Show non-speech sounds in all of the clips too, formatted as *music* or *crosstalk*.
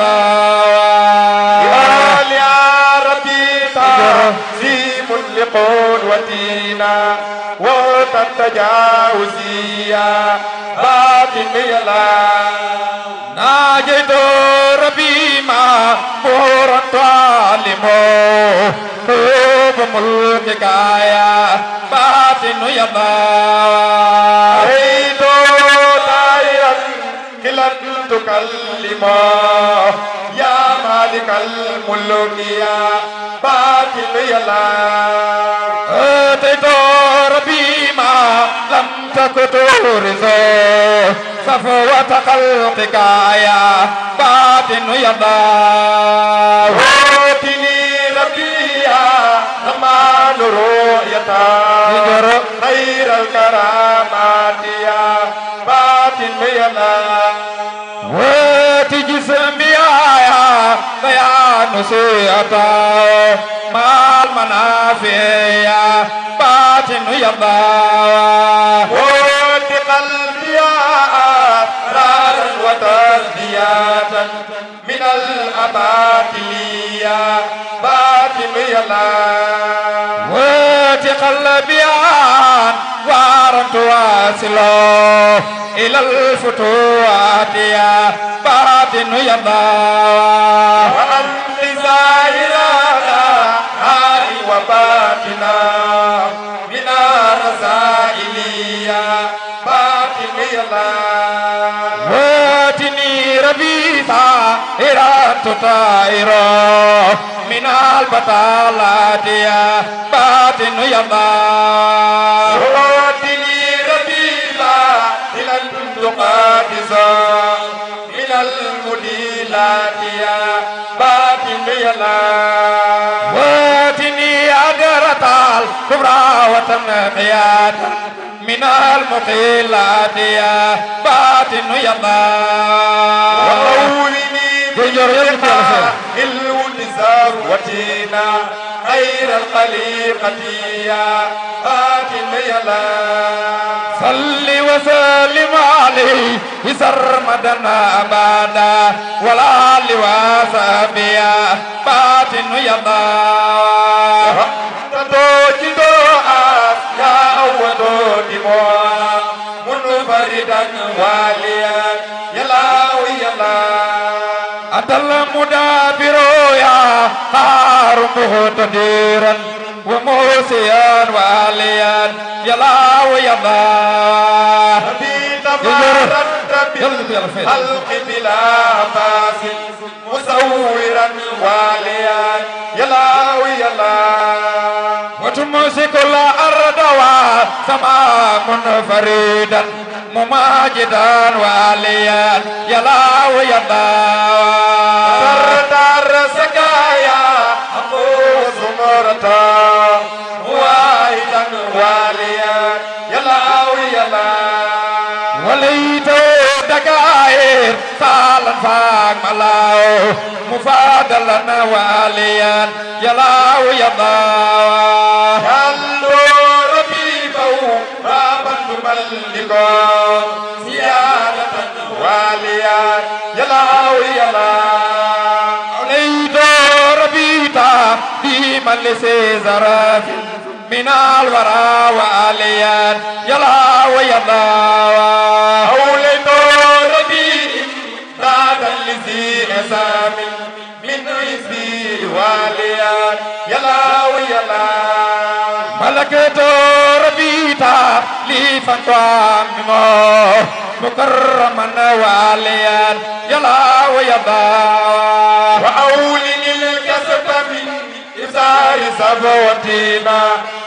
السماء يا يا ربي تعزيم لقوتنا وتتجاوزيا باطني لا ناجد ربي ما بورا تعلمو قلوب ملكك يا باطن يا باطن ملك الماء يا مالك الملك يا باطل يا لا أتيت ربي ما لم تكن تورثه صفوة خلقك يا باطن يا الله أوتني ربي يا رمان رؤيته غير الكرامة نسيئة ما المنافع باطن يرضى ورد قلبي أثرار وتربية من الأباطلية باطن يرضى ورد قلبي وارد واصله إلى الفتوات يا باطن يرضى تطائرا من البطالات يا باطن يا الله ودني ربيبا إلى الدقاتزا من المديلات يا باطن يا الله ودني أدرت الكبرى وتنقياتا من المقيلات يا باطن يا الله جور يلك الوزار وتينا خير الخليقة يا خاتم يلا صل وسلم عليه سرمدنا أبدا ولا لواسابيا باتن يدا تدوجدو آس يا أودو مدابر يا قهار مهتديرا وموسيا وعليا يلا ويلا الخلق بلا باس مصورا واليا يلا ويلا وتمسك الارض وسماء منفردا مماجدا واليا يلا ويلا فاك ملاو مفادلنا واليا يلاو يضاو هلور بيبو بابا نملقو زيادة واليا يلاو يلاو نيدور بيتا ديما لسيزرا من الورى واليا يلاو يضاو خليفة عمه مكرما وعليا يلا ويبا وأولن الكسب من إزاي سبوتنا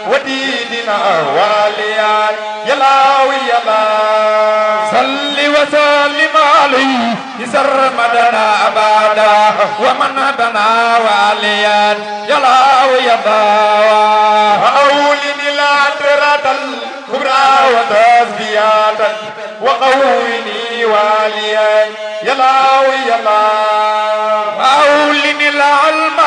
وديننا واليا يلا ويبا صل وسلم عليه يسر مدنا أبدا ومن بنا واليا يلا ويبا وأولن وتثبياتا وقويني واليا يا لاوي يا وأولني العلم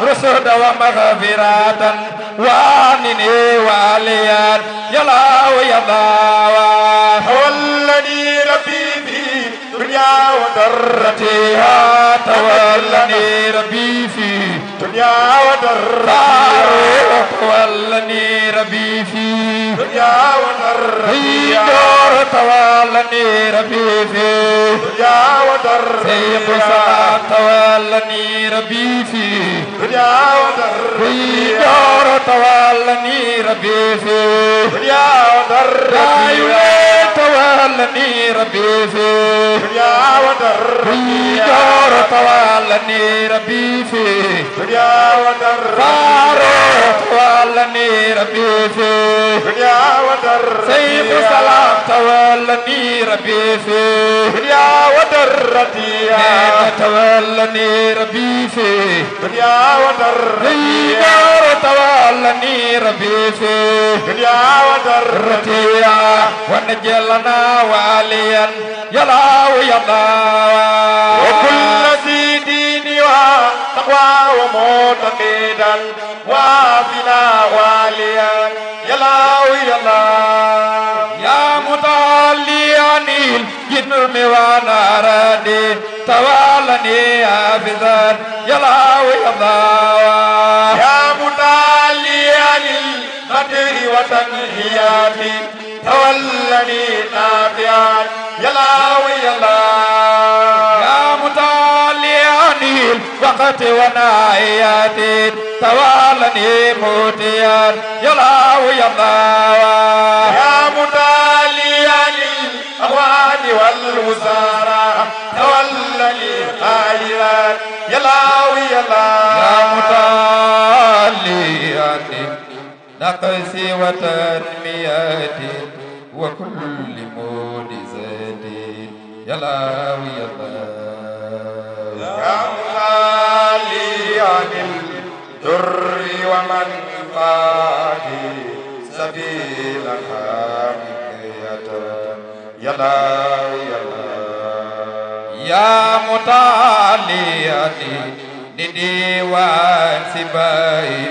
ورسد ومغفرة وأنني واليا يا لاوي يا هو الذي ربي في دنيا ودرتها تولني ربي فيه دنيا ودر ولني ربي في دنيا ودر هي دور تولني ربي في دنيا ودر هي قصا تولني ربي في دنيا ودر هي دور تولني ربي في دنيا ودر هي تولني ربي في دنيا ودر هي دور تولني ربي في دنيا ودر فاروق تولني ربي فيه دنيا ودر سيف سلام تولني ربي فيه دنيا ودر رديا تولني ربي فيه دنيا ودر دينار تولني ربي فيه دنيا ودر رديا ونجلنا واليا يلا ويلا وكل الجبار معتقدا وافنا واليا يا الله يا الله يا متعليا الجنم ونارني توالني حافظا يا الله يا الله يا متعليا القدر وتنهياتي تولني نافعا يا الله الطاقة ونائيات توالني موتيا يلاو يلاو يا متاليا للأخوان والوزارة تولني خيرا يلاو يلاو يا متاليا نقص وتنمية وكل مودزات يلاو يلاو لي عن الدر ومنفعتي سبيل الحمية يلا يلا يا متعليتي لديوان سباي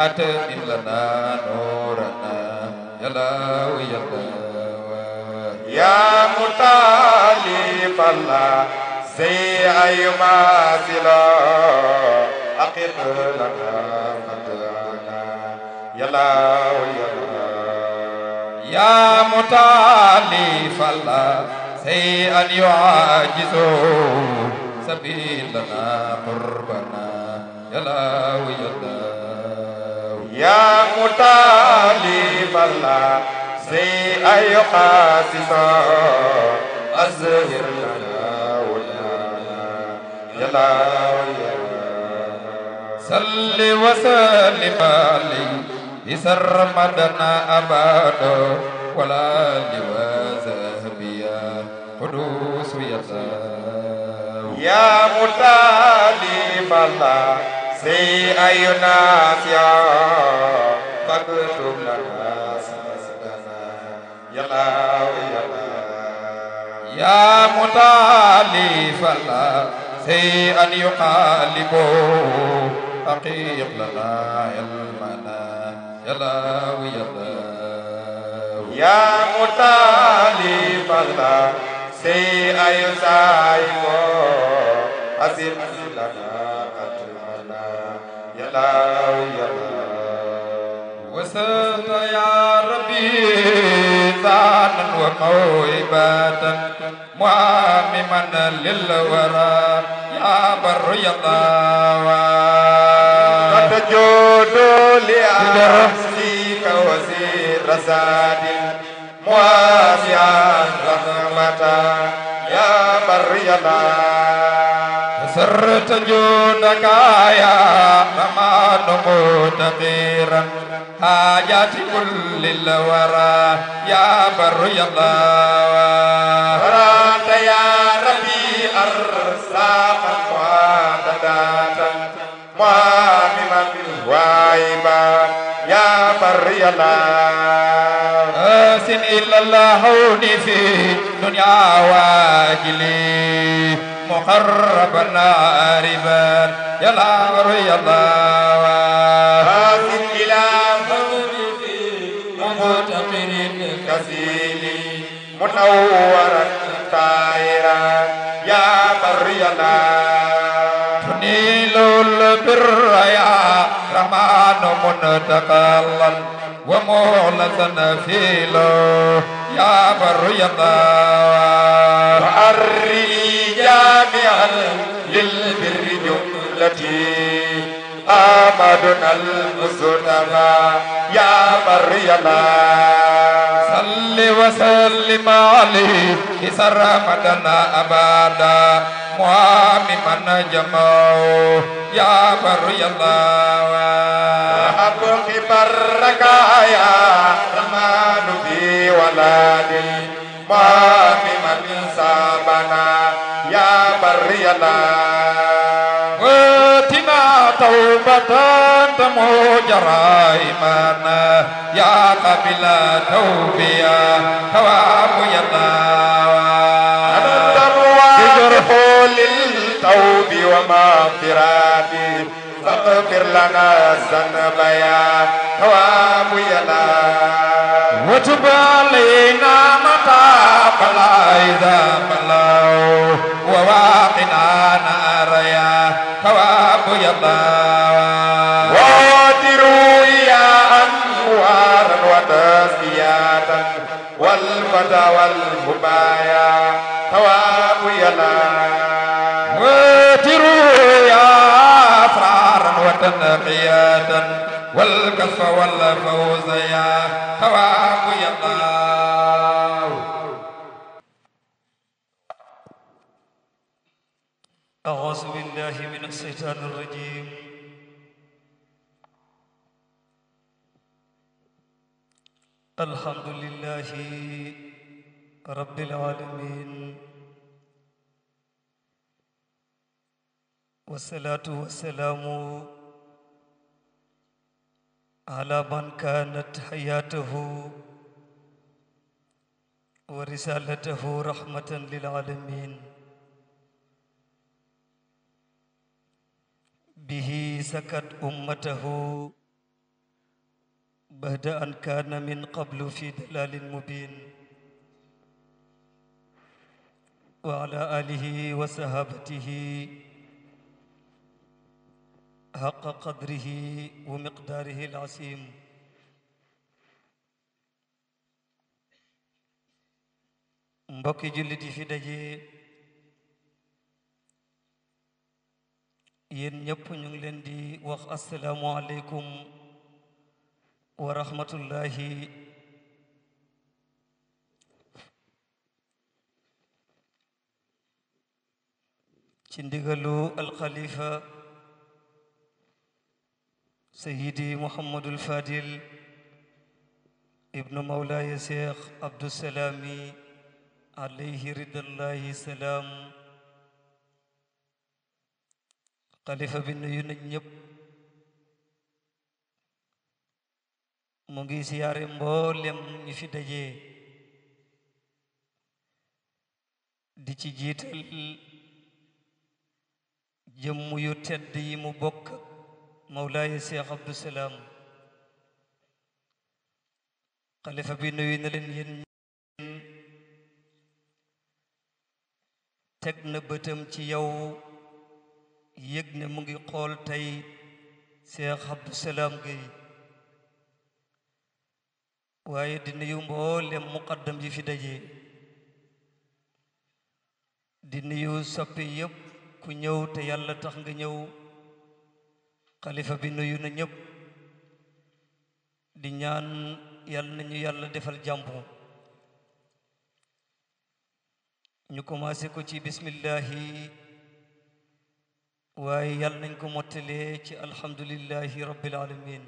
أتني لنا نورنا يلا ويلا يا متعلي فالله سي أي ماسلا أقر لنا مدانا يلا ويلا يا متالي فلا سي أن يعاجزوا سبيلنا قربنا يلا ويلا يا متالي فلا سي أي قاسسا أزهر لنا يا الله صل وسلم عليه يسر مدنا أبدا ولا لوازهبيا قدوس يا الله يا مطالب الله سي أينا يا فاكتب لنا سجدنا يا الله يا الله يا مطالب الله شيئا يقالبه حقيق لنا علمنا يا الله يا الله يا متالي فضلا شيئا يسايم أزم لنا أجمنا يا الله يا الله وسلت يا ربي ثانا وقويبة معامما للورى يا بر يا الله قد جود لأحسيك وزير سعد مواسعا رحمة يا بر يا الله سرت جودك يا رحمن مقتدرا حاجات كل الورى يا بر يا الله يا ربي أرزاق وعدداتا معامما وعيبا يا بري الله أحسن إلا الله في دنيا واجلي مقربا عاربا يا الأمر يا الله أحسن إلى في مفتقر كسيلي منورا لنا يا مرينا تنيل البر يا رحمن منتقلا ومولسا فيلو يا مرينا وأري جامعا للبر جملتي آمدنا المصطفى يا مرينا صل وسلم عليه سر مدنا أبدا معامما جمعوا يا بر يا الله أبوك بركة يا رمان في ولادي معامما صابنا يا بر يا الله توبة تمو جرائمنا يا قبل توبيا تواب يلا أنت الواجرح للتوب وما فرادي فاغفر لنا الذنب يا تواب يلا وتب علينا متى بلا إذا بلاو وواقنا والفتى والمبايا ثواب يلا واتروا يا أسرارا وتنقياتا والكسف والفوز يا ثواب يلا أعوذ بالله من الشيطان الرجيم الحمد لله رب العالمين والصلاة والسلام على من كانت حياته ورسالته رحمة للعالمين به سكت أمته بعد أن كان من قبل في دلال مبين وعلى آله وصحابته حق قدره ومقداره العظيم mbokki jullit yi fi daje yéen ñëpp ñu ngi leen di wax asalaamualeykum wa rahmatullahi ci ndigalu alxalifa sayidi muhammadul fadil ibnu mawlaaya cheikh abdusalaami alayhi ridallahi salaam xalifa bi nuyu nañ ñëpp mu ngi siyaare mboolem ñi fi dajee di ci jiital jëmm yu tedd yi mu bokk mawlaaye Cheikh Abdou Salam xalifa bi nuyu na leen teg na bëtam ci yow yëg ne mu ngi xool tey Cheikh Abdou Salam Gueye waaye di nuyu mboolem muqaddam yi fi daje di nuyu soppi yëpp ku ñëw te yàlla tax nga ñëw xalifa bi nuyu na ñëpp di ñaan yàlla na ñu yàlla defal jàmbu ñu commencé ko ci bismillahi waaye yàlla nañ ko mottalee ci alhamdulillahi rabbil alamin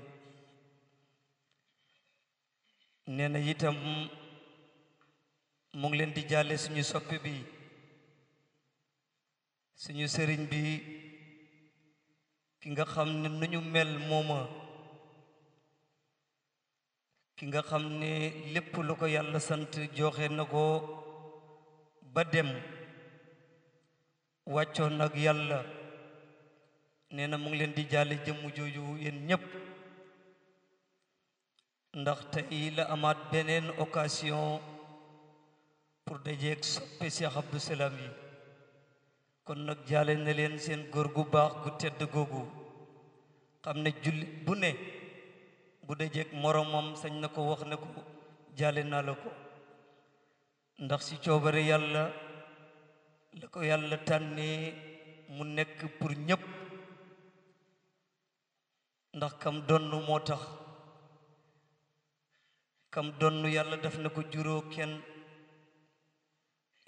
nee na itam mu ngi leen di jàlle suñu soppi bi suñu sëriñ bi ki nga xam ne nu ñu mel mooma ki nga xam ne lépp lu ko yàlla sant joxe na ko ba dem wàccoon ak yàlla nee na mu ngi leen di jàlle jëmm jooju yéen ñépp ndax tey la amaat beneen occasion pour dajeeg soppe Cheikh Abdou Salam yi kon nag jaale na leen seen gor gu baax gu tedd googu xam ne jullit bu ne bu dajeeg moromam sañ na ko wax ne ko jaale na la ko ndax si coobare yàlla la ko yàlla tànnee mu nekk pour ñépp ndax kam donn moo tax kam donn yàlla def na ko juróo kenn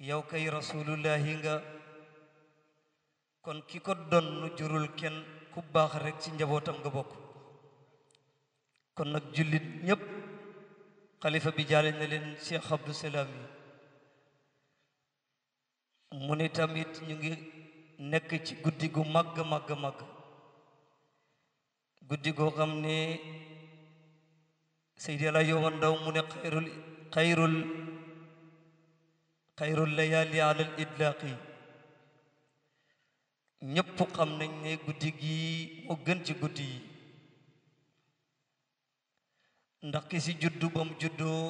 yow kay rasulullahi nga kon ki ko donn jurul kenn ku baax rek ci njabootam nga bokk kon nag jullit ñépp xalifa bi jaale na leen Cheikh Abdou yi mu ni tamit ñu ngi nekk ci guddi gu màgg màgg màgg guddi goo xam ne seydi alaaji Omar Ndaw mu ne xayrul xayrul xayrul alal itlaaqi ñëpp xam nañ ne guddi gi moo gën ci guddi ndax ki si juddu ba mu juddoo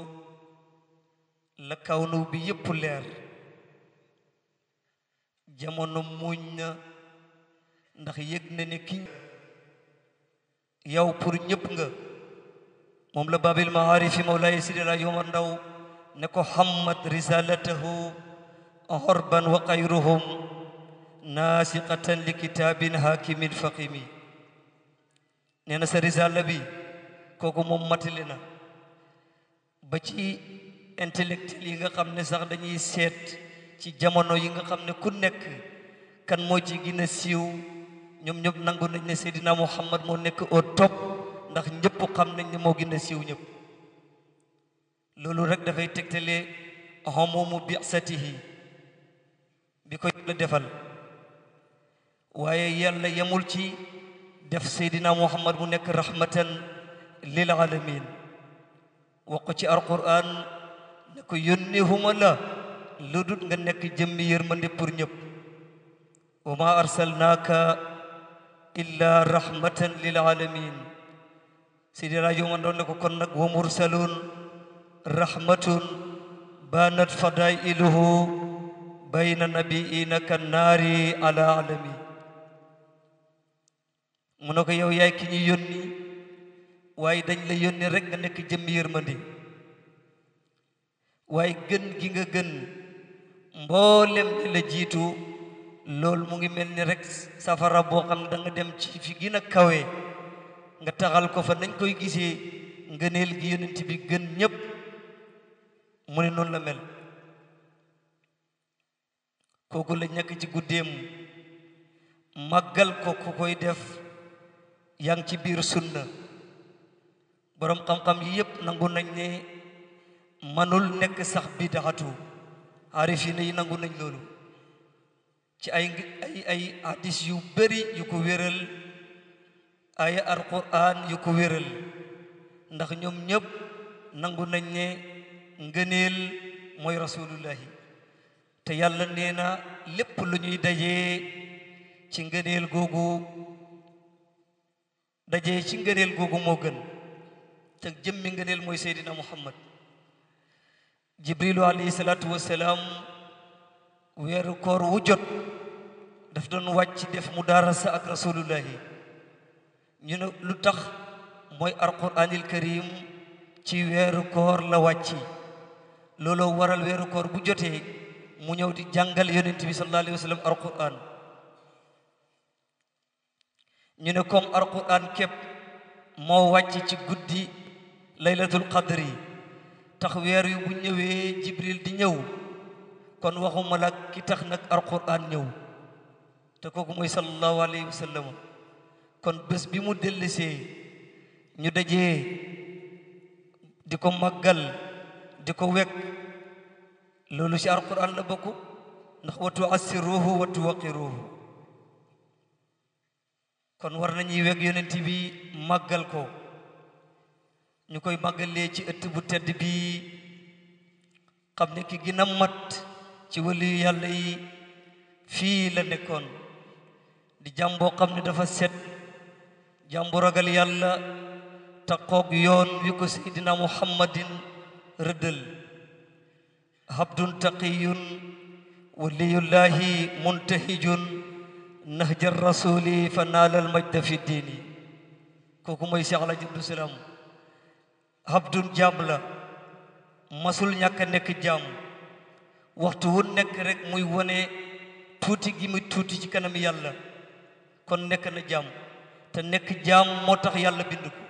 la kawnu bi yëpp leer jamono muuñ ndax yëg na ne ki yow pour ñëpp nga moom la baabil maarifi mawlaay sidi laaj Omar Ndaw ne ko xammat risalatahu horban wa xayruhum naasiqatan li kitaabin hakimin faqimi nee na sa risala bi kooku moom matali na ba ci intellectuel yi nga xam ne sax dañuy seet ci jamono yi nga xam ne ku nekk kan moo ci gën a siiw ñoom ñëpp nangu nañ ne Seydina Muhammad moo nekk o top ndax ñëpp xam na ne moo gën a siiw loolu rek dafay tegtele xamumu bi'satihi bi ko yàlla waaye yàlla yemul ci def seydina muhammad mu nekk rahmatan lil alamin wax ko ci alquran ne ko yónnihuma la nga nekk jëmmi ma pour ñëpp wa ma arsalnaaka illa rahmatan lil alamin sidi rajo man doon ne ko kon nag wa mursalun rahmatun banat fadailuhu bayna nabiina kan naari ala mu ne ko yow yaay ki ñu yónni waaye dañ la yónni rek nga nekk jëmmi yërmandi waaye gën gi nga gën mboolem di la jiitu loolu mu ngi mel ni rek safara boo xam ne da nga dem ci fi gën kawe nga taxal ko fa nañ koy gisee ngëneel gi yonent bi gën ñépp mu ne noonu la mel kooku la ñàkk ci guddeem màggal ko ko koy def yaa ngi ci biir sunna boroom xam-xam yi yépp nangu nañ ne manul nekk sax bi bidaatu aarifina yi nangu nañ loolu ci ay ay ay hadis yu bari yu ko wéral ay alquran yu ko wéral ndax ñoom ñëpp nangu nañ ne ngëneel mooy rasulullahi te yàlla nee na lépp lu ñuy dajee ci ngëneel googu daje ci ngëneel googu moo gën te jëmmi ngëneel mooy seydina muhammad jibrilu alayhi salaatu wasalaam weeru koor wu jot daf doon wàcc def mudaarasa ak rasulullahi ñu ne lu tax mooy alquranil karim ci weeru koor la wàcci looloo waral weeru koor bu jotee mu ñëw di jàngal yonent bi sallallahu alayhi wa sallam ñu ne comme alquran képp moo wàcc ci guddi laylatul qadr yi tax weer yu bu ñëwee jibril di ñëw kon waxuma la ki tax nag alquran ñëw te kooku mooy sallallahu alayhi wa kon bés bi mu dellisee ñu dajee di ko màggal di ko wekk loolu ci alquran la bokk ndax wa tuassiruhu wa tuwaqiruhu kon war nañuy wekk yonent bi màggal ko ñu koy màggalee ci ëtt bu tedd bi xam ne ki gën mat ci waliyu yàlla yi fii la nekkoon di jàmboo xam ne dafa set jàmbu ragal yàlla taqoog yoon wi ko seydina muhammadin rëddal habdun taqiyun waliyullahi muntahijun nahja rasuli fa majda fi diini kooku mooy Cheikh habdun jaam la masul ñàkk a nekk jaam waxtu wu nekk rek muy wone tuuti gi muy tuuti ci kanam yàlla kon nekk na jaam te nekk jaam moo tax yàlla bind ko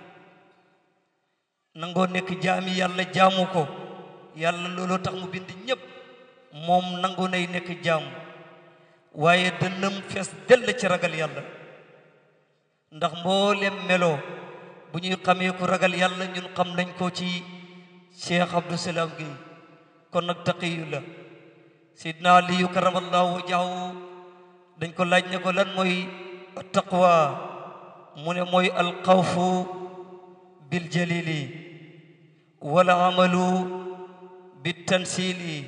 nangoo nekk jaami yàlla jaamu ko yàlla looloo tax mu bind ñépp moom nangu nay nekk jaam waaye dënnam fees dell ci ragal yàlla ndax leen melo bu ñuy xamee ku ragal yàlla ñun xam nañ ko ci cheikh abdou gi kon nag taqiyu la sidna aliyu karamallahu wajahu dañ ko laaj ne ko lan mooy taqwa mu ne mooy alxawfu biljalili walamalu biltansili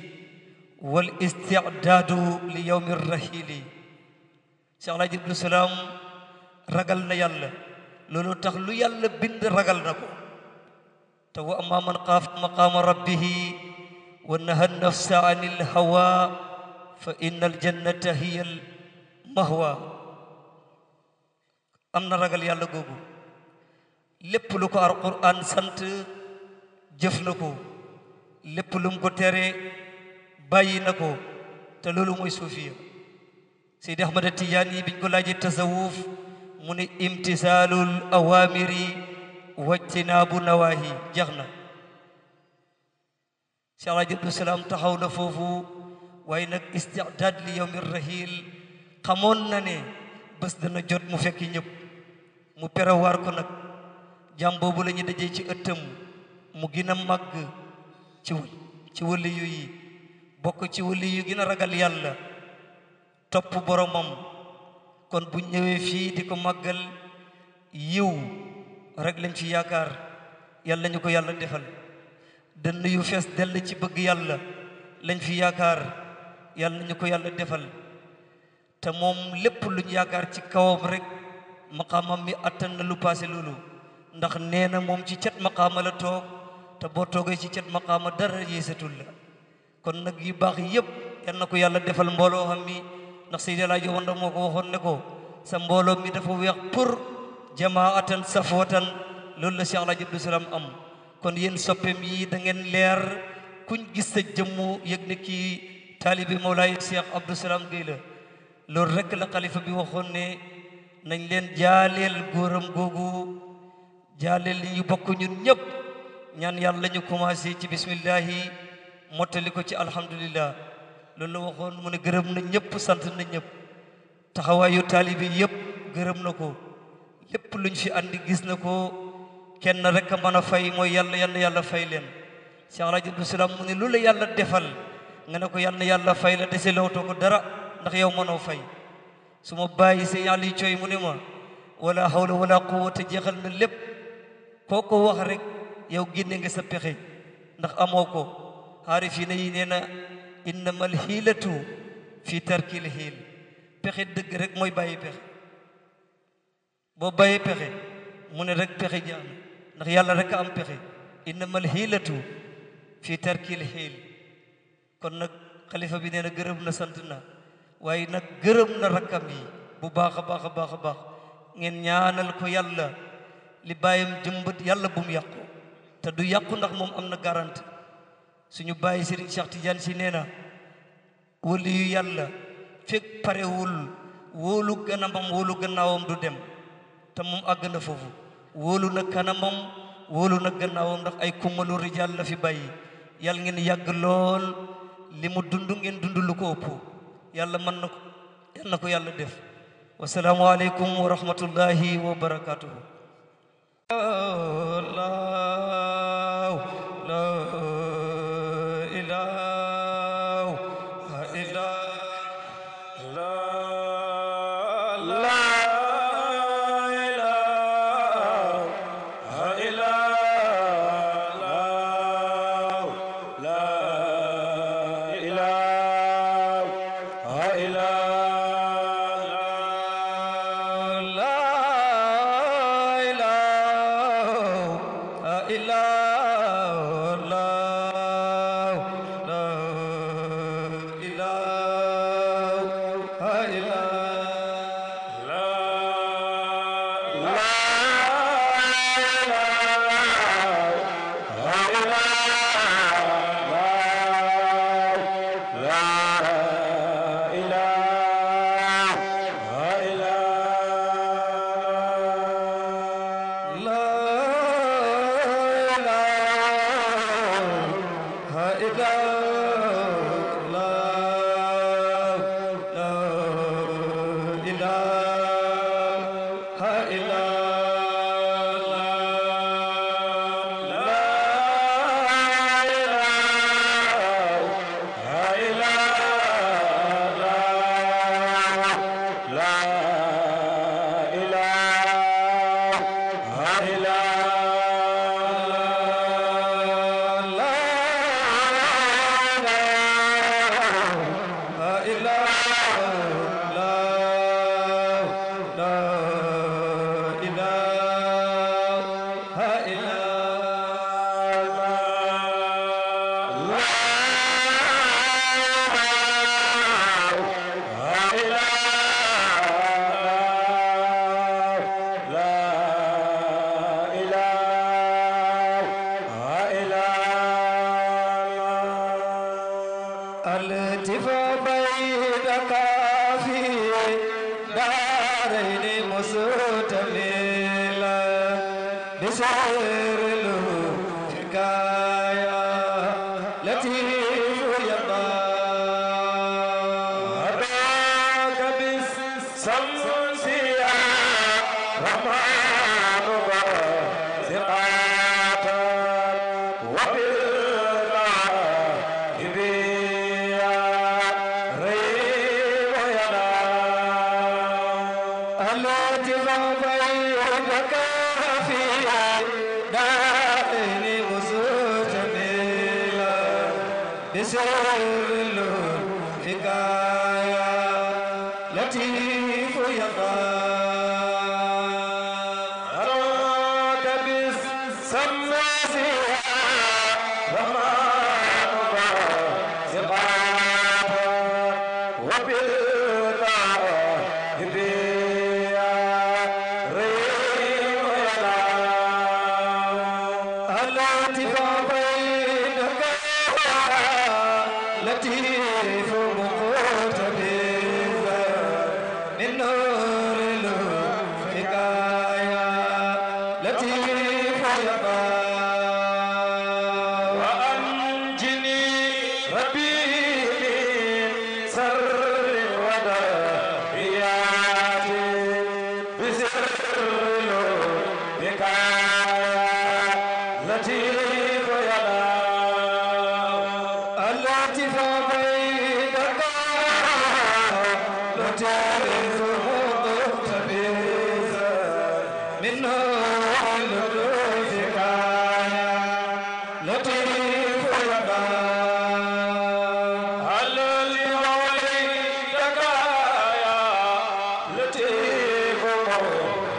wal istidaadu li yowmi rahili Cheikh Alaaji Abdu Salaam ragal na yàlla loolu tax lu yàlla bind ragal na ko te wa amma man xaafa maqaama rabbihi wa naha nafsa an ilhawa fa inna aljannata hiya almahwa am na ragal yàlla googu lépp lu ko alquran sant jëf na ko lépp lu mu ko tere bàyyi na ko te loolu mooy suufiya Seydi Ahmada Tijaani biñ ko laajee tasawuf mu ne imtisaalul awaamiri wajtinaabu nawaahi jeex na Cheikh Alaaji Abdusalaam taxaw na foofu waaye nag istidaad li yawmi rahil xamoon na ne bés dana jot mu fekk ñëpp mu war ko nag jàmm lañu la ci ëttam mu gën a màgg ci ci waliyu bokk ci waliyu gën a ragal yàlla topp boromam kon bu ñëwee fii di ko màggal yiw rek lañ fi yaakaar yàlla ñu ko yàlla defal dënn yu fees dell ci bëgg yàlla lañ fi yaakaar yàlla ñu ko yàlla defal te moom lépp luñ yaakaar ci kawam rek maqaamam mi attan na lu paase loolu ndax nee na moom ci cet maqaama la toog te boo toogee ci cet maqaama dara yeesatul la kon nag yi baax yëpp yal na ko yàlla defal mbooloo xam mi ndax Seydi Alaaji Wanda moo ko waxoon ne ko sa mbooloo mi dafa weex pour jamaatan safwatan loolu la Cheikh Alaaji Abdou Salaam am kon yéen soppeem yi da ngeen leer kuñ gis sa jëmmu yëg ne kii taalibi Mawlaay Cheikh Abdou Salaam Gueye la loolu rek la xalifa bi waxoon ne nañ leen jaaleel góoram googu jaaleel li ñu bokk ñun ñëpp ñaan yàlla ñu commencé ci bismillahi mottali ko ci alhamdulillah loolu la waxoon mu ne gërëm na ñëpp sant na ñëpp taxawaayu taalibi yëpp gërëm na ko lépp luñ fi andi gis na ko kenn rekk a mën a fay mooy yàlla yàlla yàlla fay leen Cheikh Rajo Salaam mu ne lu la yàlla defal nga ne ko yàlla yàlla fay la dese lawtoo ko dara ndax yow mënoo fay suma ma bàyyi sëñ Aliou Thioye mu ne ma wala hawla wala quwwata jeexal na lépp koo ko wax rek yow génne nga pexe ndax amoo ko xaarifiina yi nee na innama alxiilatu fi tarkil xiil pexe dëgg rek mooy bàyyi pexe boo bàyyi pexe mu ne rek pexe jaam ndax yàlla rek a am pexe innama alxiilatu fi tarkil xiil kon nag xalifa bi nee na gërëm na sant na waaye nag gërëm na rakkam yi bu baax a baax a baax a baax ngeen ñaanal ko yàlla li bàyyam jëmbët yàlla bu mu yàqu te du yàqu ndax moom am na garante suñu bàyyi Serigne Cheikh Tidiane si nee na wali yàlla fekk parewul wóolu kanamam wóolu gannaawam du dem te moom àgg na foofu woolu na kanamam woolu na gannaawam ndax ay kummalu jàll la fi bàyyi yàlla ngeen yàgg lool li mu dund ngeen dund lu ko ëpp yàlla mën na ko yal na ko yàlla def wasalaamu aleykum wa rahmatullahi wa barakatuhu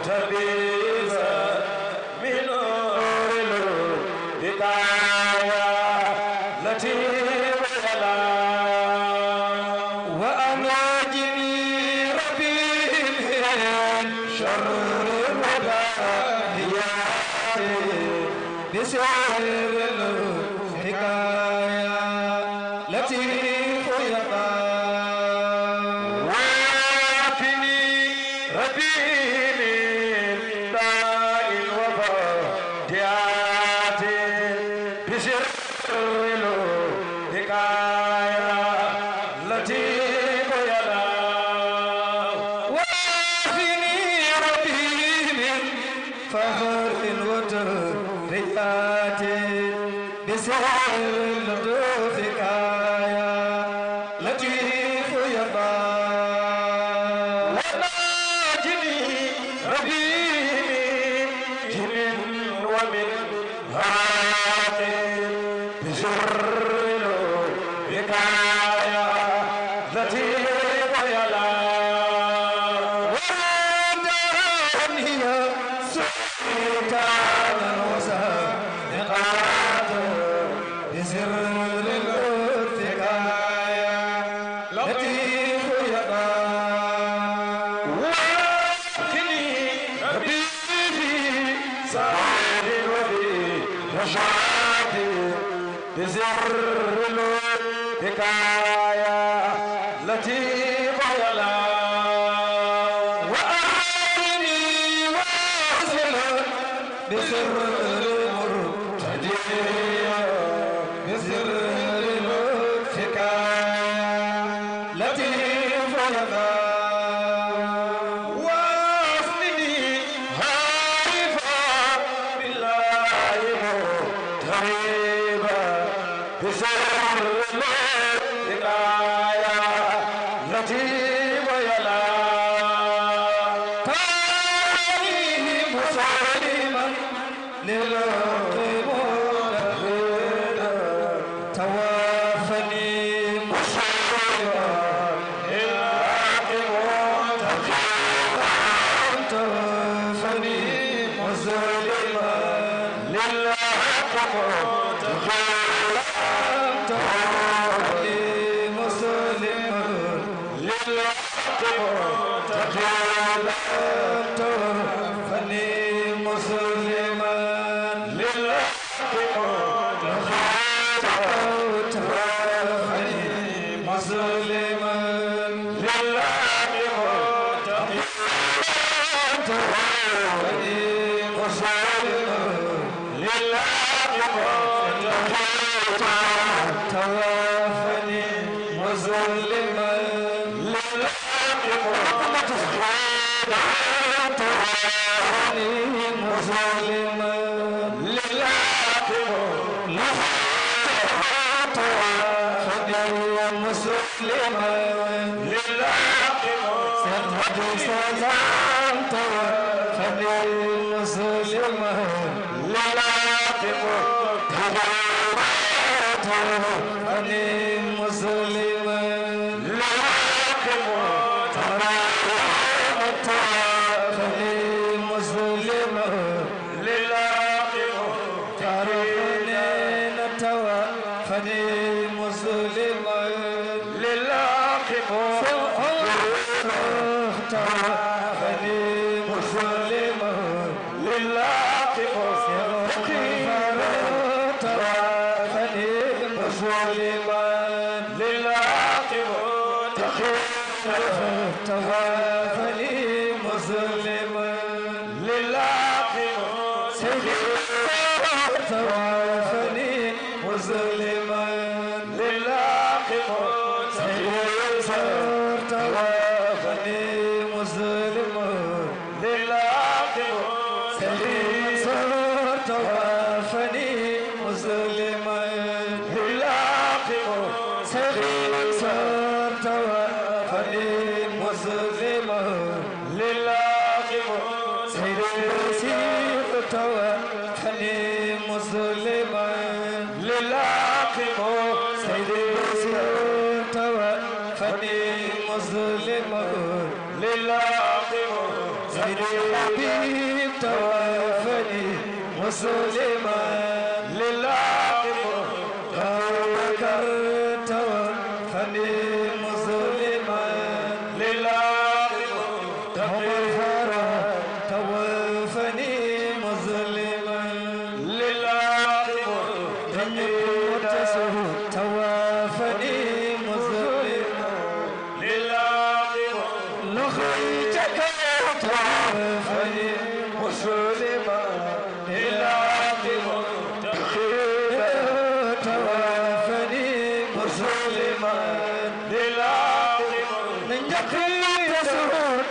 bi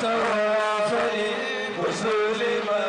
تواف وسلم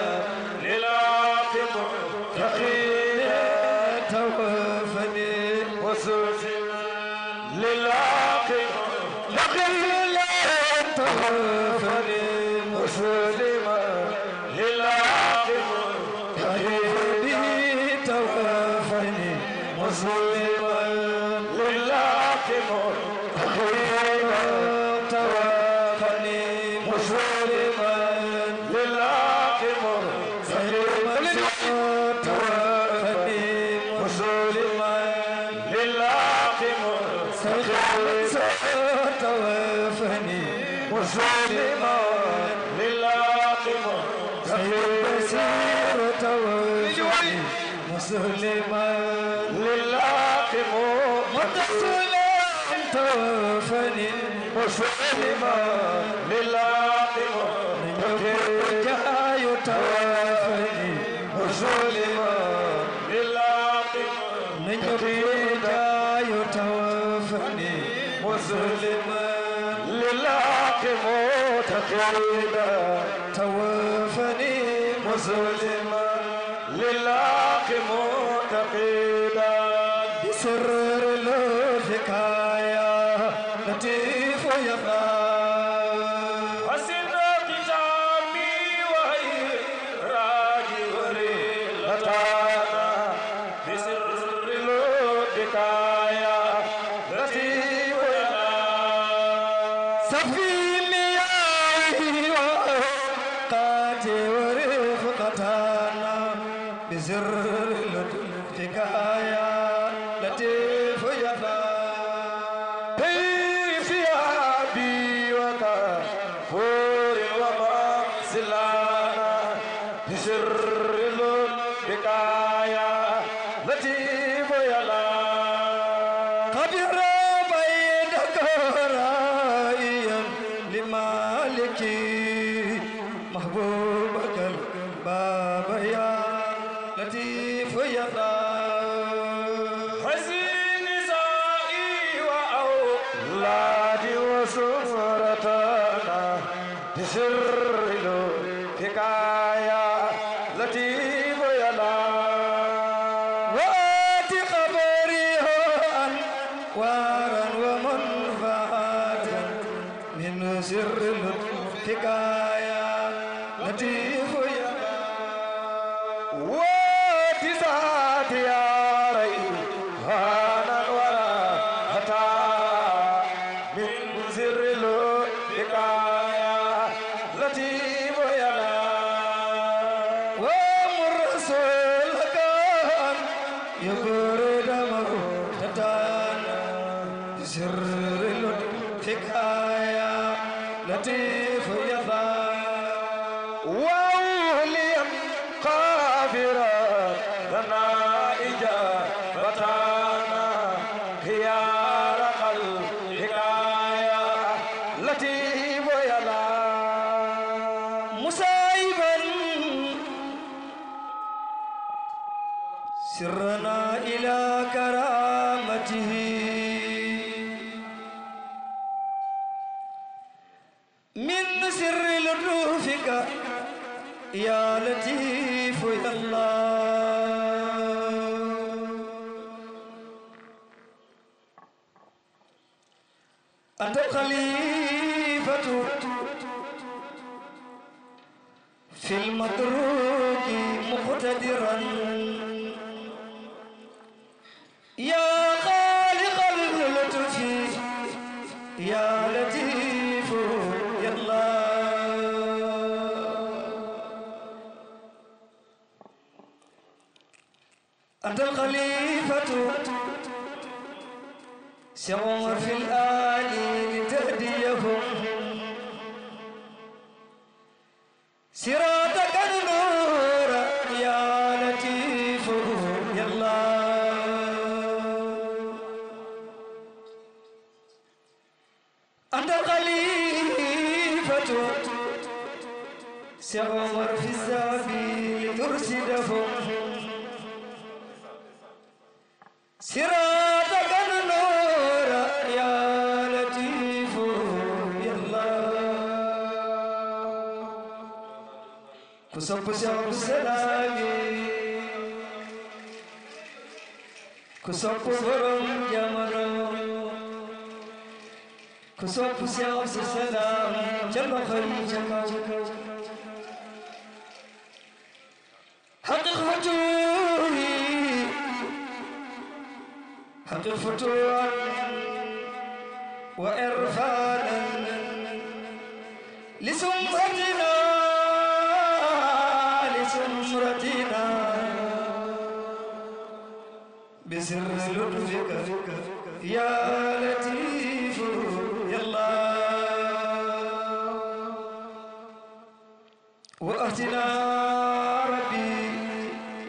أنزلنا ربي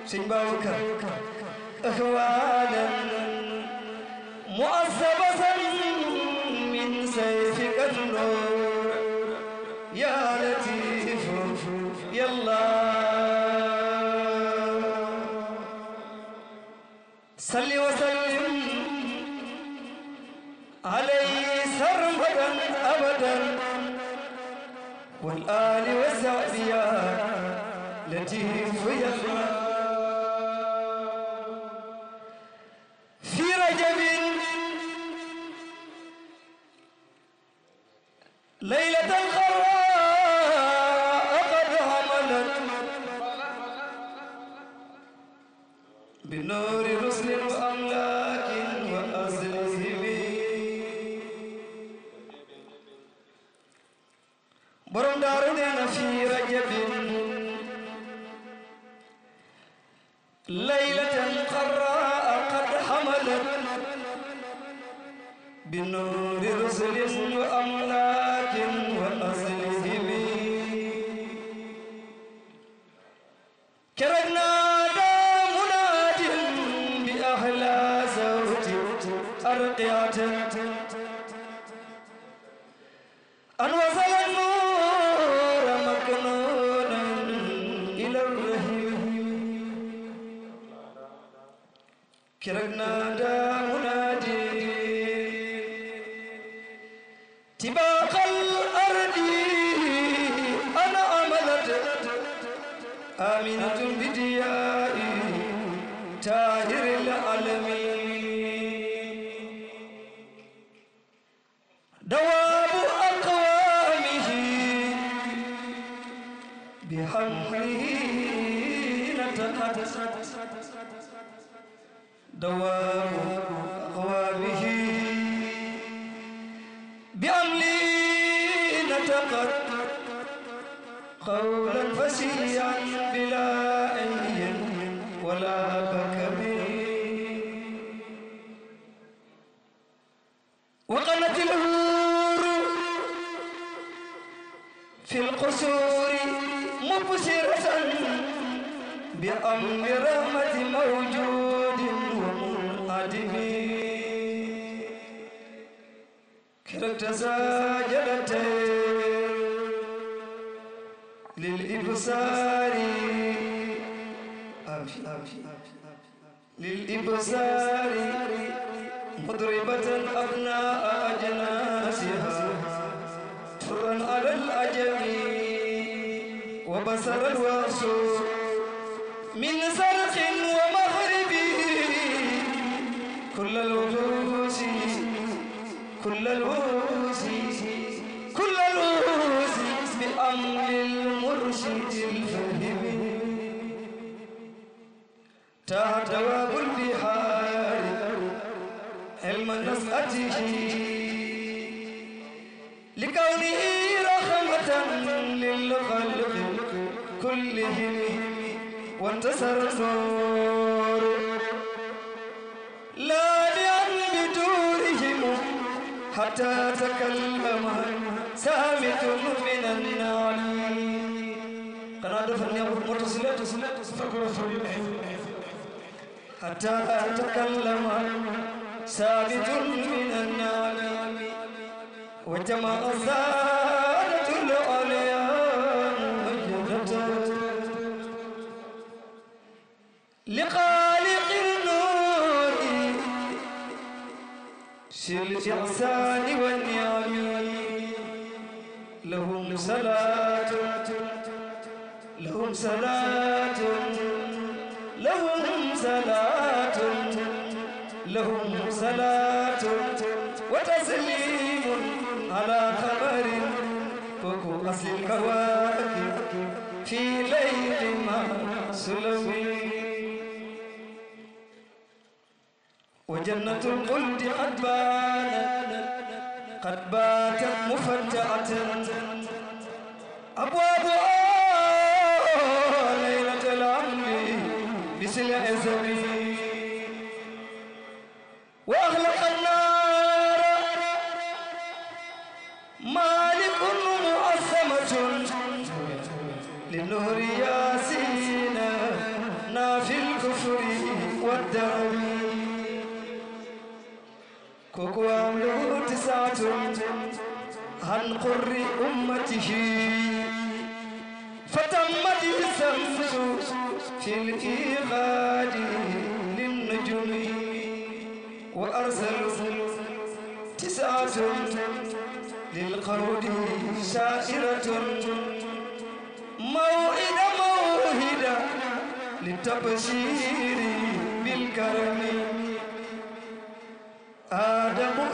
سيباوك أخوان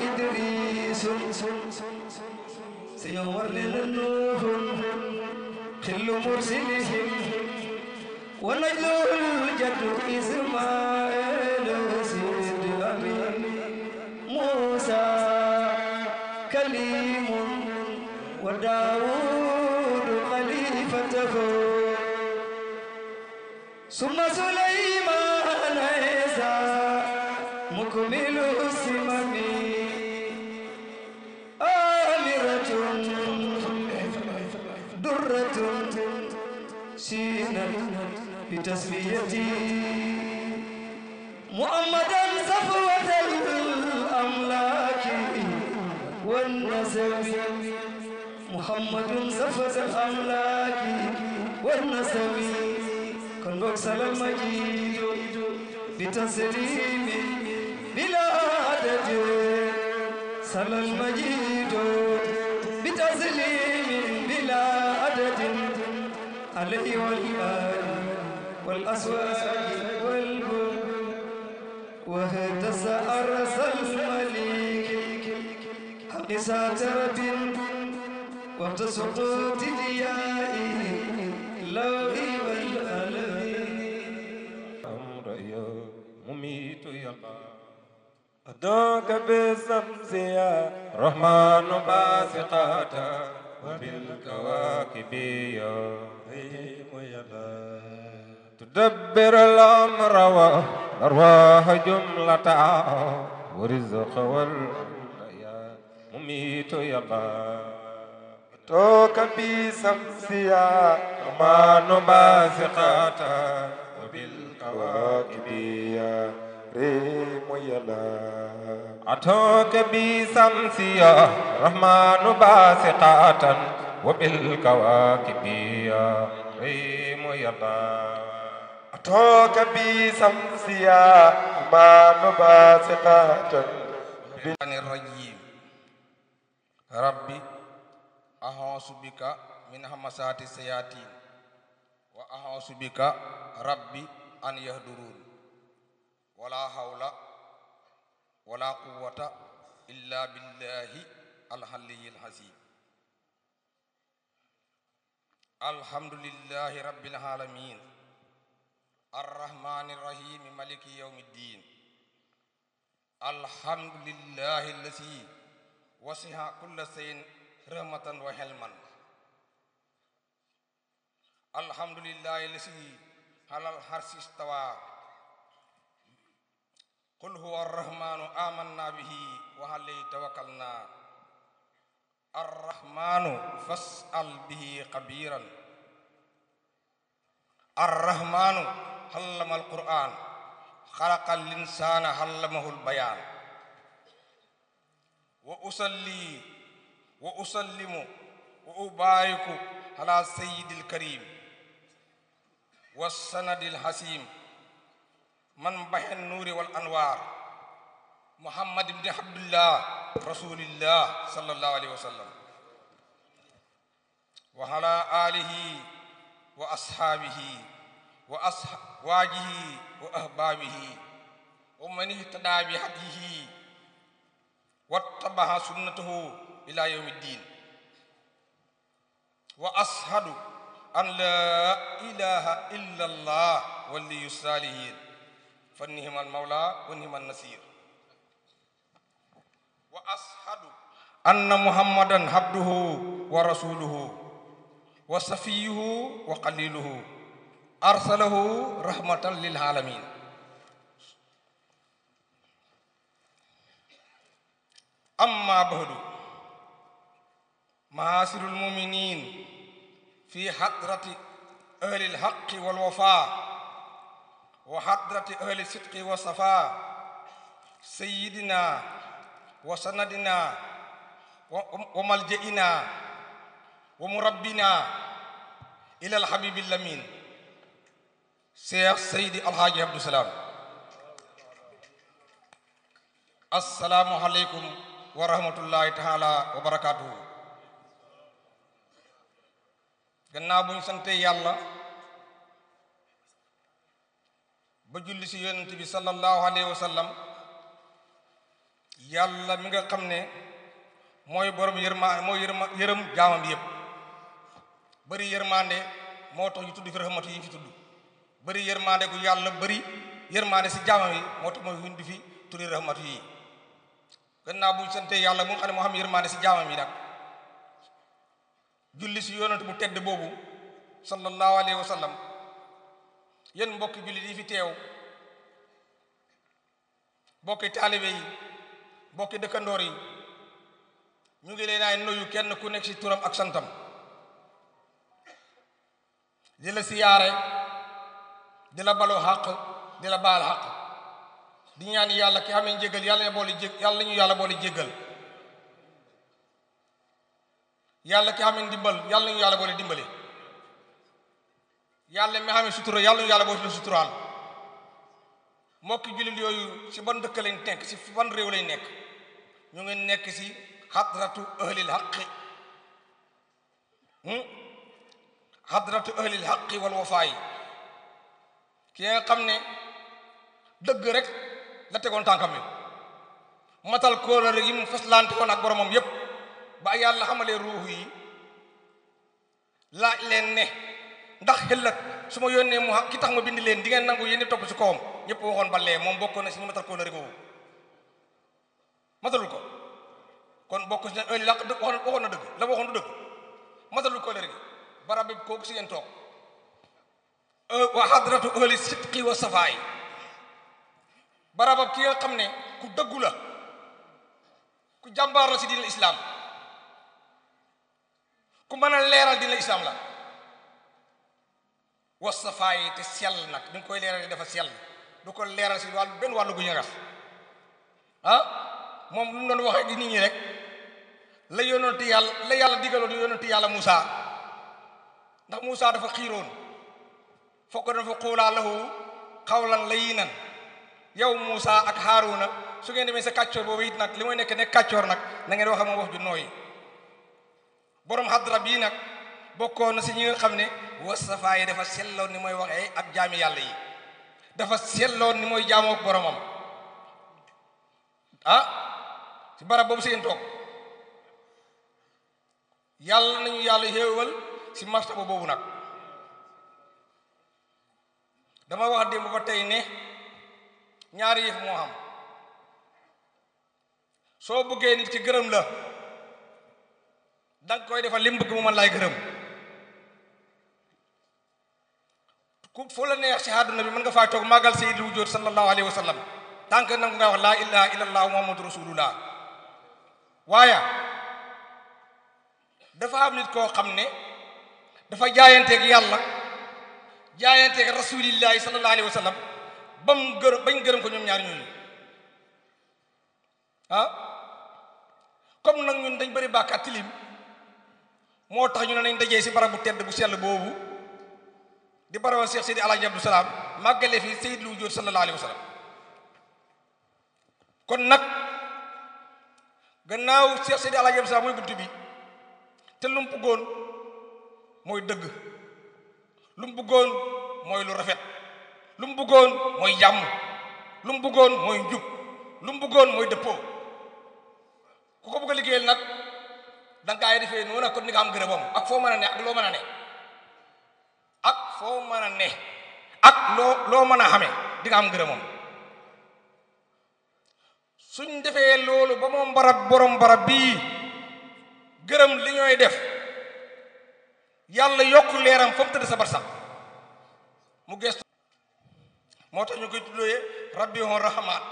إدريس سيور للنوح خل مرسلهم ونجله الجد إسماعيل سيد أمين موسى كليم وداود خليفته ثم سليم تسليتي محمدا صفوة الأملاك والنسب محمد صفوة الأملاك والنسب كن بوصل المجيد بتسليم بلا عدد صلى المجيد بتسليم بلا عدد عليه والآله والأسواق والبر وهتز أرس المليك حق ساترة وقت سقوط ديائه لو غيب الأمر يا مميت يقع أدعوك بالشمس يا رحمن باسقاتا وبالكواكب يا رحيم يا دبر الأمر وأرواح جملة ورزق والأنبياء مميت يبا توك بي سمسيا رمان باسقاتا وبالكواكب ريم يلا أتوك بي سمسيا رحمن باسقاتا وبالكواكب ريم يلا أتوك بسمسيا أمان باسقة بالله الرجيم ربي أعوذ بك من همسات الشياطين وأعوذ بك ربي أن يهدرون ولا حول ولا قوة إلا بالله الحلي العظيم الحمد لله رب العالمين arrahmani irrahimi maliki yawmi ddin alhamdulillahi allasi wasiha kulla sayin rahmatan wa helman alhamdulillahi allasi halal harsi istawa qul huwa arrahmanu amanna bihi wa alayhi tawakkalna arrahmanu fas'al bihi qabiran arrahmanu allama alquran xalaqa linsaana allamahu lbayaan wa usalli wa usallimu wa ubaariku ala sayidi alkarim والسند الحسيم منبح النور والأنوار محمد بن عبد الله رسول الله صلى الله عليه وسلم وعلى آله وأصحابه wa aswaajihi wa ahbaabihi wa man ihtadaa bi hadihi wattabaha sunnatahu ila yawmi ddin wa ashadu an la ilaha illa allah waliyu saalihin fa nihima almawla wa nihima alnasir wa ashadu anna muhammadan abduhu wa rasuluhu wa safiyuhu wa qaliluhu arsalahu rahmatan lil alamin amma bahdu maasirul muminin fi hadrati ahli alhaqi walwafa wa hadrati ahli sidqi wa safa sayyidina wa sanadina wa maljaina wa murabbina ila alhabibil amin Cheikh Seydi Alhaaji Abdou Salaam asalaamualeykum wa rahmatullahi taala wa barakaatuhu gannaaw buñ sante yàlla ba julli si yonent bi sallallahu alayhi wa yàlla mi nga xam ne mooy borom yërma mooy yërma yërëm jaamam bi yëpp bëri yërmande moo tax ñu tudd fi rahmatu yi fi tudd bëri yërmaande gu yàlla bëri yërmaande si jaamam yi moo tax mooy windi fi turi rahmatu yi gannaaw bu sante yàlla mu xam ne moo xam yërmaande si jaamam yi nag julli si yonent bu tedd boobu sallallahu alayhi wa sallam yéen mbokki jullit fi teew mbokki taalibe yi mbokki dëkkandoor yi ñu ngi leen ay nuyu kenn ku nekk si turam ak santam di la di la baloo xàq di la baal xàq di ñaan yàlla ki amee njégal yàlla boole jég yàlla ñu yàlla boole jéggal yàlla ki amee ndimbal yàlla ñu yàlla boole dimbale yàlla mi amee sutura yàlla ñu yàlla boole suturaal mbokki jullit yooyu ci ban dëkk lañ nekk ci ban réew lañ nekk ñu ngi nekk ci xadratu ahlil xaqi hmm? xadratu ahlil xaqi wal wafaayi ki nga xam ne dëgg rek la tegoon tànkam yi matal koo kóolóore yi mu faslante woon ak boromam yépp ba yàlla xamalee ruux yi laaj leen ne ndax ëllëg su ma yónnee mu ki tax ma bind leen di ngeen nangu yéen topp si kawam ñëpp waxoon balee moom bokkoon na si ñu matal kóolóore googu matalul ko kon bokk si ne laq waxoon na dëgg la waxoon du dëgg matalul barab bi kooku si ngeen toog wa hadratu ahli sidqi wa safaay barabab ki nga xam ne ku dëggu la ku jàmbaar la si diinal islaam ku mën a leeral diinal islaam la wa safaay te sell nag dañ koy leeral dafa sell du ko leeral si wàllu benn wàllu gu ñagas ah, moom lu mu doon waxee di nit ñi rek la yonenti yàlla la yàlla digaloon yonenti yàlla Moussa ndax Moussa dafa xiiroon la fa xawlan la qawlan layyinan yow Moussa ak Haaruna su ngeen demee sa kàccoor boobu it nag li mooy nekk ne kàccoor nag na ngeen wax ak moom wax ju nooy borom xadra bii nag bokkoon na si ñi nga xam ne wasafaa yi dafa selloon ni mooy waxee ak jaami yàlla yi dafa selloon ni mooy jaamoo ak boromam ah si barab boobu seen toog yàlla nañu yàlla xéewal si martaba boobu nag dama wax démb ba tey ne ñaari yëf moo am soo bëggee nit ki gërëm la danga koy defal lim bëgg mu man laay gërëm ku fu la neex ci àdduna bi mën nga faa toog màggal sayyidul wujuud sallallahu alayhi wa sallam tànk nangu nga wax laa ilaha illallah muhammadu rasulullah waaye dafa am nit koo xam ne dafa jaayanteeg yàlla jaayanteeg rasulillahi sallallahu alayhi wa sallam ba mu gërëm bañ gërëm ko ñoom ñaar ñooñu ah comme nag ñun dañ bëri bàkkaar tilim moo tax ñu ne nañ dajee si barabu tedd bu sell boobu di barabam Cheikh Seydi Alaaji Abdou Salaam màggale fi Seydil Wujuud sallallahu alayhi wa kon nag gannaaw naaw Seydi Alaaji Abdou Salaam mooy bunt bi te lu mu bëggoon mooy dëgg lu mu bëggoon mooy lu rafet lu mu bëggoon mooy jàmm lu mu mooy njub lu mu bëggoon mooy dëppoo ku ko bëgg a nag da nga kaay defee noonu kon ni nga am gërëmam ak foo mën a ne ak loo mën a ne ak foo mën a ne ak loo loo mën a xamee di nga am gërëmam suñ defee loolu ba moom barab borom barab bii gërëm li ñooy def yàlla yokk leeram fa mu tëdd sa barsax mu gestu moo tax ñu koy tuddooyee rabbi hon rahmaan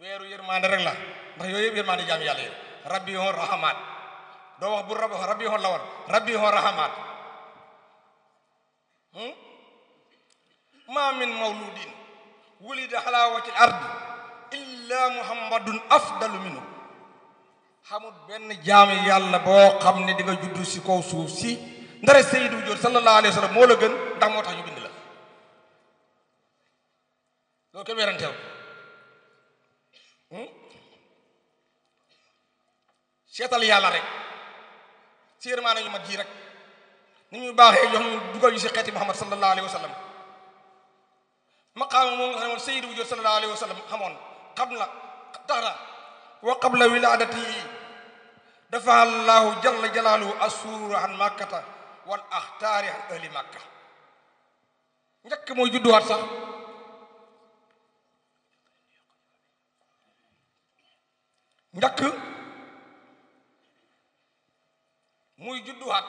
weeru yërmaande rek la ndax yooyu yëpp yërmaande jaam yàlla yi rabbi hon rahmaan doo wax bu rab rabbi hon la woon rabbi hon rahmaan hmm? ma min mawludin wulida ala wajhil illa muhammadun afdalu minhu xamul benn jaami yàlla boo xam ne di nga juddu si kow suuf si ndara sayyidu wujud sallallahu alayhi wa sallam moo gën ndax moo tax ñu bind la loolu kenn weranteew hmm? yàlla rek si yërmaa nañu mat ji rek ni ñuy baaxee jox ñu dugal ñu si xeeti Muhammad sallallahu alayhi wa sallam maqaama moom nga xam ne moom sayyidu wujud alayhi wa sallam xamoon xam na wa qabla wilaadatihi dafaha llaahu jalla jalaaluhu assuruur an makkata wal axtaari an ahli makka njëkk mooy judduwaat sax njëkk muy judduwaat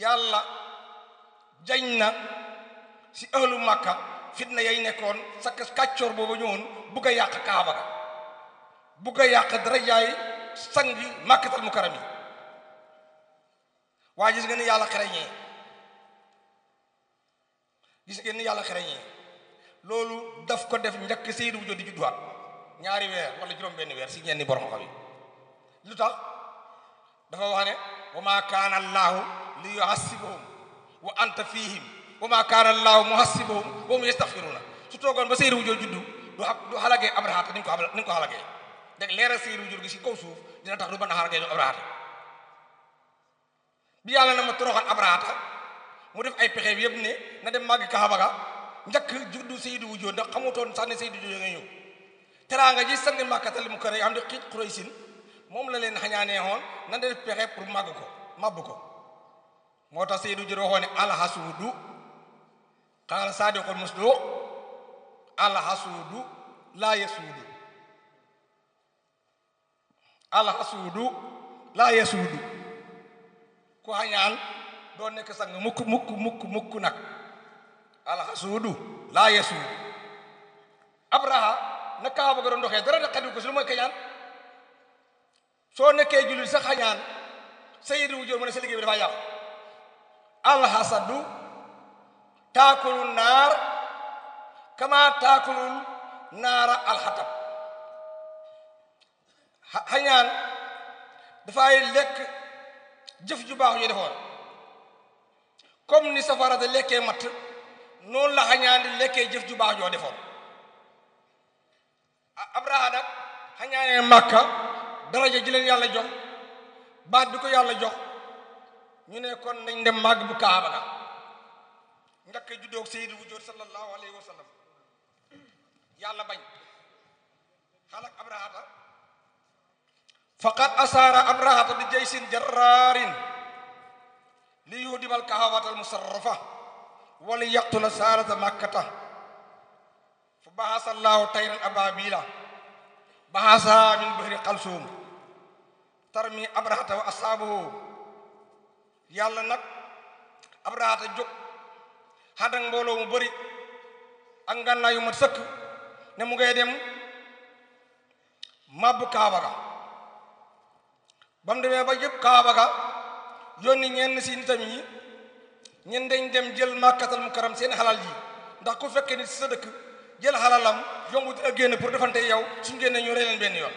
yàlla jañ na si ahlu makka fitna yay nekkoon sa kàccoor boobu ñëwoon bugg a yàq kaaba ga bugg a yàq darajaay sangi màkkatal mukarram yi waaye gis nga ni yàlla xereñee gis ngeen ni yàlla xereñee loolu daf ko def njëkk Seydou Wudjo di judduwaat ñaari weer wala juróom-benn weer si ñenn borom xam yi lu tax dafa wax ne wa maa kaana allaahu li yu'azzibahum wa anta fiihim wa maa kaana allaahu muhassibahum wa hum yastaghfiruuna su toogoon ba seyri wujur juddu du xa du xalagee abrahaata ni ko ni ko xalagee dégg leeral seyri wujur gi si kaw suuf dina a xalagee ñu abrahaata bi yàlla na ma toroxal mu def ay pexe yëpp ne na dem màgg kaaba ga njëkk juddu seydi wujur ndax xamutoon sax ne seydi wujur nga ñëw teraanga ji sanni mu kër yi am di xiit xuraysin moom la leen xañaanee xoon na def pexe pour màgg ko màbb ko moo tax seydi wujur waxoon ne alhasudu xaala saadiqul musduq alxasuudu laa yasuudu alxasuudu laa yasuudu ku xañaan doo nekk sang mukk mukk mukk mukk nag alxasuudu laa yasuudu abraha na kaaba ga doon doxee dara da xadiw ko si lu mooy kañaan soo nekkee jullit sax xañaan sa yëddu wu joor mu ne sa liggéey bi dafaa yàqu alxasadu taakulu naar kama taakulul naara alxatab xañaan dafay lekk jëf ju baax ñu defoon comme ni safara da lekkee matt noonu la xañaan di lekkee jëf ju baax joo defoon abraha nag xañaanee màkka daraja ji leen yàlla jox baat bi ko yàlla jox ñu ne kon nañ dem màgg bu kaaba ga njëkk juddoog sayyidul wujuud sallallahu alayhi wa sallam yàlla bañ xalak abrahata faqad asaara abrahata bi jaysin jarraarin li yuhdimal kahawata almusarrafa wa li yaqtula saarata makkata fa bahasa allahu tayran ababila bahasa min bahri xalsuum tarmi abrahata wa asaabuhu yàlla nag abrahata jóg xànd ak mu bari ak ngànnaay yu mat sëkk ne mu ngay dem màbb kaaba ga ba mu demee ba jëpp kaaba ga yónni ñenn si nitam yi ñen dañ dem jël màkkatal mu karam seen xalal yi ndax ku fekkee nit si sa dëkk jël xalalam yombut ak génn pour defante yow suñ génne ñu rey benn yoon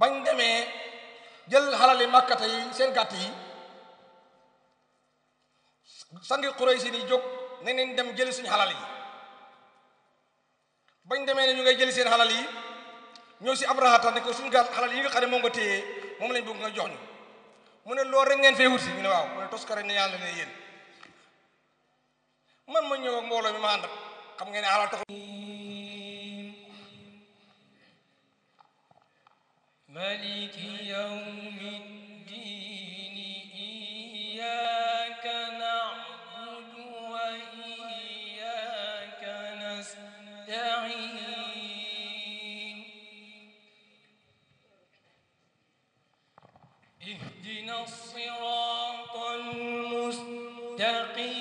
bañ demee jël xalali màkkata yi seen gàtt yi sangi Quraysh ni jóg ne neen dem jëli suñu xalal yi bañ demee ne ñu ngay jël seen xalal yi ñëw si abrahata ne ko suñu gaal xalal yi nga xam ne moom nga téye moom lañ bëgg nga jox ñu mu ne loolu rek ngeen fee wut si ñu ne waaw mu ne toskare ne yàlla ne yéen man ma ñëw ak mbooloo mi ma ànd xam ngeen ne xalal tax maliki yawmi أجمعين اهدنا الصراط المستقيم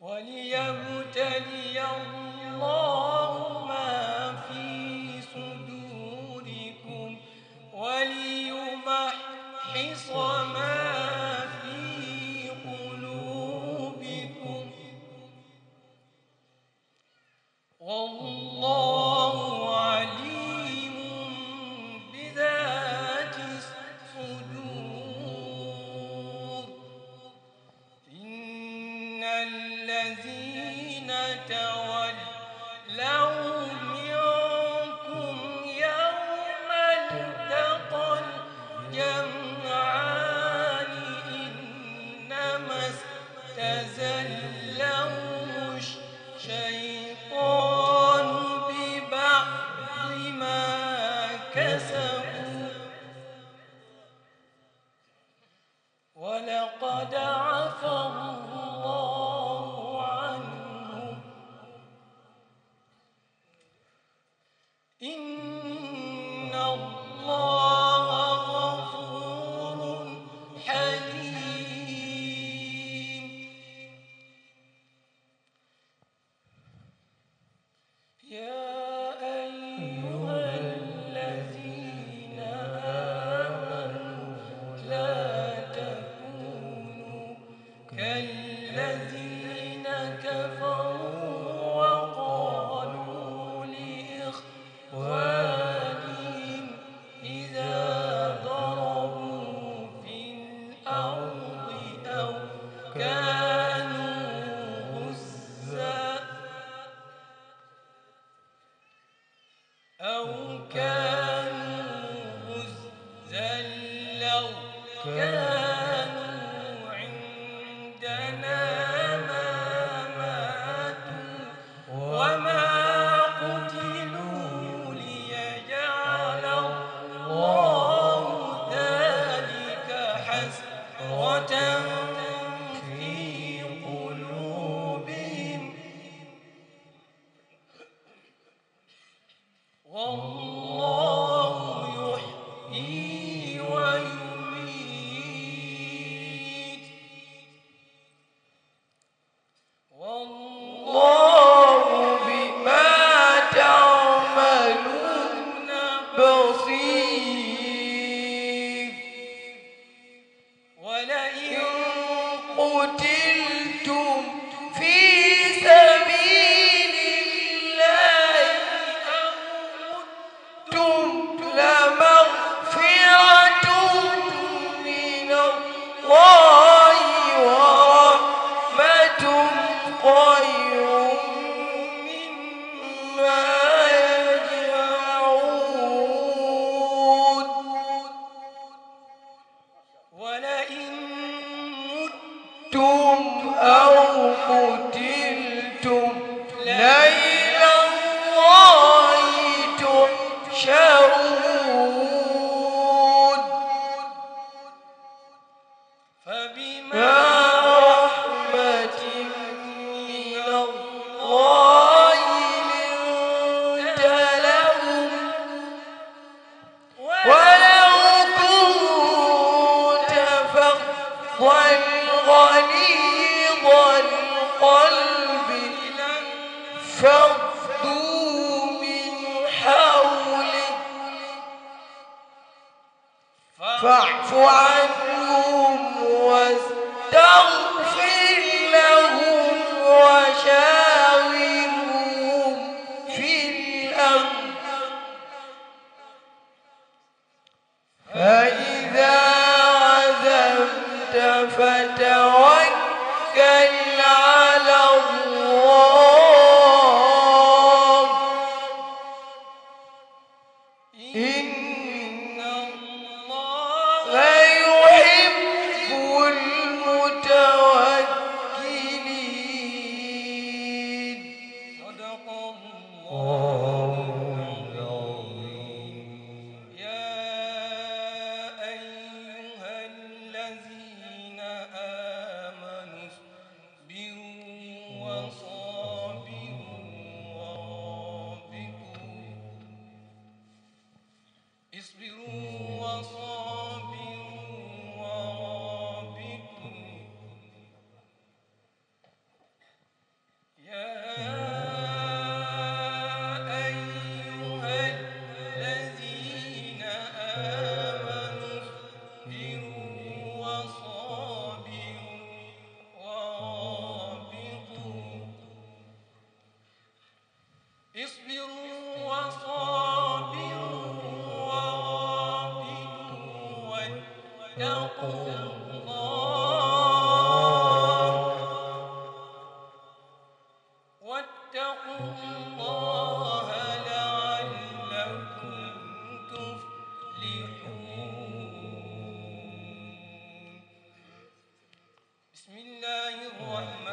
وليبتلي الله بسم الله الرحمن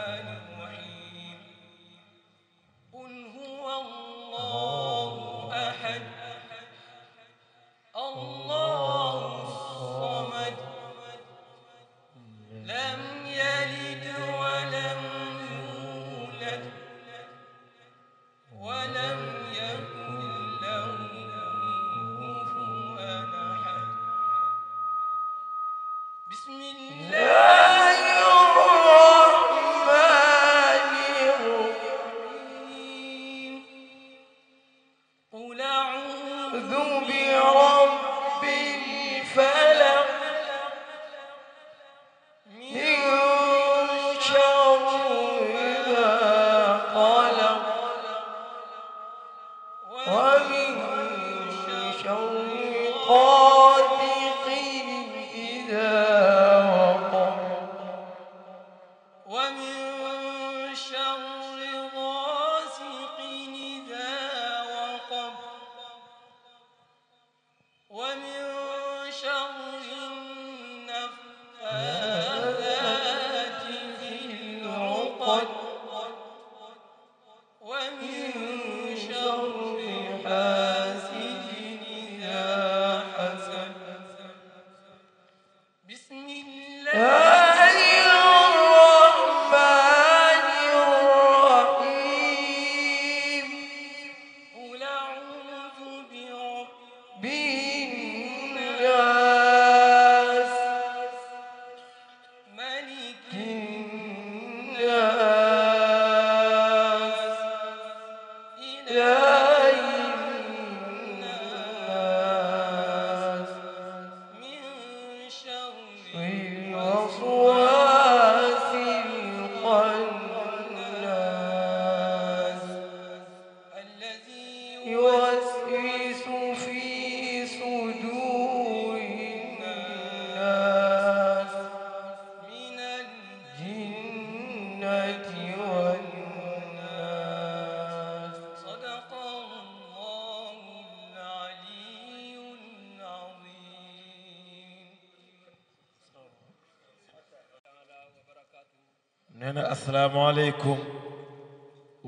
assalaamu aleykum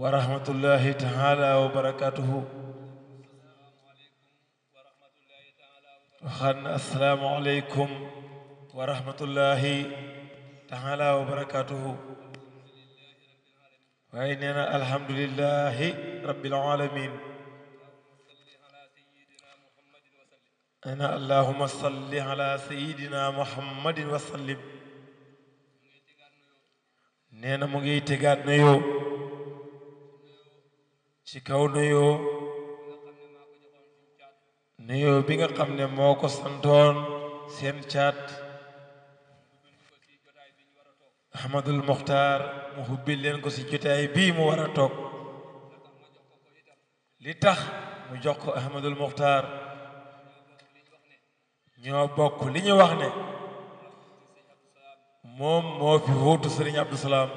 wa rahmatullahi taala wa barakatuhu waxaan assalaamu aleykum wa rahmatullahi taala wa barakatuhu waaye nee na alhamdulillahi rabbil alamin ana allahuma salli ala sayidina muhammadin wa sallim ngi tegaat na ci kaw na yoo bi nga xam ne moo ko santoon seen caat Ahmadul Muxtaar mu hubbi leen ko ci jotaay bii mu war a toog li tax mu jox ko Ahmadul Muxtaar ñoo bokk li ñu wax ne moom moo fi wuutu Sëriñ Abdou Salaam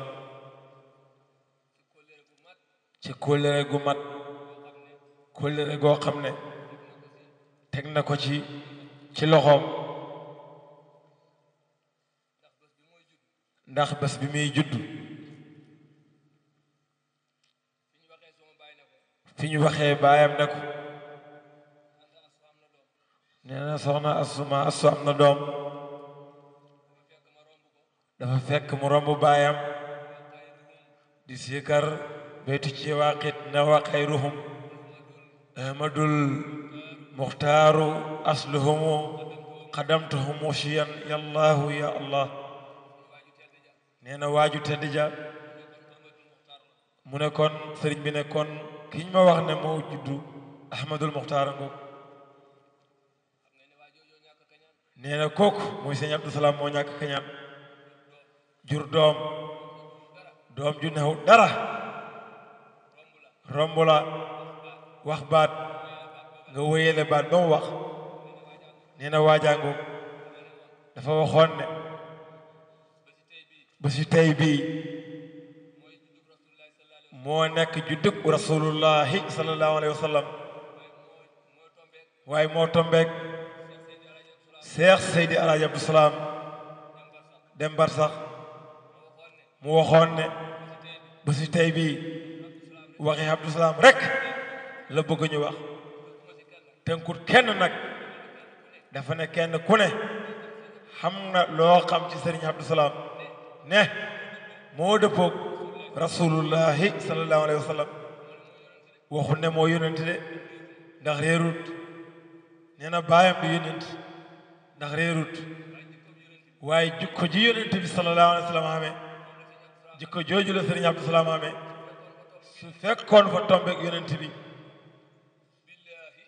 ci kóllëre gu mat kóllëre goo xam ne teg na ko ci ci loxoom ndax bés bi muy judd fi ñu waxee baayam ne ko nee na soxna asuma asu doom dafa fekk mu romb baayam di siikar بيت الجواقد نوى خيرهم أحمد المختار أصلهم قدمتهم مشيا يا الله يا الله نينا واجو تدجا mu ne kon sëriñ bi ne kon ki ma wax ne moo juddu Ahmadul Muxtaar ngoog nee na kooku muy sëñ Abdou Salaam moo ñàkk kañaan jur doom doom ju nexu dara romb la wax baat nga wéyale baat ba mu wax nee na waajaangu dafa waxoon ne ba si tey bii moo nekk juddug rasulullahi sallallahu alayhi wa waaye moo tombeek seex seydi alaaji abdusalaam dem bar sax mu waxoon ne ba si tey bii waxi Abdou Salam rek la bëgg ñu wax tënkut kenn nag dafa ne kenn ku ne xam na loo xam ci sëriñ Abdou Salam ne moo dëppoog rasulullahi sallallahu alayhi wa sallam waxu ne moo yonent de ndax réerut nee na baayam du yonent ndax réerut waaye jikko ji yonent bi sallallahu alayhi wa sallam amee jikko jooju la sëriñ Abdou Salam amee su fekkoon fa tombeeg yonent bi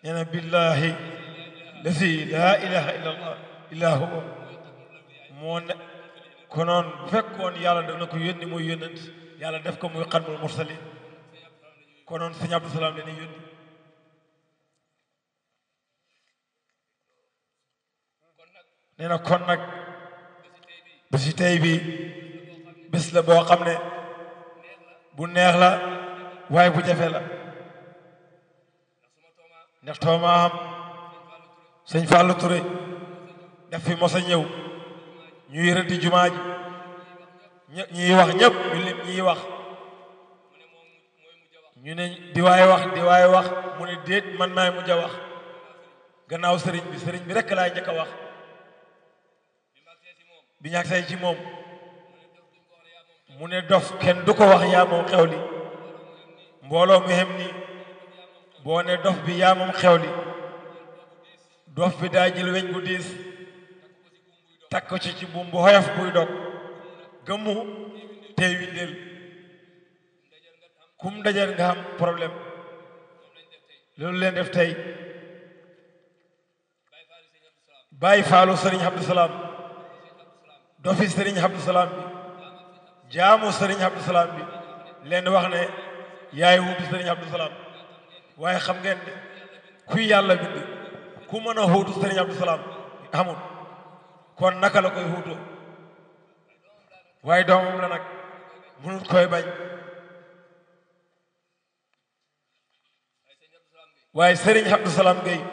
nee na billahi lazi laa ilaha illa allah moo ne konoon fekkoon yàlla def ko yónni muy yónnent yàlla def ko muy xatmul mursalin konoon sëñ Abdou Salaam leen yónni nee na kon nag bési tey bi bés la boo xam ne bu neex la waaye bu jafe la ndax toomaam sëñ Fallou Touré daf fi mos ñëw ñuy rëddi jumaa ji ñiy wax ñëpp ñu lim ñiy wax ñu ne di wax di waay wax mu ne déet man maay mujj a wax gannaaw sëriñ bi sëriñ bi rekk laay njëkk a wax bi ñàkk say ci moom mu ne dof kenn du ko wax yaa moom xew li mbooloo mu xem ni boo ne dof bi yaa xew li dof bi daa jël weñ bu diis takk ci ci buum bu xoyof buy dog gëmmu tey windeel kum dajal nga am problème loolu leen def tey bàyyi faalu sëriñ Abdou Salaam dofi sëriñ Abdou Salaam bi jaamu sëriñ Abdou Salaam bi leen wax ne yaay wuutu sëriñ Abdou Salaam waaye xam ngeen ne kuy yàlla bind ku mën a wuutu sëriñ Abdou Salaam amul kon naka la koy wuutoo waaye doomam la nag mënut koy bañ waaye sëriñ Abdou Salaam Gueye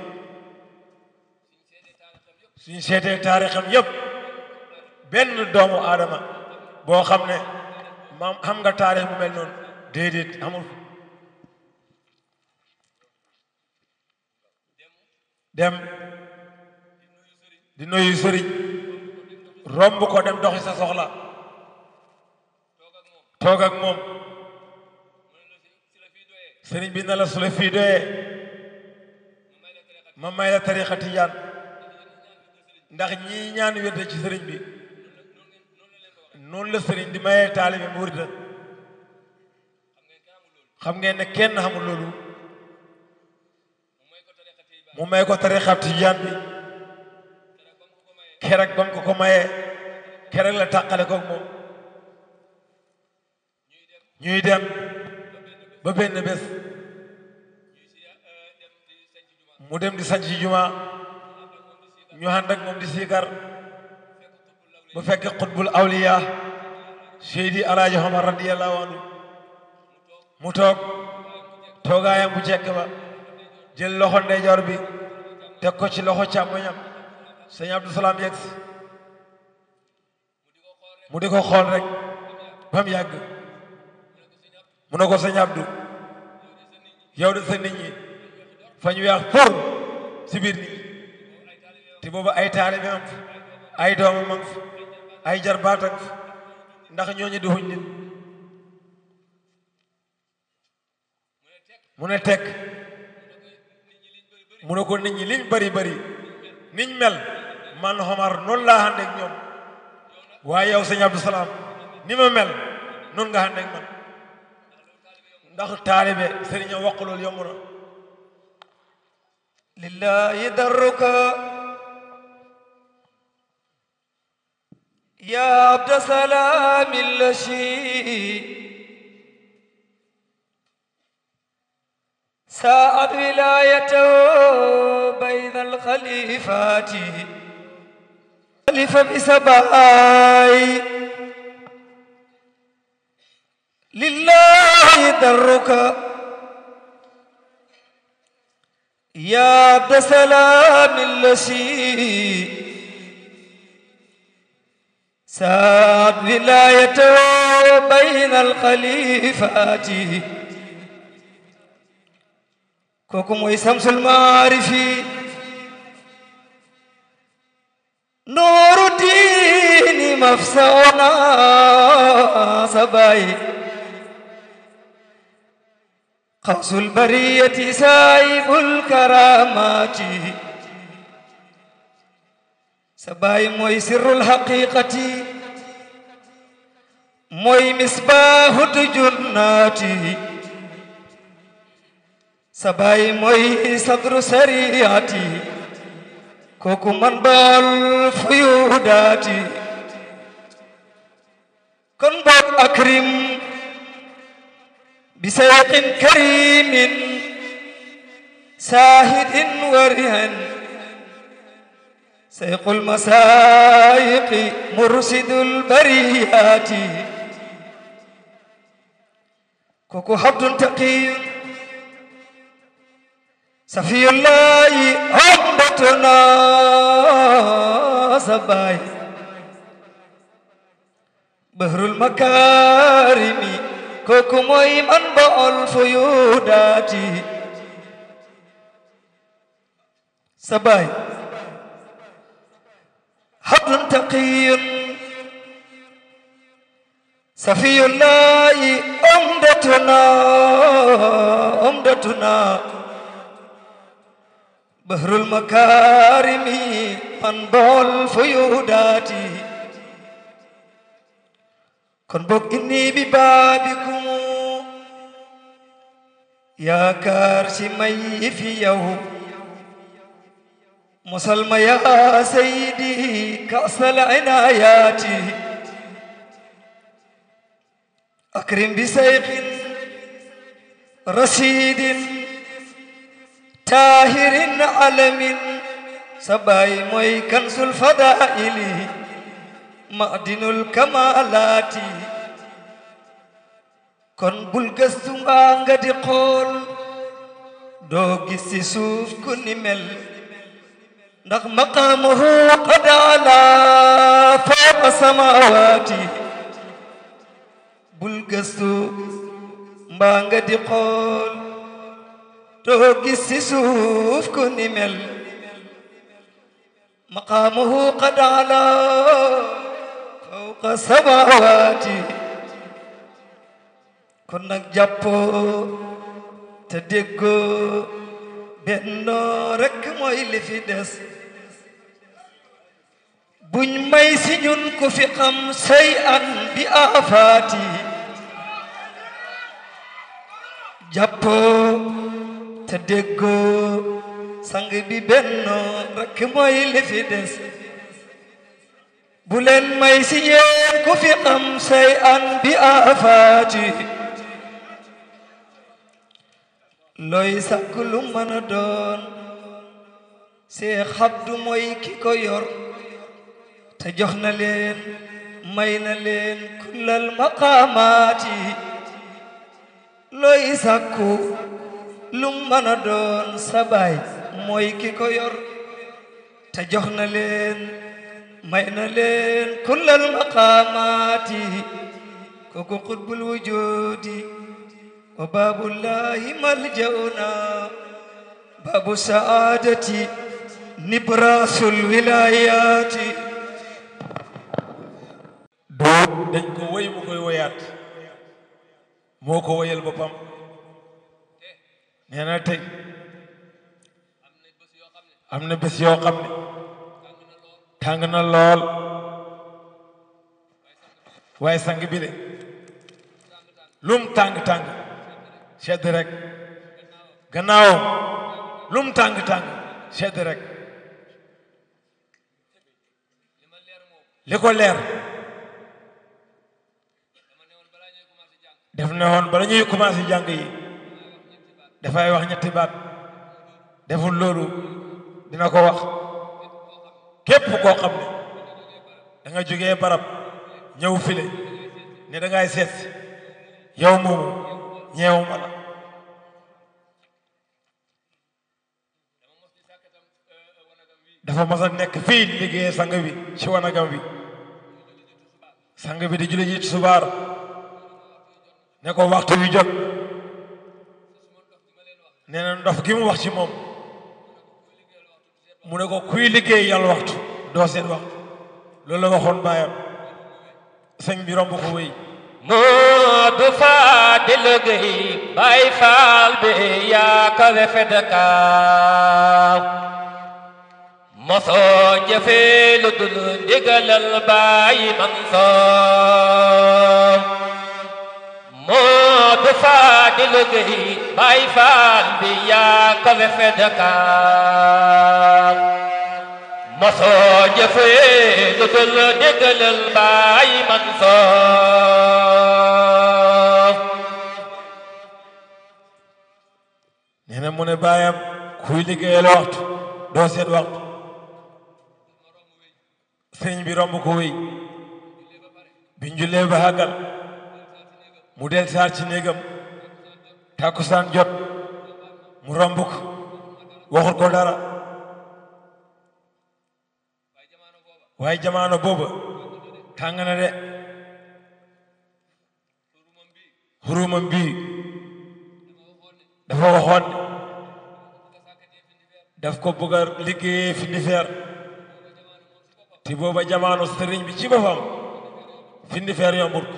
suñ seetee taarixam yépp benn doomu aadama boo xam ne maam xam nga taarix bu mel noonu déedéet amul dem di nuyu sëriñ romb ko dem doxi sa soxla toog ak moom sëriñ bi na la su la fii doyee ma may la tarixa ndax ñii ñaan wérde ci sëriñ bi noonu la sëriñ di mayee taalibe murid xam ngeen ne kenn xamul loolu mu may ko tarixa tijaan bi keroog ba mu ko ko mayee keroog la tàqale ko moom ñuy dem ba benn bés mu dem di sanc juma ñu ànd ak moom di siikar bu fekkee xutbul awliya Seydi Alaaji Omar radiyallahu anhu mu toog toogaayam bu jekk ba jël loxo ndeyjoor bi teg ko ci loxo càmmoñam sëñ Abdou Salaam yegg si mu di ko xool rek ba mu yàgg mu ne ko sëñ Abdou yow de sa nit ñi fa yàq pour si biir nit ñi te boobu ay taalibe am ay doomam am ay jarbaat ndax ñooñu di huñ nit mu ne tekk mu ne ko nit liñ bari bari niñ mel man Omar noonu laa ànd ñoom waaye yow sëñ Abdou ni ma mel noonu nga ànd man ndax taalibe sëriñ wax loolu yomb na lillahi darruka ya Abdou Salaam illashi ساءت ولايته بين الخليفات خليفة بسباي لله درك يا عبد السلام الذي ساءت ولايته بين الخليفات kooku mooy samsul maarifi nooru diini mafsawana sa baay xawsul bariyati saayibul karaamaati sa baay mooy sirrul haqiiqati mooy misbaahu junnaati sa baay mooy sadru sariyaati kooku man baal fuyudaati kon boog akrim bi sayxin karimin saahidin warihan sayqul masaayiqi mursidul bariyaati kooku habdun taqiyun safiyu laayi hamdatuna sa baay bahrul makarimi kooku mooy man bool fuyudaati sa baay habdun taqiyun safiyu laayi umdatuna umdatuna بهر المكارم أنبع الفيودات كن بوك إني ببابكم يا كارس مي في يوم مسلم يا سيدي كأس العنايات أكرم بسيف رشيد taahirin alamin sa baay mooy kansul fadaili mahdinul kamalaati kon bul gëstu mbaa nga suuf ku ni ndax maqaamuhu qad ala fawqa samawaati bul gëstu mbaa too gis suuf ku ni mel qad ala fawqa samawaati kon nag jàppoo te déggoo bennoo rekk mooy li fi des buñ may si ñun ku fi xam say an bi aafaati jàppoo te déggoo sang bi bennoo rekk mooy li fi des bu may si yéen ku fi am say an bi afaati looy sàkk lu mën doon see xabdu mooy ki ko yor te jox na leen may na leen kullal maqaamaati looy sàkku lum mën doon sa baay mooy ki ko yor te jox na leen may na leen kullal maqaamaati kooku xutbul wujuudi wa baabullahi maljauna baabu saadati nibraasul wilaayaati doot dañ ko woy mu koy woyaat moo ko woyal boppam nee na tey am na bés yoo xam ne tàng na lool waaye sang bi de lum tàng-tàng sedd rek gannaawam lum tàng-tàng sedd rek li ko leer def ne woon bala ñuy commencé jàng yi dafay wax ñetti baat defu loolu dina ko wax képp koo xam ne da nga barab ñëw file ne da ngay seet yow moomu ñeewu ma la dafa a nekk fii liggéey sang bi ci wanagam bi sang bi di julli ji subaar ne ko waxtu wi jot nee ndof gi mu wax ci moom mu ne ko kuy liggéey yàlla waxtu doo waxtu loolu la baayam sëñ bi ko wéy Moodu Fadil Gueye Baay Faal bi yaa ko wefe Dakar mosoo lu dul ndigalal Baay Mansoor moodu Fadilu Gueye Baay Faal bi yaa ko wefe dëkkaam mosoo jëfee lu dul déggalal Baay Mansoor nee na mu ne baayam kuy liggéeyal waxtu doo seet waxtu sëñ bi romb ko wéy bi ba xàggal mu del saat ci néegam takkusaan jot mu romb ko ko dara waaye jamaano booba tàng na de xurumam bii dafa waxoon daf ko bëgg a liggéeyee findifeer te booba jamaano sëriñ bi ci boppam findifeer yombut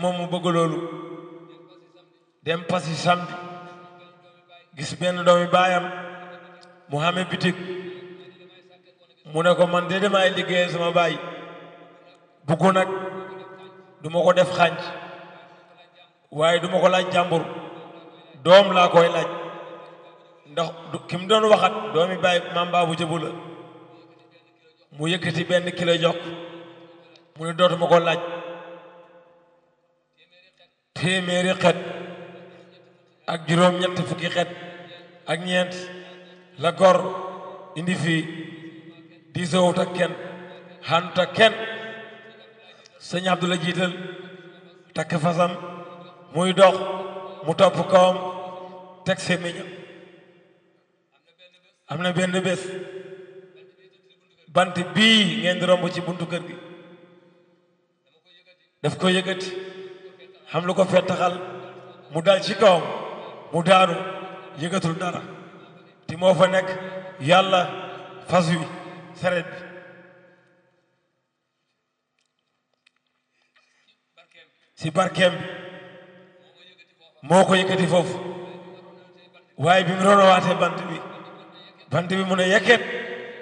moom mu bëgg loolu dem pasi samedi gis benn doomi baayam mu xame bitik mu ne ko man de damay liggéey sama baay bugg nag duma ko def xànc waaye duma ko laaj jàmbur doom laa koy laaj ndax ki mu doon waxat doomi baay maam baabu jëbu la mu yëkkati benn kilo jox mu ne dootuma ko laaj téeméeri xet ak juróom ñetti fukki xet ak ñeent la gor indi fii diisowut ak kenn xanut ak kenn sëñ Abdu la jiital takk fasam muy dox mu topp kawam teg sémmiñam am na benn bés bant bii ngeen di romb ci buntu kër gi daf ko yëkkati xam lu ko fettaxal mu dal ci kawam mu daanu yëgatul dara ti moo fa nekk yàlla fas wi saret bi si barkeem bi moo ko yëkkati foofu waaye bi mu ronowaatee bant bi bant bi mu ne yekket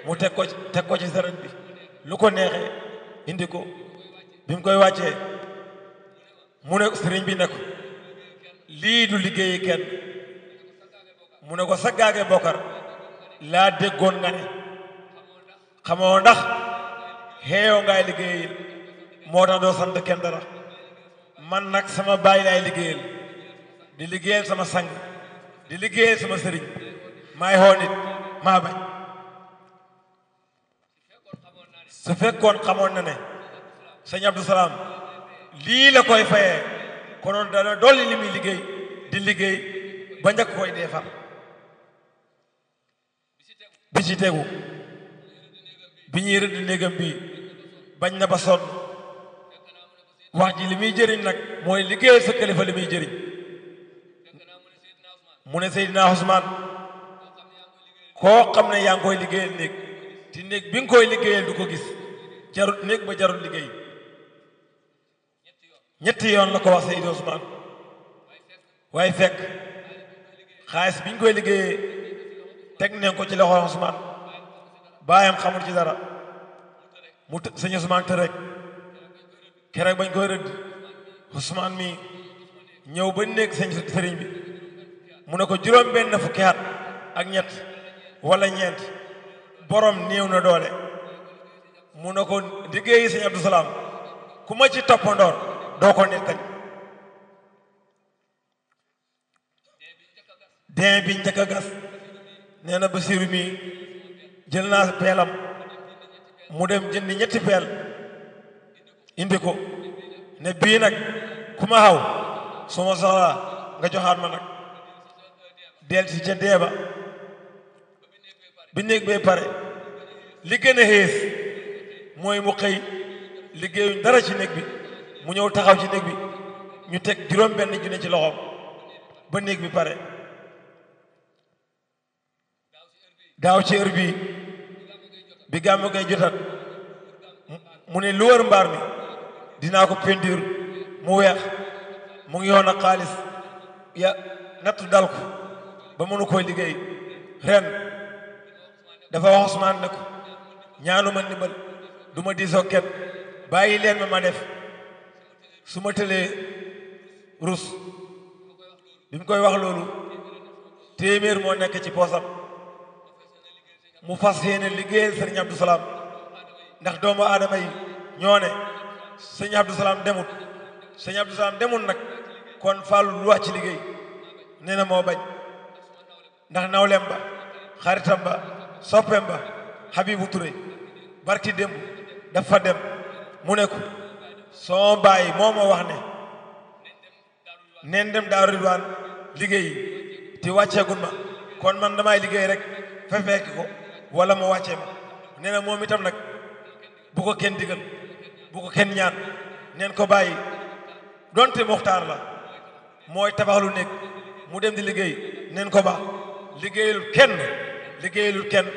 mu teg ko teg ko ci saret bi lu ko neexee indi ko bi mu koy wàccee mu ne sëriñ bi ne ko lii du liggéeyi kenn mu ne ko saggaage bokkar laa déggoon nga ne xamoo ndax xeeyoo ngaay liggéeyil moo tax doo sant kenn dara man nag sama baay laay di liggéeyal sama sang di liggéeyal sama sëriñ maay xool maa bañ su fekkoon xamoon na ne sëñ Abdou Salaam lii la koy fayee konoon dana dolli li muy liggéey di liggéey bañ njëkk koy defar bi ci tegu bi ñuy rëdd néegam bi bañ na ba sonn wax ji li muy jëriñ nag mooy liggéeyal sa kilifa li jëriñ mu ne Seydina Ousmane koo xam ne yaa ngi koy liggéeyal néeg di néeg bi nga koy liggéeyal du ko gis jarut néeg ba jarut liggéey ñetti yoon la ko wax sa Ousmane waaye fekk xaalis bi ñu koy liggéeyee teg nañ ko ci loxo Ousmane baayam xamul ci dara mu sëñ Ousmane te rek keroog bañ koy rëdd Ousmane mi ñëw ba nekk sëñ sëriñ bi mu ne ko juróom benn fu at ak ñett walla ñeent boroom néew na doole mu ne ko liggéeyi sëñ Abdou Salaam ku ma ci toppandoor doo ko nettali dee bi njëkk nee na Basiru mi jël naa peelam mu dem jëndi ñetti peel indi ko ne bii nag ku ma xaw su soxlaa nga joxaat ma nag del si ca dee ba bi néeg bee pare li gën a xees mooy mu xëy liggéeyuñ dara ci néeg bi mu ñëw taxaw ci néeg bi ñu teg juróom benn junne ci loxoom ba néeg bi pare daaw ci heure bii bi gàmmu ngay jotat mu ne lu wër mbaar mi dinaa ko peinture mu weex mu ngi yoon xaalis ya nattu dal ba mënu koy liggéey ren dafa wax Ousmane ñaanu ma ndimbal du ma diisoo kenn bàyyi leen ma ma def su ma tëlee rus bi mu koy wax loolu téeméer moo nekk ci poosam mu fas yéene liggéeyal sëriñ Abdou Salaam ndax doomu aadama yi ñoo ne sëñ Abdou Salaam demut sëñ Abdou Salaam demut nag kon faalu lu wax ci liggéey nee na moo bañ ndax nawlem ba xaritam ba soppem ba Habibou Touré barki démb dafa dem mu nekku soo bàyyi moo ma wax ne neen dem daaru ridwaan liggéey te wàcceegun ma kon man damay liggéey rek fa ko wala moo wàccee ma nee na moom itam nag bu ko kenn digal bu ko kenn ñaan neen ko bàyyi donte moxtaar la mooy tabaxlu lu nekk mu dem di liggéey neen ko baax liggéeyalul kenn liggéeyalul kenn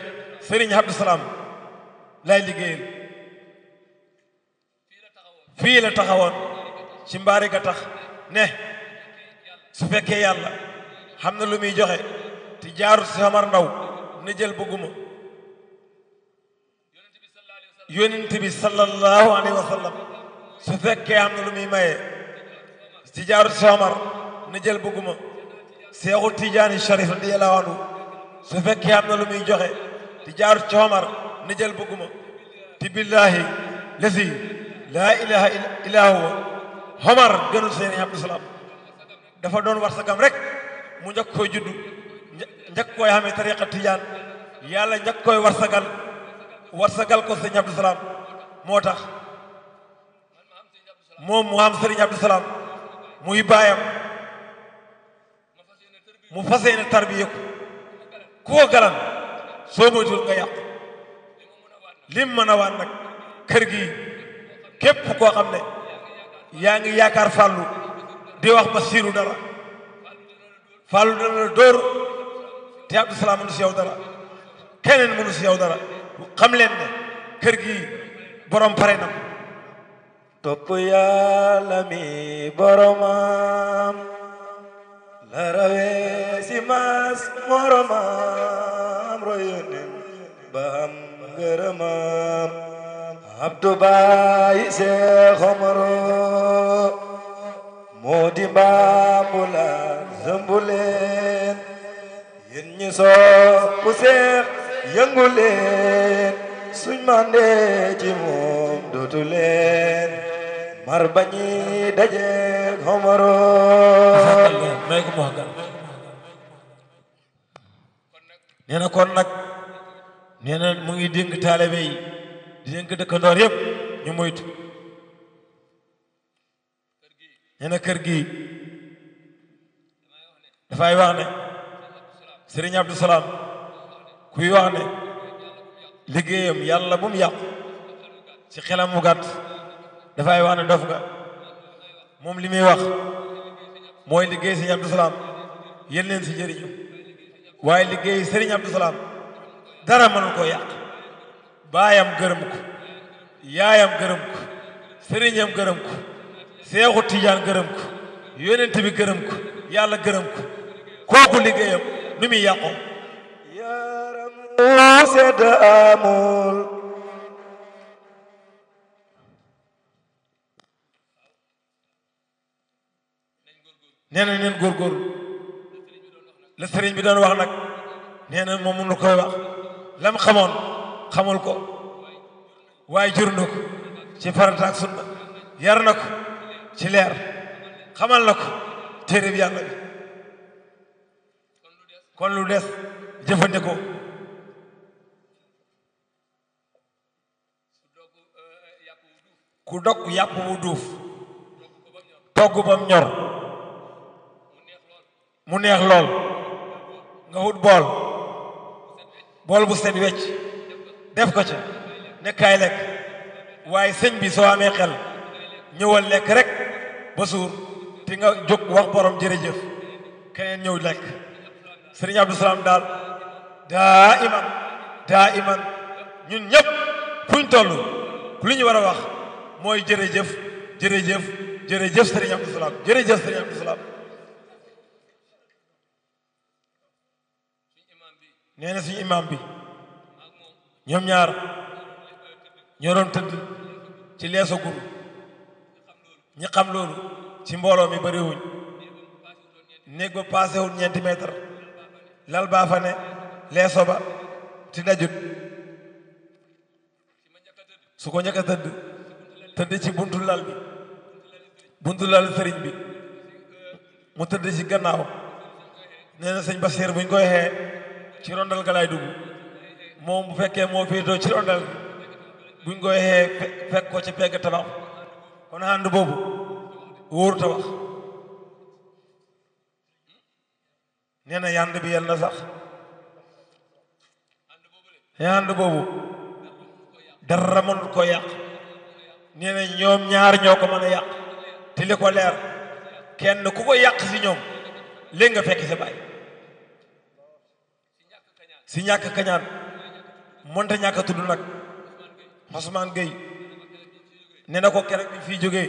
Serigne Abdou Salam lay liggéeyal fii la taxawoon ci mbaari ga tax ne su fekkee yàlla xam na lu muy joxe te jaarut si Omar Ndaw na jël bëgguma yonent bi sallallahu alayhi wa sallam su fekkee xam na lu maye ci si Omar na jël bëgguma Seexul Tijaani Sharif radiyallahu anhu su fekkee xam na lu joxe te jaarut si Omar na jël bëgguma te billaahi lesi laa ilaha illa huwa xomar gënu seen abdusalaam dafa doon war sagam rek mu njëkk koy juddu njëkk koy xamee tariqa tijaan yàlla njëkk koy war sagal war sagal ko sëriñ abdusalaam moo tax moom mu am sëriñ abdusalaam muy baayam mu fas yéene tarbiye galan soo moytuwul lim mën a nag kër gi képp koo xam ne yaa ngi yaakaar fàllu di wax Basiiru dara fàllu dana la dóor te Abdou Salaam si yow dara keneen mënu si yow dara xam leen ne kër gi borom pare na topp yàlla mi boromam la rawee si mas moromam royonen ba am ngërëmam Abdu Baay Seex Omaro moo di Bambulaan sëmbu leen yéen ñi sopp Seex yëngu leen suñ màndee ci moom dootu leen mar bañi dajeek Omaro *laughs* nee na kon nag nee na mu ngi dénk taalibe yi di dénk dëkkandoor yëpp ñu moytu nee kër gi dafay wax ne sëriñ Abdou Salaam kuy wax ne liggéeyam yàlla bu mu yàqu ci xelam mu gàtt dafay wax ne dof nga moom li muy wax mooy liggéey sëriñ Abdou Salaam yéen leen si jëriñu waaye liggéey sëriñ Abdou Salaam dara koo yàq baayam gërëm ko yaayam gërëm ko sëriñam gërëm ko seexu tijaan gërëm ko yonent bi gërëm ko yàlla gërëm ko kooku liggéeyam nu muy yàqoo yaram mu sedd amul nee na neen góorgóorlu la sëriñ bi doon wax nag nee na moom koy wax lam xamoon xamul ko waaye jur na ko ci farata ak sunna yar ci leer xamal na ko téereb yàlla bi kon lu des jëfandikoo ku dog yàpp wu duuf togg bam ñor mu neex lool nga wut bool bool bu set wecc def ko ca ne kaay lekk waaye sëñ bi soo amee xel ñëwal lekk rek ba suur te nga jóg wax borom jërëjëf keneen ñëw lekk sëriñ Abdou Salaam daal daa iman daa iman ñun ñëpp fuñ toll lu ñu war a wax mooy jërëjëf jërëjëf jërëjëf sëriñ Abdou Salaam jërëjëf sëriñ Abdou Salaam nee na suñu bi ñoom ñaar ñoo doon tëdd ci leeso gur ñi xam loolu ci mbooloo mi bariwuñ néeg ba paasewul ñeenti mètre lal baa fa ne leeso ba ti dajut su ko njëkk a tëdd tëdd ci buntu lal bi buntu lal sëriñ bi mu tëdd ci gannaaw nee na sëñ Basiir buñ koy xee ci rondal ga laay dugg moom bu fekkee moo féetoo ci rondal buñ ko yee fekk ko ci pegg tabax kon ànd boobu wóoru tabax nee na yànd bi yal na sax yànd boobu dara mënul ko yàq nee na ñoom ñaar ñoo ko mën a yàq te li ko leer kenn ku ko yàq si ñoom léegi nga fekk sa baay si ñàkk kañaan monte ñàkk a tudd nag Ousmane Gueye ne na ko keroog bi fii jógee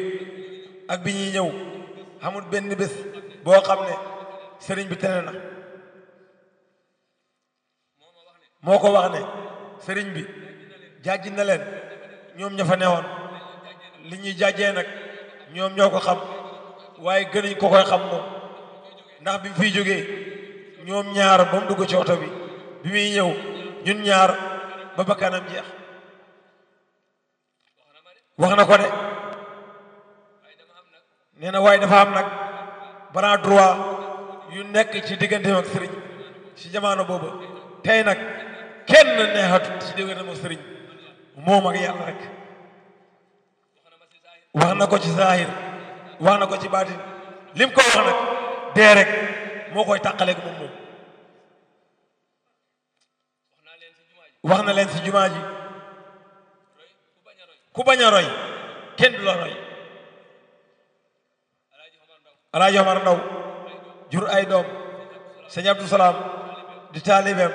ak bi ñuy ñëw xamul benn bés boo xam ne sëriñ bi tere na moo ko wax ne sëriñ bi jàjj na leen ñoom ña li ñuy jàjjee nag ñoom ñoo ko xam waaye gënuñ ko koy xam moom ndax bi fi fiy jógee ñoom ñaar ba dugg ci oto bi bi muy ñëw ñun ñaar ba bakkanam jeex wax na ko de nee na waaye dafa am nag bras droit yu nekk ci digganteem ak sëriñ ci jamono boobu tey nag kenn neexatut ci digganteem ak sëriñ moom ak yàlla rek wax na ko ci zahir wax na ko ci baatin lim ko wax nag dee rek moo koy tàqaleeg moom wax na leen ci jumaa ji ku bañ a roy kenn du la roy alaaji Omar Ndaw jur ay doom sëñ Abdou Salaam di taalibeem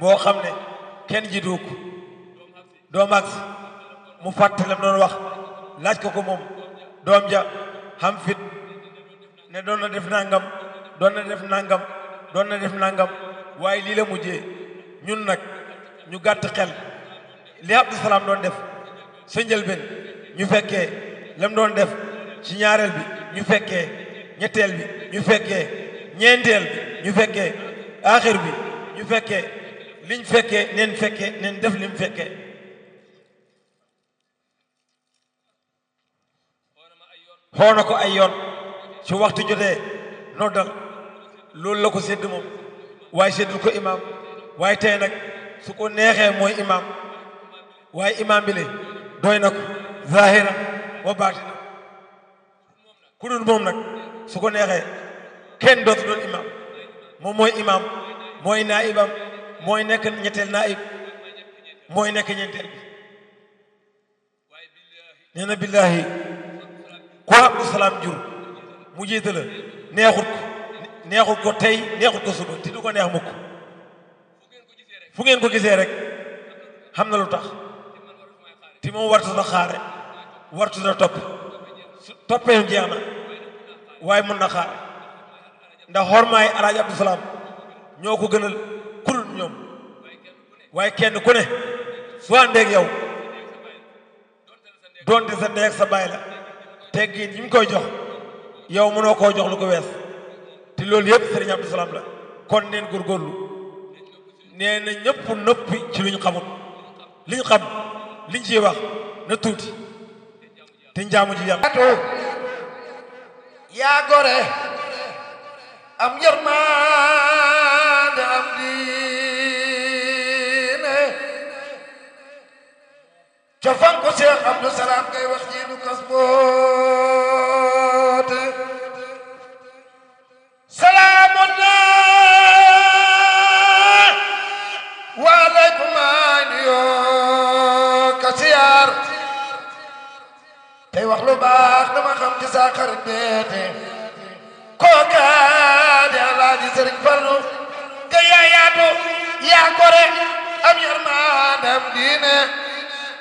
boo xam ne kenn jiitu ko doom mu fàtte lam doon wax laaj ko ko moom doom ja xam fit ne doon na def nangam doon na def nangam doon na def nangam waaye lii la mujjee ñun nag ñu gàtt xel li Abdou Salaam doon def sa njëlbeen ñu fekkee lam doon def ci ñaareel bi ñu fekkee ñetteel bi ñu fekkee ñeenteel bi ñu fekkee aaxir bi ñu fekkee liñ fekkee neen fekkee neen def lim fekkee xoona ko ay yoon su waxtu jotee noddal loolu la ko sédd moom waaye séddul ko imaam waaye tey nag su ko neexee mooy imam waaye imam bi le doy na ko zahira wa baatina ku dul moom nag su ko neexee kenn dootu doon imam moom mooy imam mooy naibam mooy nekk ñetteel naib mooy nekk ñeenteel bi nee na billaahi jur mu jiite la neexut ko neexut ko tey neexut ko suba ti ko neex mukk fu ngeen ko gisee rek xam na lu tax ti moom wartu da xaare wartu da topp toppee jeex na waaye mun na xaare ndax xormaay alaaji abdou salaam ñoo ko gënal kulul ñoom waaye kenn ku ne su àndeeg yow doonte sa ndey sa baay la teggin ñi mu koy jox yow noo koo jox lu ko wees te loolu yëpp sëriñ abdou salaam la kon neen góorgóorlu nee na ñëpp noppi ci lu ñu xamul li ñu xam li na tuuti te njaamu ji yàlla yaa gore am yërmande am diine cofan ko Cheikh Abdou Salam ngay wax ji du kas boote salaam wax lu baax dama xam ci sa xarit beete kooka di alaaji sëriñ Fallu ga yaa yaatu yaa gore am yërmande am diine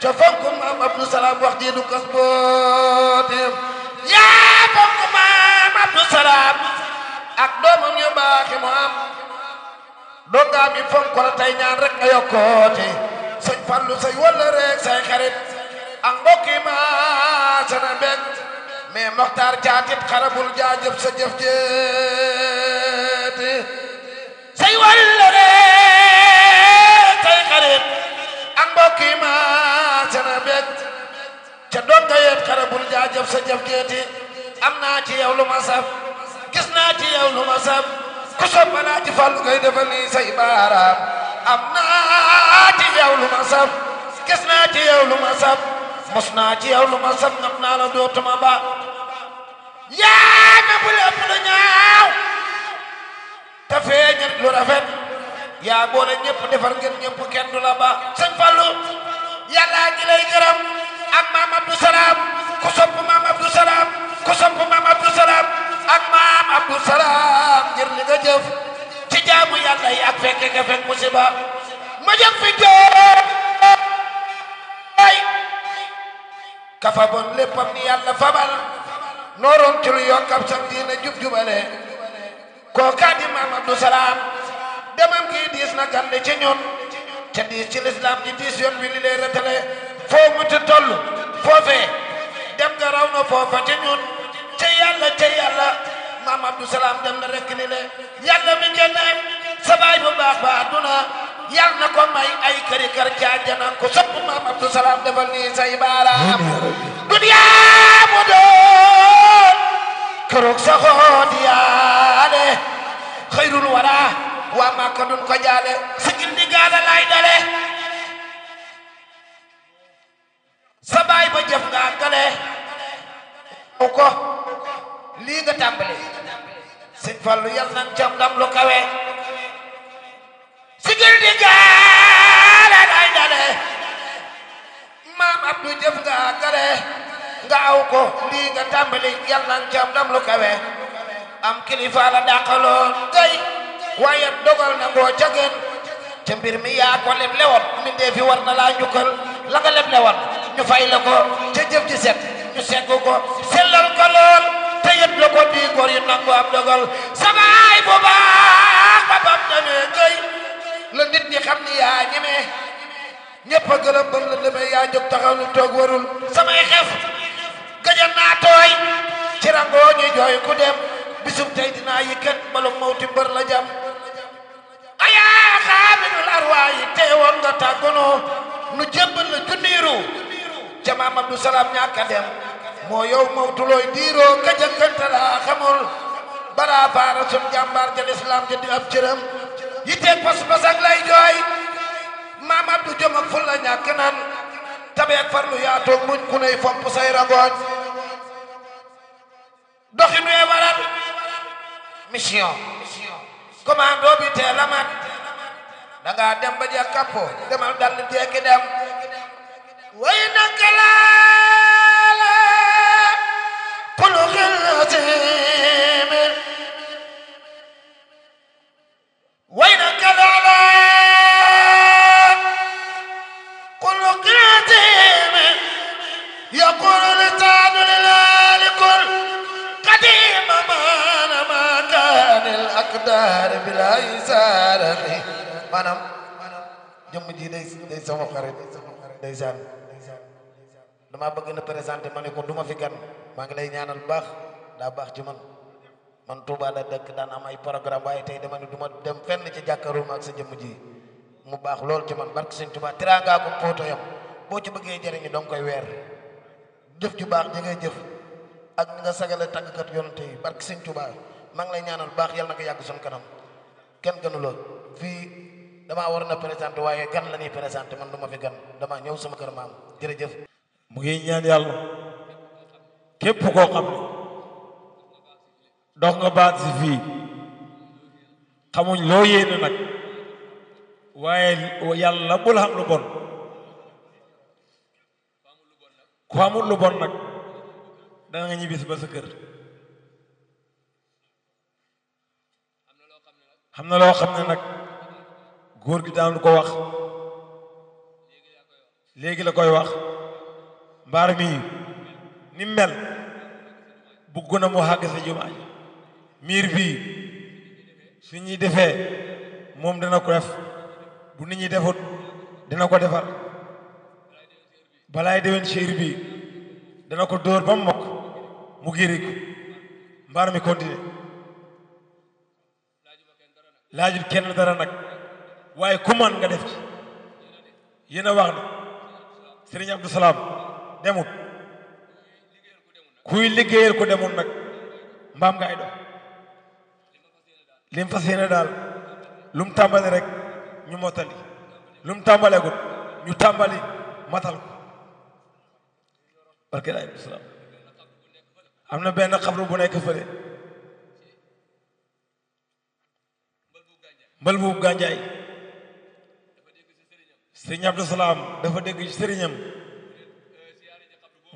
ca fonk maam Abdou Salam wax ji du kas boote yaa fonk maam Abdou Salam ak doomam baaxi mu am dongaa mi fonk la tey rek nga yokkooti sëñ Fallu say rek say xarit ak mbokk yi maa sana mbég mais Mokhtar jaatit xarabul jaajëf sa jëf say wallare tay xarit ak ca donga yeet xarabul jaajëf sa jëf jeeti am naa lu ma saf gis naa lu ma saf ku sopp naa ci say baaraam am naa lu ma saf gis naa lu ma mos naa ci yow lu ma saf ngam naa la dootuma ba yaa na bu lépp lu ñaaw te feeñat lu yaa boole ñëpp defar ngeen ñëpp kenn du la ba sëñ Fallu yàlla ngi lay gërëm ak maam Abdou ku sopp maam Abdou ku sopp maam Abdou ak maam Abdou Salam li nga jëf ci jaamu yàlla yi fekke nga fekk musiba ma jëm fi jooy kafa bon léppam ni yàlla fabal nooroon ci lu yokkab sam diina jub-jubale kookaa di maam Abdou Salaam demam gii diis na gan li ci ñun te diis ci lislaam ji diis yoon wi li lay rëtale foo muti toll foofee dem nga na foofa ci ñun ca yàlla ca yàlla maam Abdou Salaam dem na rekk le yàlla mi ngeen am sa baay bu baax yàlla na ko may ay këri kër ko sopp maam Abdou Salam defal nii say duniyaa mu doon këroog sa xoot yaale waa Màkka duñ ko jaale sa gindi gaala laay dale sa baay ba jëf nga àggale u ko lii nga tàmbale sëñ Fallu yàlla na nga ca lu kawe sigil di gaale day dale maam Abdou jëf nga gale nga aw ko mbii nga tàmbali yal na ci ndam lu kawe am kilifa la dàqaloon tey waaye dogal na ngoo ca mbir mi yaa ko leb lewoon mbindeef yi war na laa njukkal la nga lewoon ñu fay la ko ca jëf ji set ñu segg ko sellal ko lool te yëpp ko di góor yi nangu am dogal sama ay bu baax bam na ne tey la nit ñi xam ni yaa ñemee ñëpp a gëlëm ba la demee yaa jóg taxaw ni toog warul samay xef gaja naa tooy ci rangoo ñu jooy ku dem bisum tey dinaa yëkkat bala mawti mbër la jam ayaa xaaminul arwaa yi teewoon nga tàggonoo nu jébbal la junniiru jamaam abdou salaam ñaaka dem moo yow mawtu looy diiroo ka jëkkante xamul balaa sun jàmbaar ja lislaam ja di ab cëram yitteeg pas-pas ak lay jooy maam Abdou Jom ak ful la ñàkk nan tabeek farlu yaatoog muñ ku ney fomp say rangooñ doxin wee waral mission commando bi teel a mat da ngaa dem kappo demal dal di tekki dem way naka laale puluxil ay saarani maanaam jëmm ji day day sama xarit day saan dama bëgg na présenté ma ne ko du ma fi gan maa ngi lay ñaanal baax daa baax ci man man Touba da dëkk daan am ay programme waaye tey dama ne du ma dem fenn ci jàkkaarloo ma ak sa jëmm ji mu baax lool ci man barke sëñ Touba tiraangaa ko pooto yam boo ci bëggee jëriñu dong koy weer jëf ju baax ji ngay jëf ak nga sagale tàggkat yonante yi barke sëñ Touba maa ngi lay ñaanal baax yàlla na ko yàgg suñu kanam kenn gënu la dama damaa na présenté waaye gan la ñuy présenté ma fi gan damaa ñëw sama kër maam jërëjëf. mu ngi ñaan yàlla képp koo xam ne dox baat si fii xamuñ loo yéene nag waaye yàlla bul xam lu bon ku amul lu bon nag dana nga ba sa kër. xam na loo xam ne nag góor gi daan ko wax léegi la koy wax mbaar mi ni mel bugg na mu xàgg sa jumaa miir bii su ñuy defee moom dana ko def bu nit ñi defut dina ko defar balaay ci chéir bi dana ko dóor ba mu mokk mu girig mbaar mi continuer laajut kenn dara nag waaye ku nga def ci yéen a wax ne sëriñ Abdou Salaam demut kuy liggéeyal ko demut nag mbaam nga ay lim fas yéene daal lu mu tàmbali rek ñu mottali lu mu tàmbaleegut ñu tàmbali matal ko am na benn xabru bu nekk fële mbal boobu gànjaay sëriñ Abdou Salaam dafa dégg sëriñam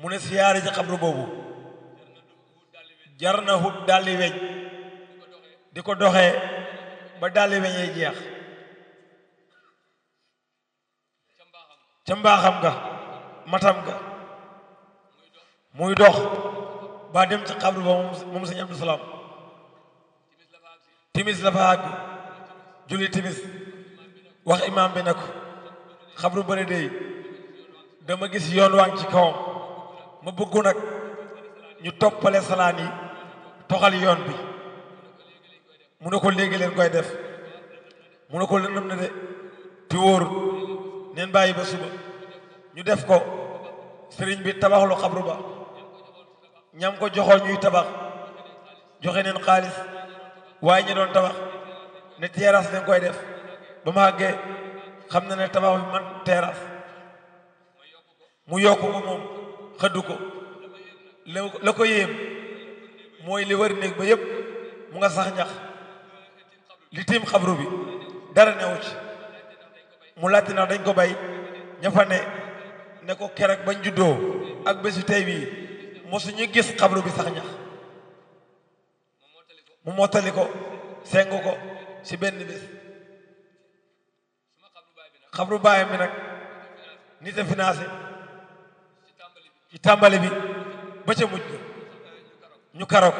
mu ne siyaare ci xabru boobu jar na hut dalli weñ di ko doxe ba dalli weñee jeex ca ga nga matam nga muy dox ba dem ci xabru ba moom sëriñ Abdou Salaam timis la fa àgg julli timis wax imaam bi nag ko xabru bëri dey dama gis yoon waa ci kawam ma bëggu nag ñu toppale salaan yi toxal yoon bi mu ne ko léegi leen koy def mu ne ko lëndëm na de ti wóorul neen bàyyi ba suba ñu def ko sëriñ bi tabaxlu xabru ba ñam ko joxoon ñuy tabax joxe neen xaalis waaye ñi tabax ne terrasse dañ koy def ba mu àggee xam na ne tabax bi man terrasse mu yokk ko moom xëddu ko la ko yéem mooy li wër néeg ba yëpp mu nga sax ñax li tiim xabru bi dara newu ci mu laajte ndax dañ ko bay ña fa ne ne ko keroog bañ juddoo ak bésu tey bii mosuñu gis xabru bi sax ñax mu mottali ko seng ko si benn bés xabru baay bi nag nit a financé ci tàmbali bi ba ca mujj ñu karo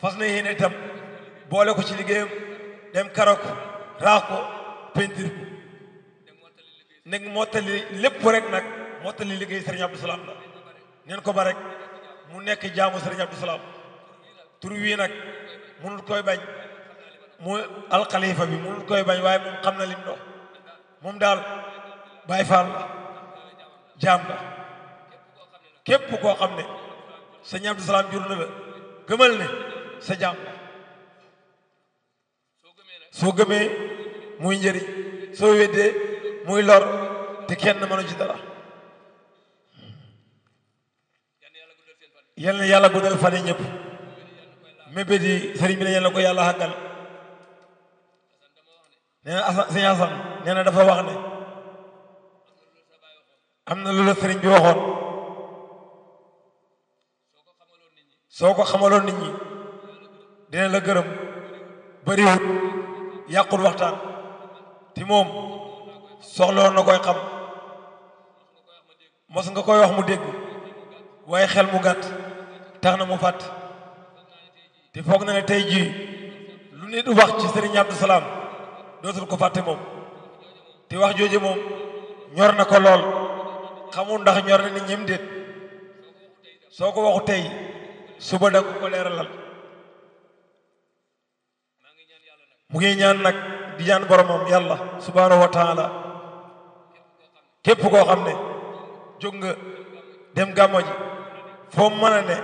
fas na yéene itam boole ko ci liggéeyam dem karo ko raax ko pentir ko nekk mottali lépp rek nag mottali liggéey sëriñ Abdou Salaam la neen ko ba rek mu nekk jaamu sëriñ Abdou tur wii nag mënul koy bañ mu alxalifa bi mu koy bañ waaye moom xam na lim dox moom daal Baay Faal la jaam la képp koo xam ne sëñ Abdou Salaam na la gëmal ne sa jaam la soo gëmee muy njëriñ soo weddee muy lor te kenn mënu ci dara yal na yàlla guddal fan yi ñëpp mébét yi sëriñ bi ne yal ko yàlla xàggal nee na Assane na dafa wax ne am na lu la sëriñ bi waxoon soo ko xamaloon nit ñi dina la gërëm bëriwul yàqul waxtaan ti moom soxloon na koy xam mos nga koy wax mu dégg waaye xel mu gàtt tax na mu fàtt te foog na ne tey jii lu nit wax ci sëriñ Abdou Salaam dootul ko fàtte moom te wax jooju moom ñor na ko lool xamul ndax ñor na nit ñim soo ko waxu tey suba da ko ko leeralal mu ngi ñaan nag di ñaan boromam yàlla subhaanahu wa taala képp koo xam ne jóg nga dem gàmmo ji foo mën a ne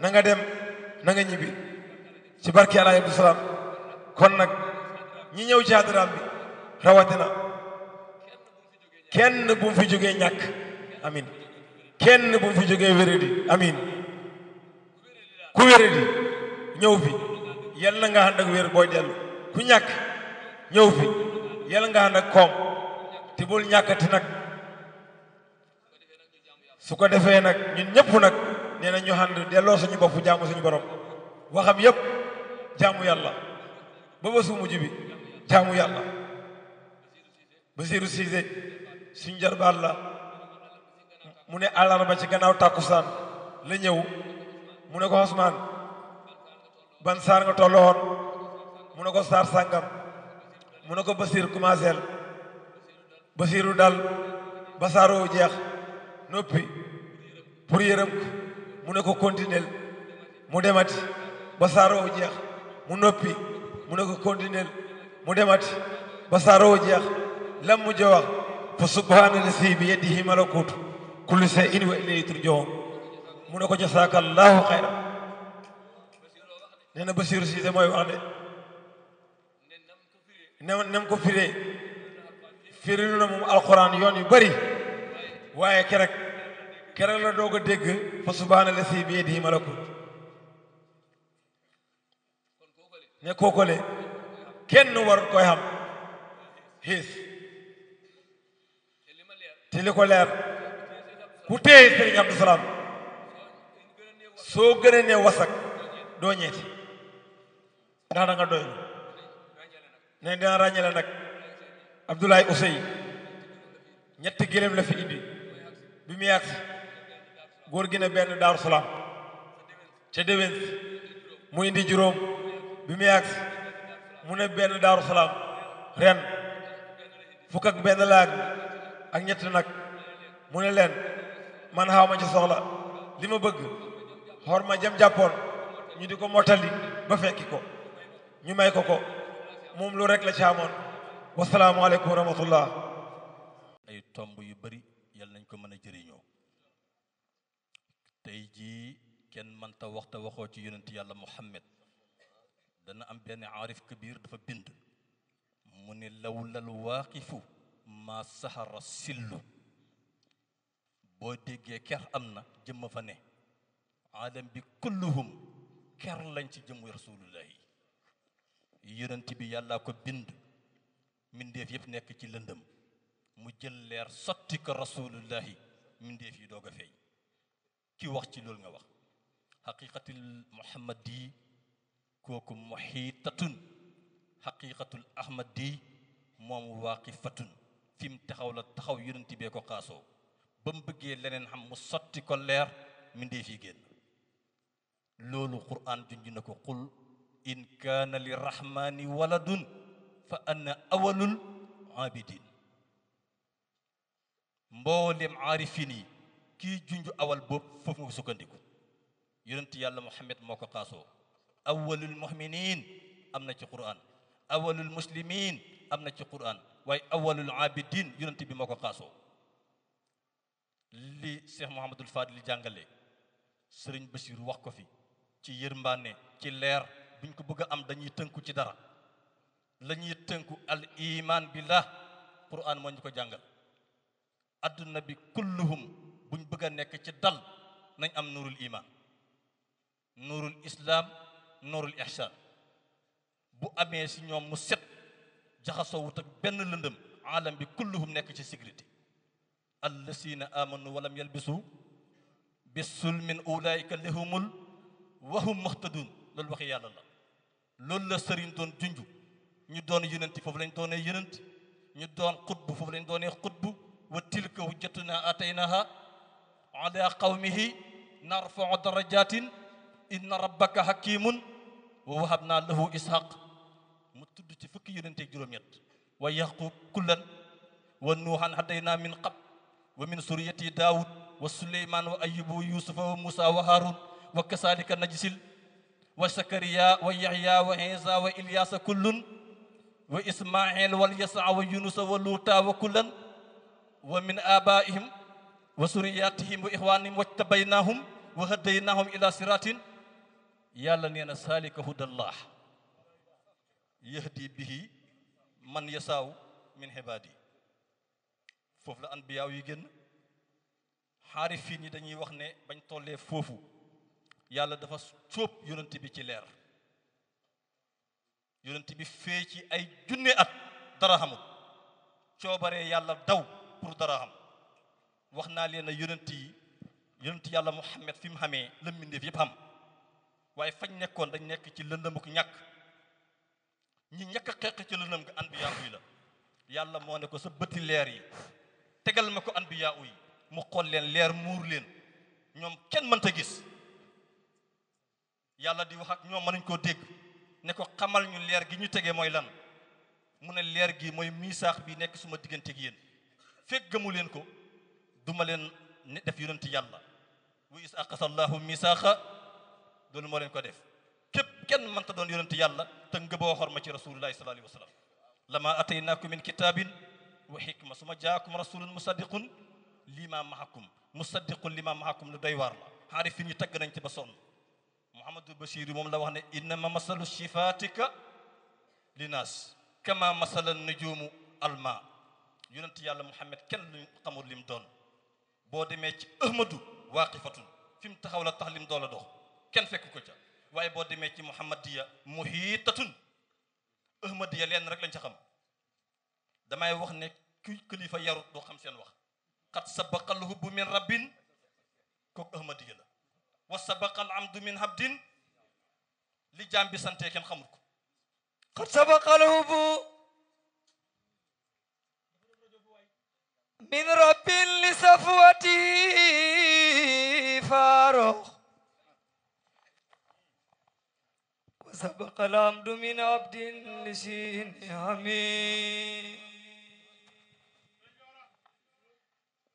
na dem na ñibbi ci barke alaahi abdusalaam kon nag ñi ñëw ci hadaraam bi rawatina kenn bu fi jógee ñàkk amin kenn bu fi jógee wéradi amin ku wéradi ñëw fi yal na nga ak wér booy dellu ku ñàkk ñëw fi yal nga ànd ak koom te bul nag su ko defee nag ñun ñëpp nag nee na ñu ànd delloo suñu bopp jaamu suñu borom waxam yëpp jaamu yàlla ba ba su bi jaamu yàlla Basiiru Siise suñ jarbaat mu ne àllarba ci gannaaw tàkkusaan la ñëw mu ne ko ban saar nga tolloon mu ne ko saar sàngam mu ne ko Basiir commenceel Basiiru dal ba saaroo jeex noppi pour yërëm ko mu ne ko continuel mu demati ba saaroo jeex mu noppi mu ne ko continuel mu demati ba saaroo jeex lam mu jo wax fa subhaana lasi bi yadihi malakuutu kulli shay'in wa ilayhi turja'un mu ne ko jasaaka allahu xayra nee na Basiru Siise mooy wax de nem nem ko firee firilu na moom alquran yoon yu bari waaye kerek kerek la doog a dégg fa subhaana lasi bi yadihi malakuutu ne kookale kenn warut koy xam xiis te ko leer ku téye Sëriñ Abdou Salam soo gën ne wasak doo ñeeti ndax da nga doy ne dina ràññale nag Abdoulaye Ousseyn ñetti gëlëm la fi indi bi mu yàgg góor gi ne benn Daaru ca déwén mu indi juróom bi mu yàgg mu ne benn daaru salaam ren fukk ak benn laag ak ñett nag mu ne leen man xaw ma ci soxla li ma bëgg xor ma jëm jàppoon ñu di ko mottali ba fekki ko ñu may ko ko moom lu rek la caamoon wasalaamualeykum wa rahmatullah ay tomb yu bari yal nañ ko mën a jëriñoo tey jii kenn mënta waxta waxoo ci yonent yàlla muhammad dana am benn aarif kabiir dafa bind mu ne lawlal waaqifu maa saxara sillu boo déggee ker am na jëmm fa ne alam bi kulluhum ker lañ ci jëmm rasulullahi yonent bi yàllaa ko bind mbindeef yëpp nekk ci lëndëm mu jël leer sotti ko rasulullahi mbindeef yi doog feeñ ki wax ci loolu nga wax xaqiqatil muhammad yi kooku muxiitatun xaqiqatul ahmad di moom waaqifatun fi mu taxaw la taxaw yonent bee ko xaasoo ba mu leneen xam mu sotti ko leer mi ndee fii génn loolu quraan junj na ko qul in kaana li rahmaani waladun fa ana awalul abidin mboolem aarifin kii junj awal boobu foofu nga sukkandiku yonent yàlla muhammad moo ko xaasoo awalul muhminin am na ci quran awalul muslimin am na ci quran waaye awalul abidin yonent bi moo ko xaasoo li Cheikh Mouhamadul Fadil jàngale sëriñ Basiir wax ko fi ci yërmande ci leer buñ ko bëgg a am dañuy tënku ci dara la ñuy tënku al iman billah quran moo ñu ko jàngal adduna bi kulluhum buñ bëgg a nekk ci dal nañ am nuurul iman nuurul islam noorul ihsan bu amee si ñoom mu set jaxasoowut ak benn lëndëm alam bi kulluhum nekk ci sécurité allasina amanu walam yalbisu bi sulmin ulaika lahumul wahum muhtadun loolu waxi yàlla la loolu la sëriñ doon junj ñu doon yonent foofu lañ doonee yonent ñu doon xutbu foofu lañ doonee xutbu wa tilka hujjatuna ataynaha ala qawmihi narfau darajatin inna rabbaka hakimun wa wahab naa lahu ishaq mu tudd ci fukki yonente ak wa yaqub kullan wa nuuxan hadaynaa min qab wa min suriyati daawud wa suleymaan wa ayub wa yusufa wa muusa wa haarun wa kasaalika najsil wa sakariya wa yahya wa isa wa ilyaasa kullun wa ismail wal yasaa wa yunusa wa luuta wa kullan wa min abaihim wa suriyatihim wa ixwanihim wajtabaynahum wa haddaynahum ila siratin yàlla nee na saalika hudallah yahdi bihi man yasaaw min xibaadi foofu la anbiyaaw yi xaari xaarifiin yi dañuy wax ne bañ tollee foofu yàlla dafa sóob yonent bi ci leer yonent bi fee ci ay junne at dara xamul coobaree yàlla daw pour dara xam wax naa leen yonent yi yonent yàlla fi mu xamee la mbindeef yépp xam waaye fañ nekkoon dañ nekk ci lëndëm ku ñàkk ñi ñàkk a xeex ci lëndëm gi anbiyaa uy la yàlla moo ne ko sa bëti leer yi tegal ma ko anbiyaa uy mu xool leen leer muur leen ñoom kenn mënta gis yàlla di wax ak ñoom mënuñ koo dégg ne ko xamal ñu leer gi ñu tegee mooy lan mu ne leer gi mooy miisaax bi nekk suma diggante ak yéen fekk gëmu leen ko duma leen def yonent yàlla wa is aqasa loolu moo leen ko def képp kenn mënta doon yonent yàlla te nga boo xorma ci rasulullahi sallallahu alayhi wa sallam lama ataynakum min kitabin wa hikma suma jaakum rasulun musaddiqun lima mahakum musaddiqun lima mahakum lu doy waar la xaarifin yi tagg nañ ci ba sonn muhammadu ba yi moom la wax ne innama masalu sifatika linaas kama masala nujumu alma yonent yàlla muhammad kenn lu xamul lim doon boo demee ci ahmadu waaqifatun fi mu taxaw la tax lim doon la dox kenn fekk ko ca waaye boo demee ci muhammadiya muhiitatun ahmadiya leen rek lañ ca xam damay wax ne kuy kilifa yarut doo xam seen wax qad sabaqa alhubbu min rabbin kooku ahmadiya la wa sabaqa al amdu min habdin li jaam bi santee kenn xamul ko qad sabaqa alhubbu min rabbin li safwati faaroo سبق الحمد من عبد لسين حميد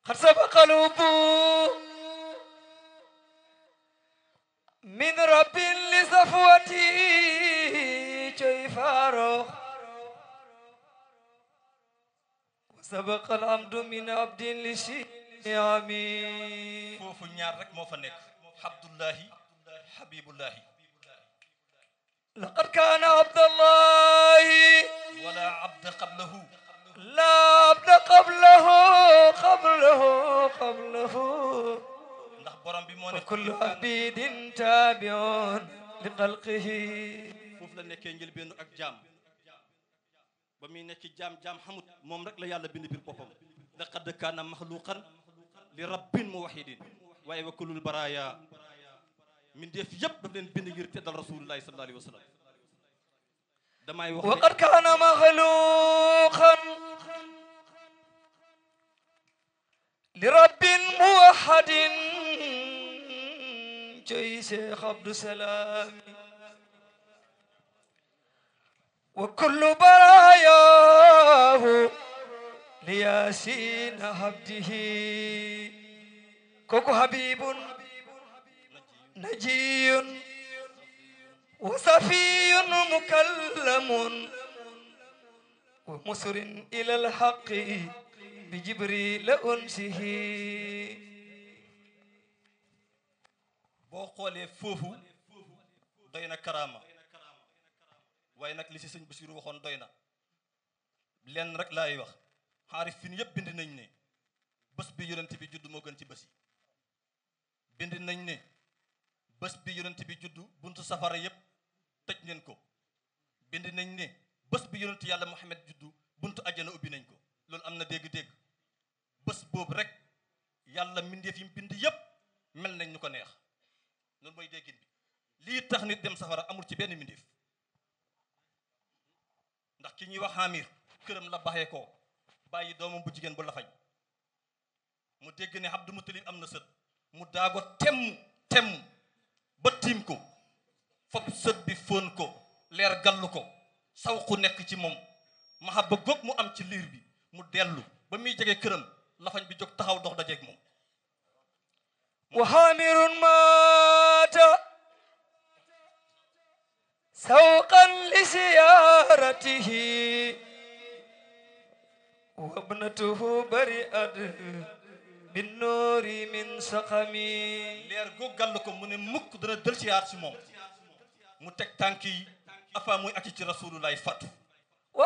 قد سبق الحب من رب لصفوته جيفاره وسبق الحمد من عبد لسين حميد foofu ñaar rek moo fa nekk Abdullahi Habibullahi لقد كان عبد الله ولا عبد قبله لا عبد قبله قبله قبله ndax borom bi moo ne kullu abidin taabiun li xalqihi foofu la nekkee njëlbeenu ak jaam ba muy nekk jaam jaam xamut moom rek la yàlla bind biir boppam laqad kaana maxluqan li rabbin muwahidin waaye wa kullul baraaya mindeef yëpp daf leen bind ngir teddal rasulullahi sallallahu alayhi wa sallam damay wax waqad kaana maxluqan li rabbin muwahadin coy Cheikh Abdou Salam wa kullu barayahu li yasin abdihi kooku habibun نجي وصفي مكلم ومسر إلى الحق بجبريل أنسه boo xoolee foofu doy na karaama waaye nag li si sëñ Basiru waxoon doy na lenn rek laay wax xaarif fin yëpp bind nañ ne bés bi yonent bi judd moo gën ci bés nañ ne bës bi yonent bi juddu buntu safara yëpp tëj nañ ko bind nañ ne bés bi yonent yàlla Muhammad juddu buntu ajjana ubbi nañ ko loolu am na dégg-dégg bés boobu rek yàlla mbindeef yi bind yëpp mel nañ ñu ko neex loolu mooy déggin bi lii tax nit dem safara amul ci benn mbindeef ndax ki ñuy wax xaamir këram la baxee koo bàyyi doomam bu jigéen bu la mu dégg ne Abdou Moutalib am na sët mu daago temm temm ba tiim ko fab sët bi ko leer gàllu ko sawqu nekk ci moom mahabba góog mu am ci liir bi mu dellu ba muy jege këram lafañ bi jóg taxaw dox dajeeg moom wa xaamirun maata sawqan li siyaaratihi wa abnatuhu bari ad binnoori min saqami mukk dana dël ci yaat si moom mu teg tànk muy ati ci fatu wa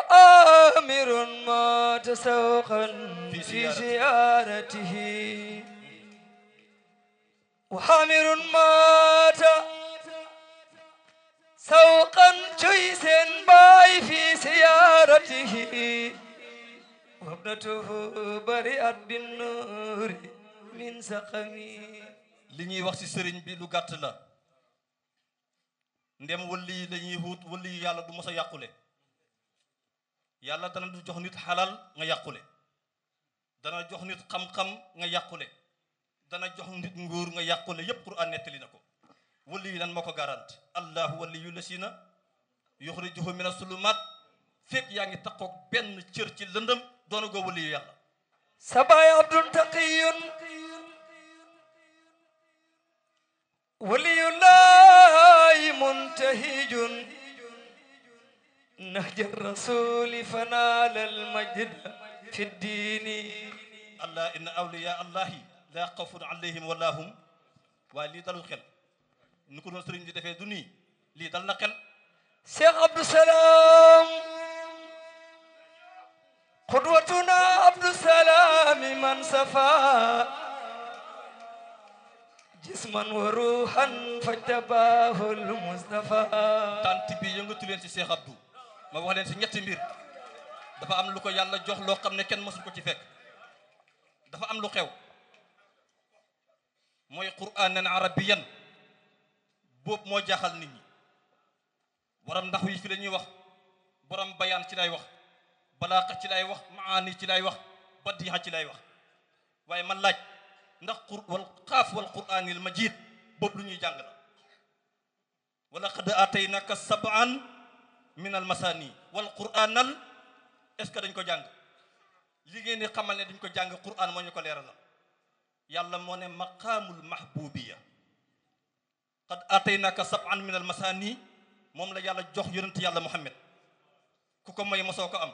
amirun mata sawqan fi ziyaratihi wa amirun mata sawqan cuy seen fi ziyaratihi wabnatuhu bari'at li ñuy wax si sëriñ bi lu gàtt la ndem wëlli yi la ñuy xuut wëlli yàlla du mos a yàqule yàlla dana du jox nit xalal nga yàqule dana jox nit xam-xam nga yàqule dana jox nit nguur nga yàqule yépp Qur'an nettali na ko wëlli yi lan moo ko garanti allahu waliyu lasina yuxrijuhu mina sulumaat fekk yaa ngi takkoog benn cër ci lëndëm doole goo waliyu yàlla sa baay abdun taqiyun waliyullahi muntahijun nahja rasuli fanaala almajd fi ddiini allah inna awliya allahi laa xawfun alayhim wala hum waaye lii dalul xel ni ko doon sëriñ di defee du nii lii dal na xel cheikh abdou salaam قدوتنا عبد السلام من صفا جسما وروحا فاجتباه المصطفى tant bi yëngatu leen ci Cheikh Abdou ma wax leen ci ñetti mbir dafa am lu ko yàlla jox loo xam ne kenn mësul ko ci fekk dafa am lu xew mooy quraanan arabiyan boobu moo jaxal nit ñi waram ndax yi fi la wax borom bayaan ci lay wax balaaqa ci lay wax maani ci lay wax badiha ci lay wax waaye man laaj ndax qur wal xaaf wal quraanil majid boobu lu ñuy jàng la wala qad ataynaka sab'an min al masani wal quraanal est-ce que dañ ko jàng li ni di xamal ne dañ ko jàng quraan moo ñu ko leeralal yàlla moo ne maqaamul mahbubiya qad ataynaka sab'an min al masani moom la yàlla jox yonent yàlla muhammad ku ko may masoo ko am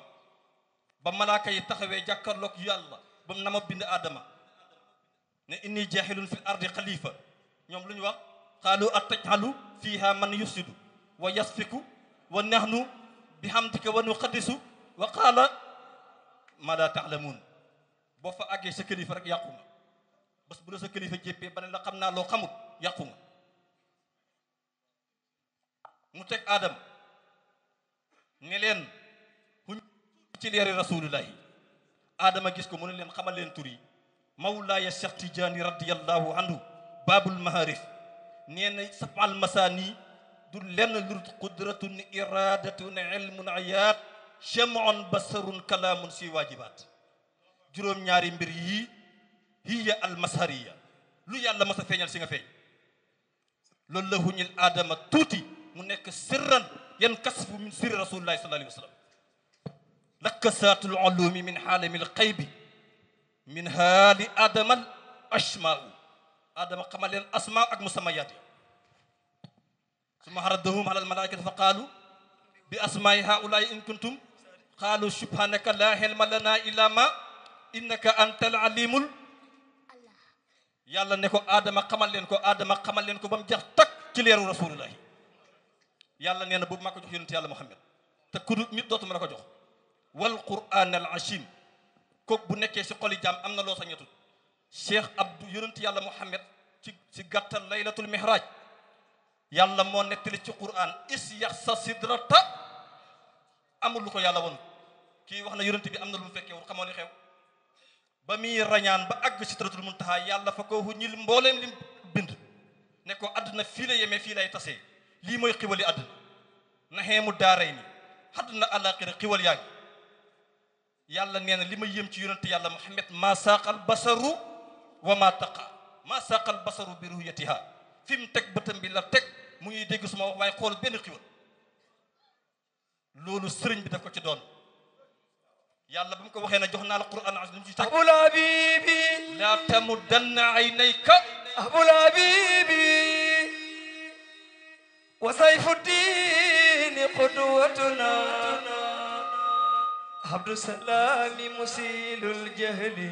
ba malaaka yi taxawee jàkkarloog yàlla ba mu nama bind aadama ne inni jaaxilun fil ardi xalifa ñoom lu ñu wax qaalu atajalu fiha man yufsidu wa yasfiku wa nahnu bihamdika wa nuqaddisu wa qaala ma la taalamuun boo fa àggee sa kilifa rek yàqu nga bés bu la sa kilifa jéppee ba ne la xam naa loo xamut yàqu nga mu teg aadama ne leen ci leeri rasulullahi aadama gis ko mu ne leen xamal leen tur yi mawlaaya cheikh tijaani radiyallahu anhu baabul maharif nee na sabal masaani du lenn lu qudratun iradatun ilmun ayaat chamun basarun kalaamun si waajibaat juróom-ñaari mbir yii hiya almashariya lu yàlla mas a feeñal si nga feeñ loolu la huñil aadama tuuti mu nekk sirran yan kasfu min sirri rasulillahi sallallahu alayhi wa sallam لكسات العلوم من عالم القيب من هال آدم الأشماء آدم قمل الأسماء المسميات ثم عرضهم على الملائكة فقالوا بأسماء هؤلاء إن كنتم قالوا سبحانك لا علم لنا إلا ما إنك أنت العليم ال... yàlla ne ko aadama xamal leen ko aadama xamal leen ko ba mu jeex takk ci leeru rasulullahi yàlla nee na boobu maa ko jox yonent yàlla Muhammad te ku nit dootuma la ko jox wal quraan al ashim kook bu nekkee si xoli jaam am na loo sañatul cheikh abdou yonent yàlla muhammad ci si gàttal laylatul mihraj yàlla moo nettali ci quraan is yax sa sidrata amul lu ko yàlla woon kii wax na yonent bi am na lu mu fekkee wul xamoo ni xew ba muy rañaan ba àgg sidratul muntaha yàlla fa ko hu ñil mbooleem lim bind ne ko àdduna fii la yemee fii lay tasee lii mooy xiwali àdduna naxee mu daaray ni àdduna àllaaxira xiwal yaa ngi yàlla nee na li ma yëm ci yonent yàlla Muhammad maa saaqal basaru wa maa taqa maa saaqal basaru bi ruhyatiha fi mu teg bëtam bi la teg mu ngi dégg suma wax waaye xool benn xiwal loolu sëriñ bi daf ko ci doon yàlla ba mu ko waxee na jox naa la quran as mu ci tax abul habibi laa tamuddanna aynayka abul habibi wa sayfuddin qudwatuna habdu salaami musiilul jahli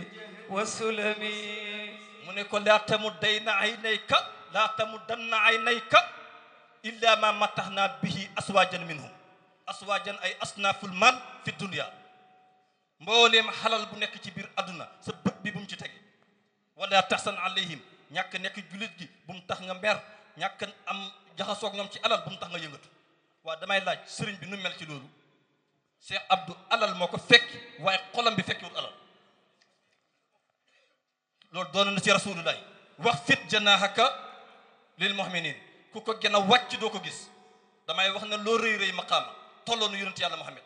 wa sulami mu ne ko laa tamuddayna aynayka laa tamuddanna aynayka illa ma mattaxnaa bihi aswaajan minhum aswaajan ay asnaaful mal fi dunya mbooleem xalal bu nekk ci biir àdduna sa bët bi bu mu ci tege wala taxsan alayhim ñàkk nekk jullit gi bu mu tax nga mer ñàkk am jaxasoog ñoom ci alal bu mu tax nga yëngatu waa damay laaj sëriñ bi nu mel ci loolu Cheikh Abdou alal moo ko fekki waaye xolam bi fekk alal loolu doon na ci rasulullahi wax fit janahaka lil mu'minin ku ko gën a wàcc doo ko gis damay wax ne loo rëy rëy maqaama tolloonu yonent yàlla Muhammad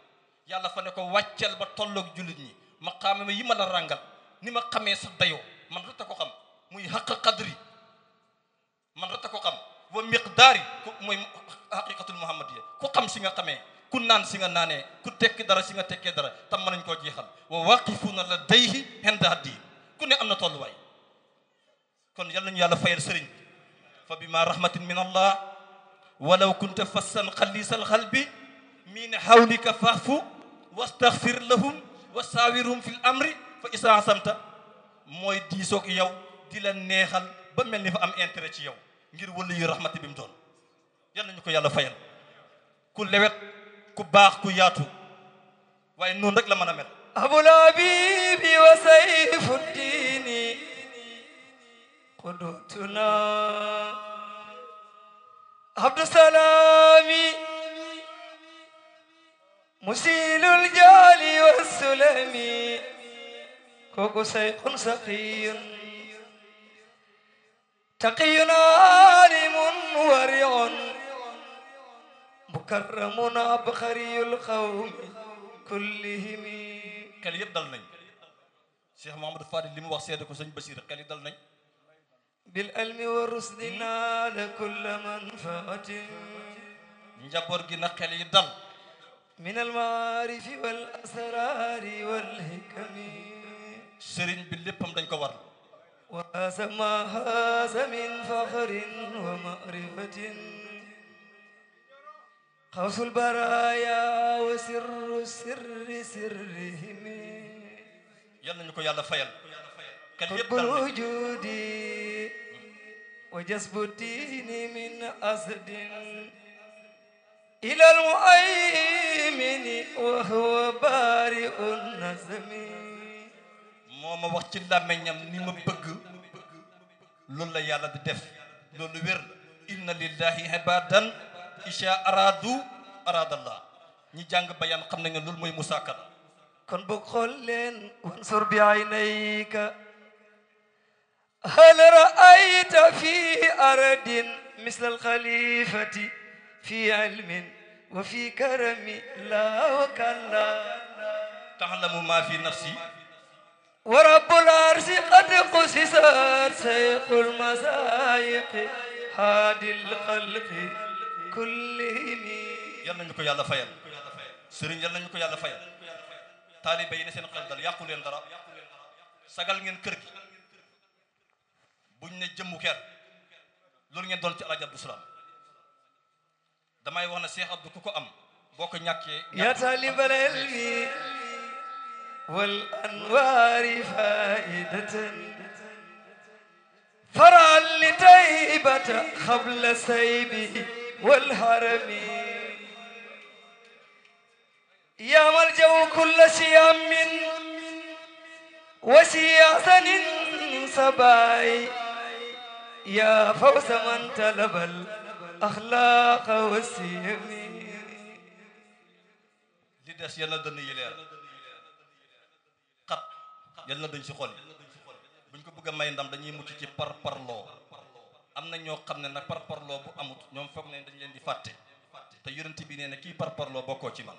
yàlla fa ne wàcceel ba tolloog jullit ñi maqaama yi ma la ràngal ni ma xamee sa dayoo man rek a ko xam muy xaq qadri man rek a ko xam wa miqdaari ku mooy haqiqatul muhammadiyya ku xam si nga xamee ku naan si nga naanee ku tekki dara si nga tekkee dara tam mën nañ koo jeexal wa waqifuuna la dayhi henda haddi ku ne am na tolluwaay kon yal nañu yàlla fayal sëriñ fa bima rahmatin min allah walaw kunta fassan xalisal xalbi min hawlika faafu wastaghfir lahum wa saawirhum fi l amri fa isa asamta mooy diisoog yow di la neexal ba mel ni fa am intérêt ci yow ngir wëlu yu rahmati bi mu doon yal nañu ko yàlla fayal ku lewet ku baax ku yaatu waaye noonu rek la mën a mel abul habibi wa sayfu diini qudutuna abdu salaami musiilul jaali wa sulami kooku sayxun saqiyun taqiyun alimun wariun mukarramuna abxariyul xawmi kullihim xel yëpp dal nañ Cheikh Mouhamadou Fadil li mu wax seede ko sëñ Basiir xel yi dal nañ bil almi wa rusdi naala kulla manfaatin njaboot gi na xel yi dal min almaarifi wal asraari wal hikami sëriñ bi léppam dañ ko war wa haasa ma haasa min faxrin wa marifatin خوف البرايا وسر سر سرهم yal nañu ko yàlla fayal kan yëpp dal wujudi wa jasbu tiini min asdin ila almuaymini wa huwa bari unnazmi moo ma wax ci làmmiñam ni ma bëgg loolu la yàlla di def loolu wér inna lillahi ibadan isha aradu aradallah ñi jàng bayaan xam nañ ne loolu mooy musaakala kon bu xool leen wansur bi aynayka hal raayta fi ardin misla alxalifati fi ilmin wa fi karami la wa kalla taalamu ma fi nafsi wa rabbul arsi qad qusisat sayqul masaayiqi haadil xalqi kullihim yal nañu ko yàlla fayal sëriñ yal nañu ko yàlla fayal taalibe yi ne seen xel dal yàqu leen dara sagal ngeen kër gi buñ ne jëmmu ker loolu ngeen doon ci alaaj Abdou Salam damay wax ne Cheikh ku ko am boko ko ñàkkee ya taalibal ilmi wal anwaari faidatan faral li taybata xabla saybi والهرم يا ملجأ كل سيام وسياسة صباي يا فوز من طلب الأخلاق والسيم li des yal na dënn yi leer xat yal na dëñ si xol buñ ko bëgg a may ndam dañuy mucc ci par parloo am na ñoo xam ne na nag loo bu amut ñoom foog nañ dañ leen di fàtte te yonent bi nee na kii parparloo bokkoo ci man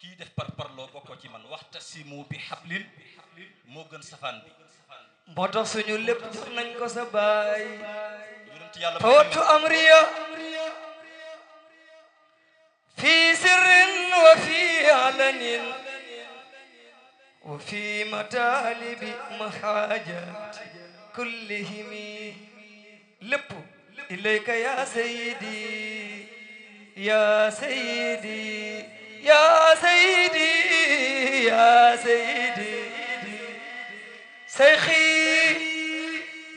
kii def parparloo bokkoo ci man waxtasimu bi xablin moo gën safaan bi moo tax suñu lépp jox nañ ko sa baay yonent yàlla fawattu amriya fi sirrin wa fi alanin wa fi matalibi mahajat kullihim lépp ilayka ya sayyidi ya sayyidi ya sayyidi ya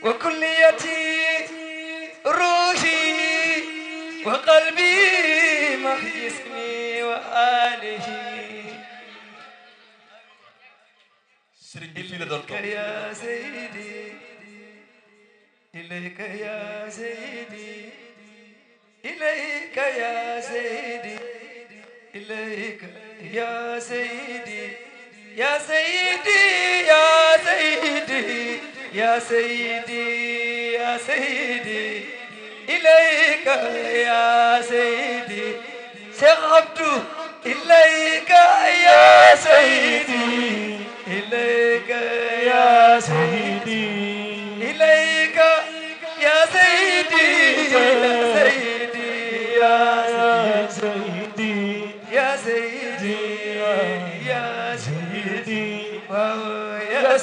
wa kulliyati ruuhi wa qalbi ma jismi wa alihi إليك يا سيدي إليك يا سيدي إليك يا سيدي يا سيدي يا سيدي يا سيدي يا سيدي إليك يا سيدي سيغبت إليك يا سيدي إليك يا سيدي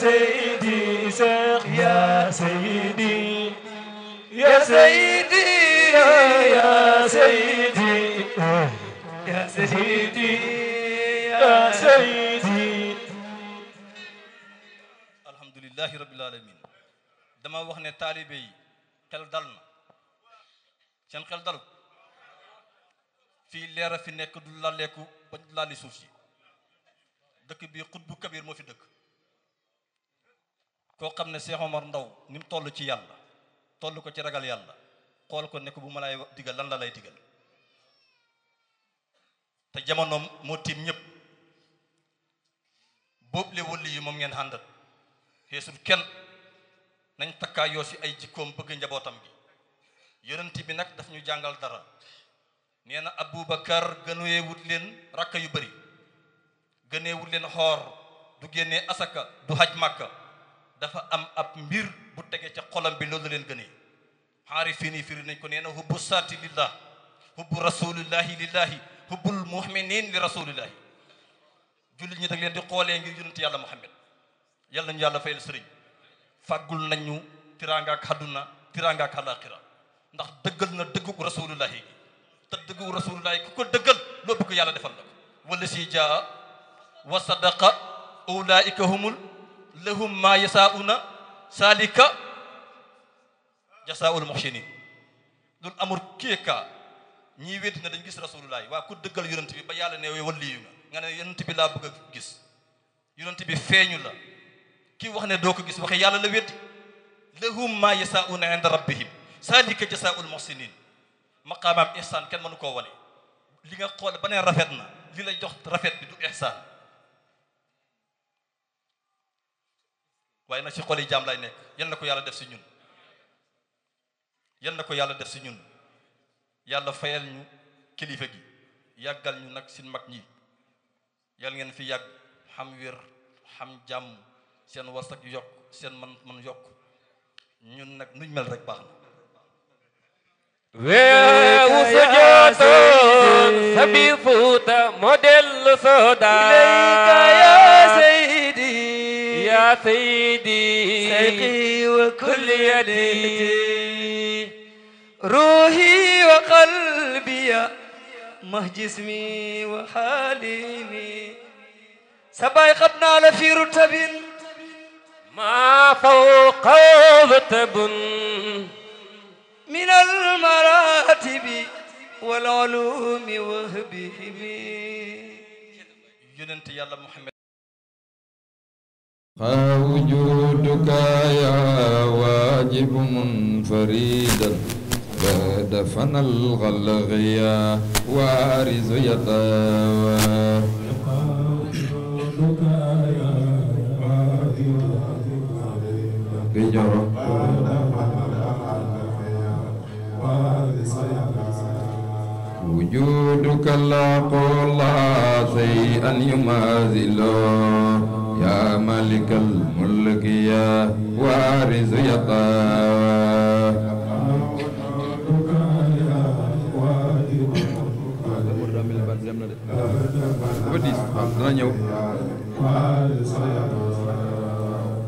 سيدي سيخ يا سيدي يا سيدي يا سيدي يا سيدي يا سيدي الحمد لله رب العالمين dama wax ne taalibe yi xel dal na seen xel dal fii leer a fi nekk du laleeku ba laali suuf si dëkk bi xutbu kabir moo fi dëkk koo xam ne Cheikh Omar Ndaw ni mu toll ci yàlla tollu ko ci ragal yàlla xool ko ne ko bu ma lay digal lan la lay digal te jamonoom moo tiim ñëpp boobu le wëlli yi moom ngeen àndal xeesul kenn nañ takkaayoo si ay jikkoom bëgg njabootam gi yonent bi nag daf ñu jàngal dara nee na Aboubacar gëneewut leen rakka yu bëri gëneewut leen xoor du génnee asaka du haj màkka dafa am ab mbir bu tegee ca xolam bi loolu leen gënee xaarifiin yi firi nañ ko nee na hubbu saati lillah hubbu rasulillahi lillahi hubbul muhminin li rasulillahi jullit ñi dag leen di xoolee ngir yonent yàlla muhammad yàlla nañu yàlla fayal sëriñ fàggul nañu tiraanga ak àdduna tiraanga ak àllaaxira ndax dëggal na dëggug rasulillahi gi te dëggug rasulillahi ku ko dëggal loo bëgg yàlla defal la ko wala si jaa wa sadaqa ulaika humul lahum ma yasauna salika jasaul muhsinin dul amur kieka ñii weddi na dañ gis rasulullahi waa ku dëggal yonent bi ba yàlla ne waliyu nga nga ne yonent bi laa bëgg a gis yonent bi feeñu la kii wax ne doo ko gis waxe yàlla la weddi lahum ma yasauna inda rabbihim salika jasaul muhsinin maqaamaam ihsaan kenn mënu ko wone li nga xool ba ne rafet na li lay jox rafet bi du ihsaan waaye nag si xol yi jaam lay nekk yal na ko yàlla def si ñun yal na ko yàlla def si ñun yàlla fayal ñu kilifa gi yàggal ñu nag seen mag ñi yal ngeen fi yàgg xam wér xam jàmm seen wasak yokk seen man-man yokk ñun nag nuñ mel rek baax na يا سيدي سيقي وكل يدي روحي وقلبي مه جسمي وحاليمي سباي قد نال في رتب ما فوق رتب من المراتب والعلوم وهبهم يونت يالله محمد فوجودك يا واجب منفريدا باد فنى الغلغيا وارز يتاوى فوجودك يا واجب منفريدا جودك القول شيئا يمازله يا ملك الملك يا وارث يطاه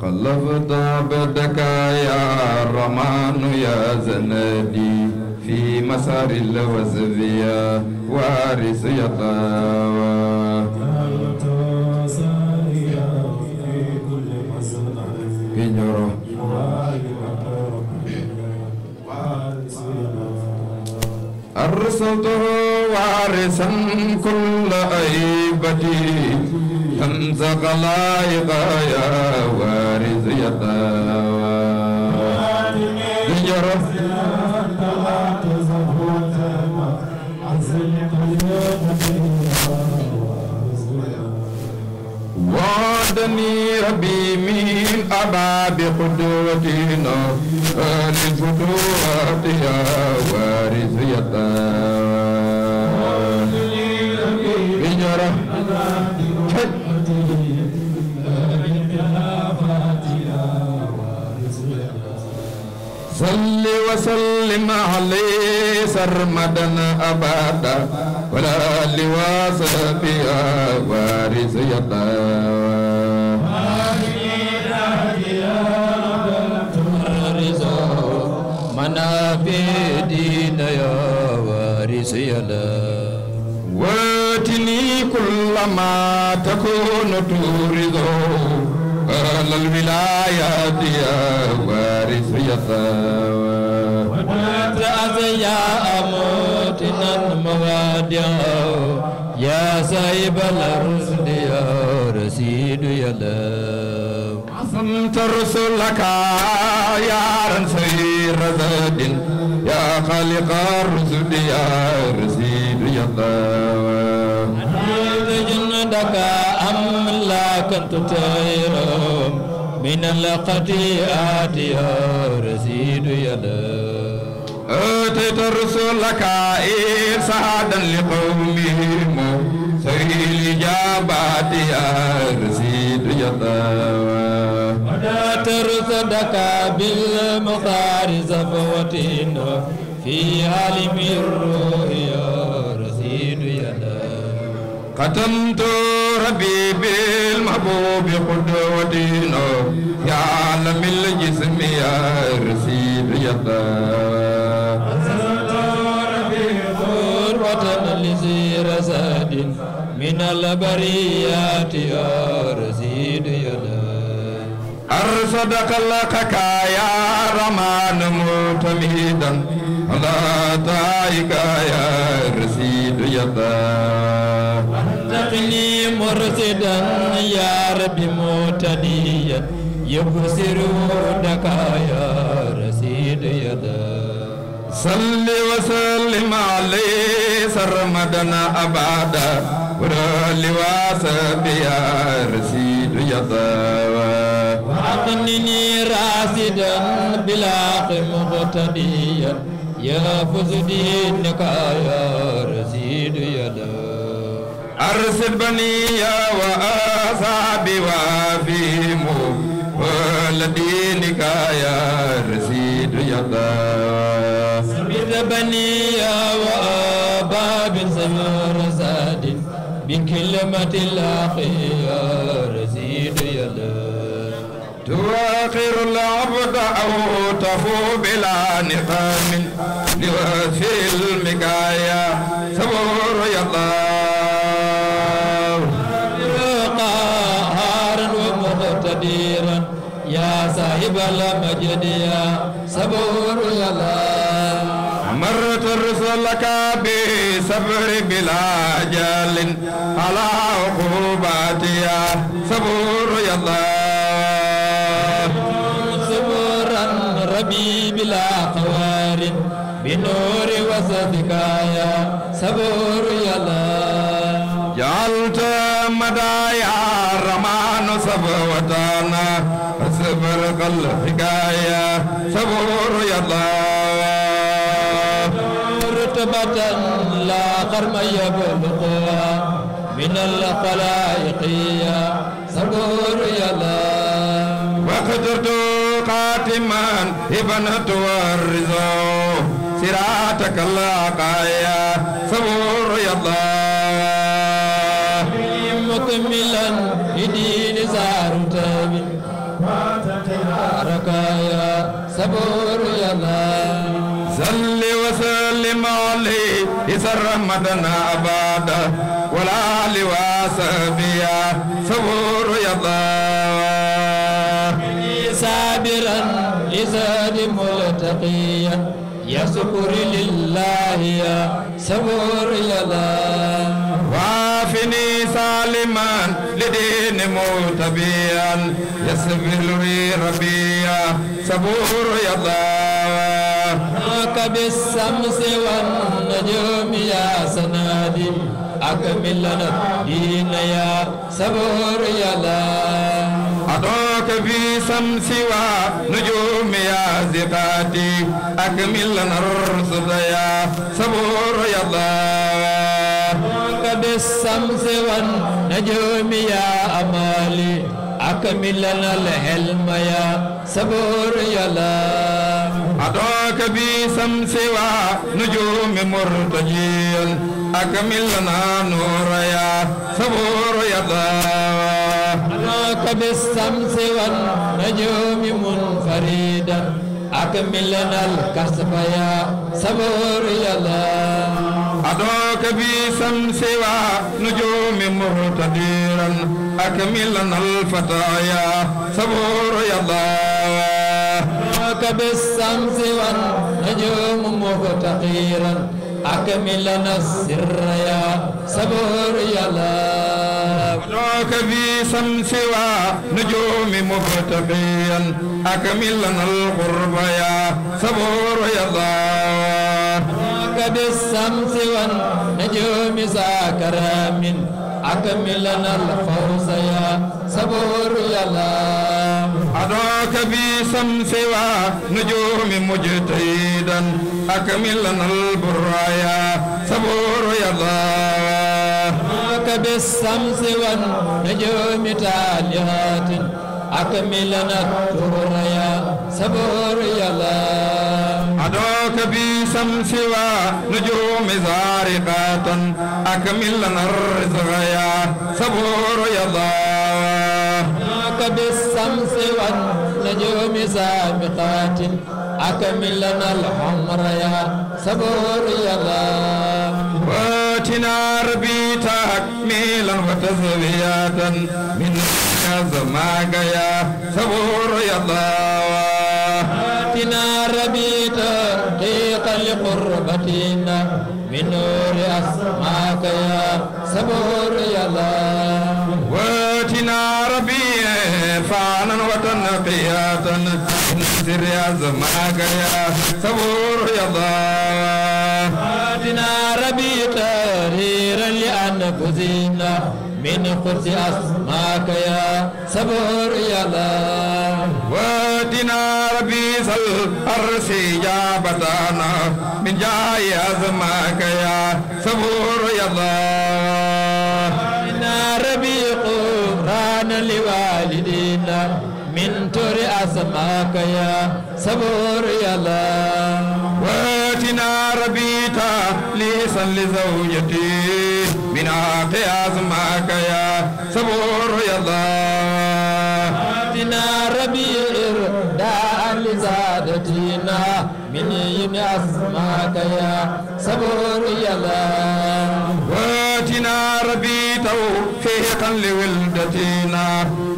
قلبت عبدك يا رمان يا زندي في مسار اللوزبية وارث يطاوى كنيرو أرسلته وارثا كل أيبتي أمزق لائق يا وارث يطاوى كنيرو وعدني ربي من أبا بقدوتنا للفتوات يا وارث يتام صل وسلم عليه سرمدا أبدا ولا لواسبيا وارث منافي دين يا وارث يلا واتني كل ما تكون تريد على الولايات يا وارث يا ثواب ومات أزيا أموتنا موادع يا سايب الأرض يا رسيد يا لو عصمت رسلك يا رنسي رزد يا خالق الرسل يا رسيد يا ثواب أنت جندك أملاكا تطير من القطيئات رزيد يدا أتيت رسولك إرسادا لقومهم سيل جابات رزيد يدا ودات رسدك بالمخارز فوتين في عالم الرؤيا ختمت ربي بالمحبوب قدوتي يا عالم الجسم يا رسيب يدا رزاد من البريات يا رزيد يدا أرصدك لك يا رمان متميدا لا تايك يا رزيد يدا مرشدا يا ربي متنيا يبصر ودك يا رشيد يدا صل وسلم عليه سرمدنا أبدا ورال واسبي يا رشيد يدا وأغنني راسدا بلا مقتديا يا فزدينك يا رشيد يدا أرسل بني وأصحابي وفيهم ولدينك يا رشيد يدا سبت بني وأبا بزمر زاد بكلمة الأخي يا رشيد يدا تواخر العبد أو تفو بلا نقام لوفي المكايا سبور يدا بلا مجديا صبر يلا مرت رسلك بصبر بلا جل على عقوباتيا صبر يلا صبرا ربي بلا خوار بنور وصدقايا صبر يلا جعلت مدايا رمان صبوتنا الحكاية صبور يطلع رتبة لا قرم يبلغها من الخلائق صبور يطلع وقدرت قاتما ابنة والرضا صراطك الله قايا سرمدنا أبادا ولا لواسبيا صبور يضا سابرا لزاد ملتقيا يا شكر لله يا صبور يضا وافني سالما لدين موتبيا يسبل ربيا صبور يضا بالشمس والنجوم يا سنادم أكمل لنا دين يا صبور يا لا أدعوك في شمس ونجوم يا زقاتي أكمل لنا الرشد يا صبور يا الله بالشمس والنجوم يا أمالي أكمل لنا الحلم يا صبور يا الله أدعوك بسمس ونجوم مرتجل أكمل لنا نور يا صبور يا أدعوك بالشمس والنجوم منفردا أكمل لنا الكسب يا صبور يا الله أدعوك بسمس ونجوم مرتديرا أكمل لنا الفتى يا صبور يا الله كوكب الشمس والنجوم مفتقيرا أكملنا السر يا صبور يا الله ولوك في شمس ونجوم مفتقيا أكملنا القرب يا صبور يا الله ولوك بالشمس والنجوم ساكرا من أكملنا الفوز يا صبور يا الله أدعوك بسم سوى نجوم مجتهدا أكمل لنا البرايا صبور يا الله أدعوك بالشمس والنجوم تاليات أكمل لنا البرايا صبور يا الله أدعوك بسم سوى نجوم زارقات أكمل لنا الرزق يا صبور يا الله أدعوك بالشمس النجوم سابقات أكمل لنا الحمر يا صبور يا الله واتنا ربي تكميلا وتزوياتا من زماك يا صبور يا الله واتنا ربي تحقيقا لقربتنا من نور أسماك يا صبور يا الله عرفانا وتنقيات نسر يا زماك يا صبور يا الله فاتنا ربي تهيرا لأنفسنا من قرص أسماك يا صبور يا الله واتنا ربي سل أرسي يا بطانا من جاي أسماك يا صبور يا الله فاتنا ربي قرانا لوالدي من تور أسماك يا صبور يا الله واتنا ربيتا ليسا لزوجتي من عاق أسماك يا صبور يا الله واتنا ربيتا داء لزادتنا من ين أسماك يا صبور يا الله واتنا ربيتا فيقا لولدتنا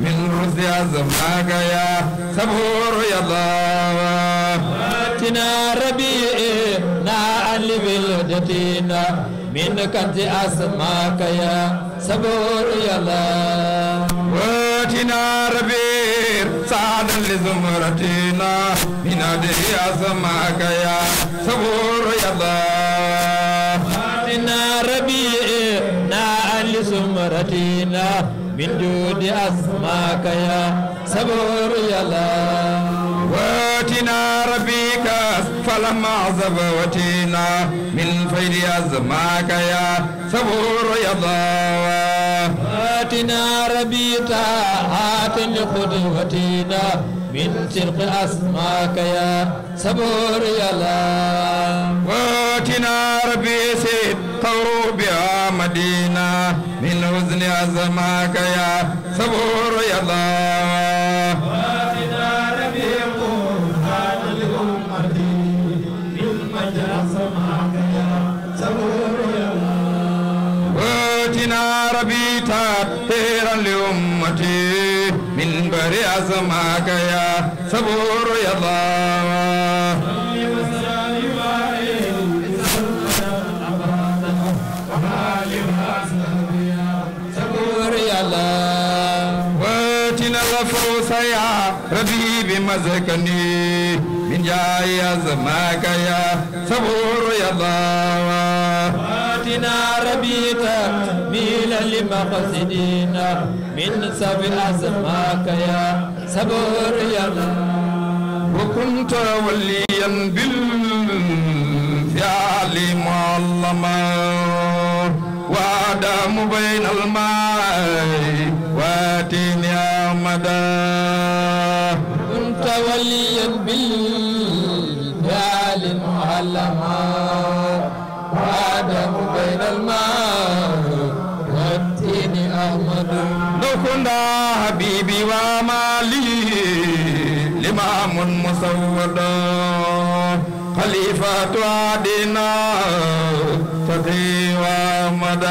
في عزمناك يا صبور يا الله واتنا ربيعنا اللي بلدتنا من كنت أسماك يا صبور يا الله واتنا ربيع سعدا لزمرتنا من أدري أسماك يا صبور يا الله واتنا ربيعنا اللي زمرتنا من جود أسماك يا صبور يا الله واتنا ربك فلما زبوتنا من فيد أسماك يا صبور يا الله واتنا ربك هات لقدوتنا من تلق أسماك يا صبور يا الله واتنا ربي سيد طور بها مدينه الحسن أسماك يا صبور يا الله واخدا ربيكم هذا لكم أرضي بالمجرى سماك يا صبور يا الله واتنا ربي خيرا لأمتي من بري أسماك يا صبور يا الله مسكني من جاي أزماك يا صبور يا الله واتنا ربيتا ميلا لمقصدينا من سب أزماك يا صبور يا الله وكنت وليا بالفعل معلما وآدم بين الماء وليا بالفعل معلما وآدم بين الماء والدين أحمد نخنا حبيبي ومالي لمام مسود خليفة عدنا فقي وأحمد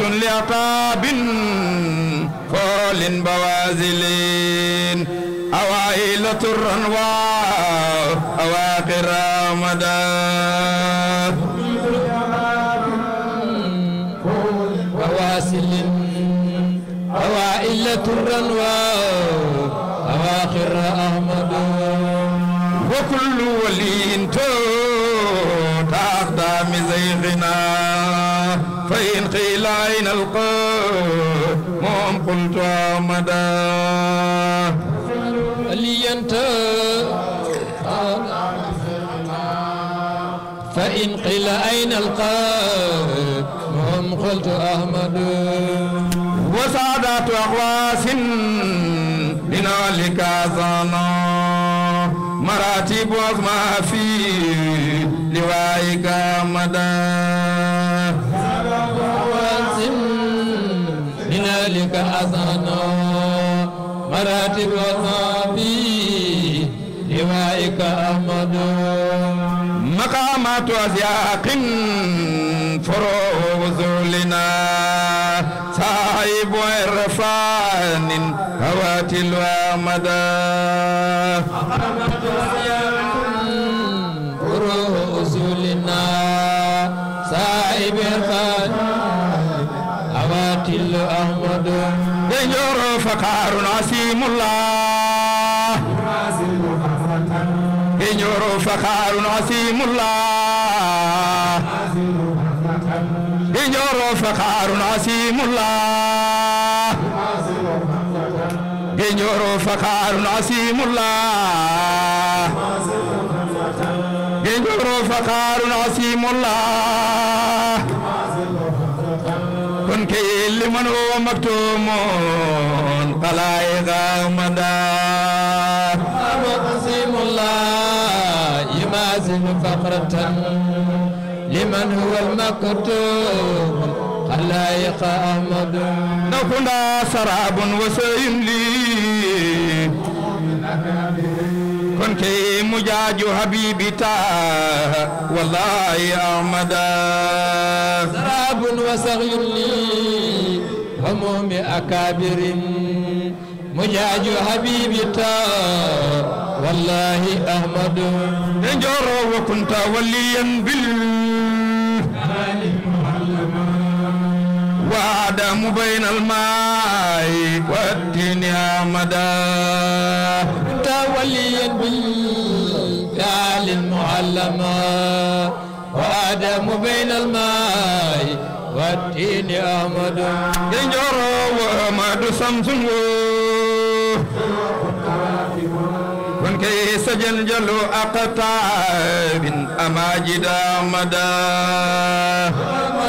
ميت لعقاب فول بوازلين أوائل الرنوى أواخر رمضان بواسل أوائل الرنوى أواخر أحمد وكل ولي تحت مزيغنا الخيل أين القوم قلت أمدا لي أنت فإن قيل أين القوم قلت أحمد وسعادات أخواس بنالك ظنان مراتب ما في لوائك مدى مراتب وصافي لوائك أحمد مقامات أزياق فروز لنا صاحب عرفان هواتل ومدى فقار عظيم الله إنور فقار عظيم الله إنور فقار عظيم الله إنور فقار عظيم الله إنور فقار عظيم الله من هو مكتوم خلائق مدى مقسم الله يمازن فقرة لمن هو المكتوم خلائق أحمد نقنا سراب وسيم لي كنت مجاج حبيبي تا والله أحمد سراب وسيم لي هموم أكابر مجاج حبيب تا والله أحمد انجر وكنت وليا بال وعدم بين الماء والدين مدى كنت وليا بالفعل المعلمة وعدم بين الماء والتين أحمد ينجر وأحمد شمس كن كي سجن جلو أقطاب أماجد أحمد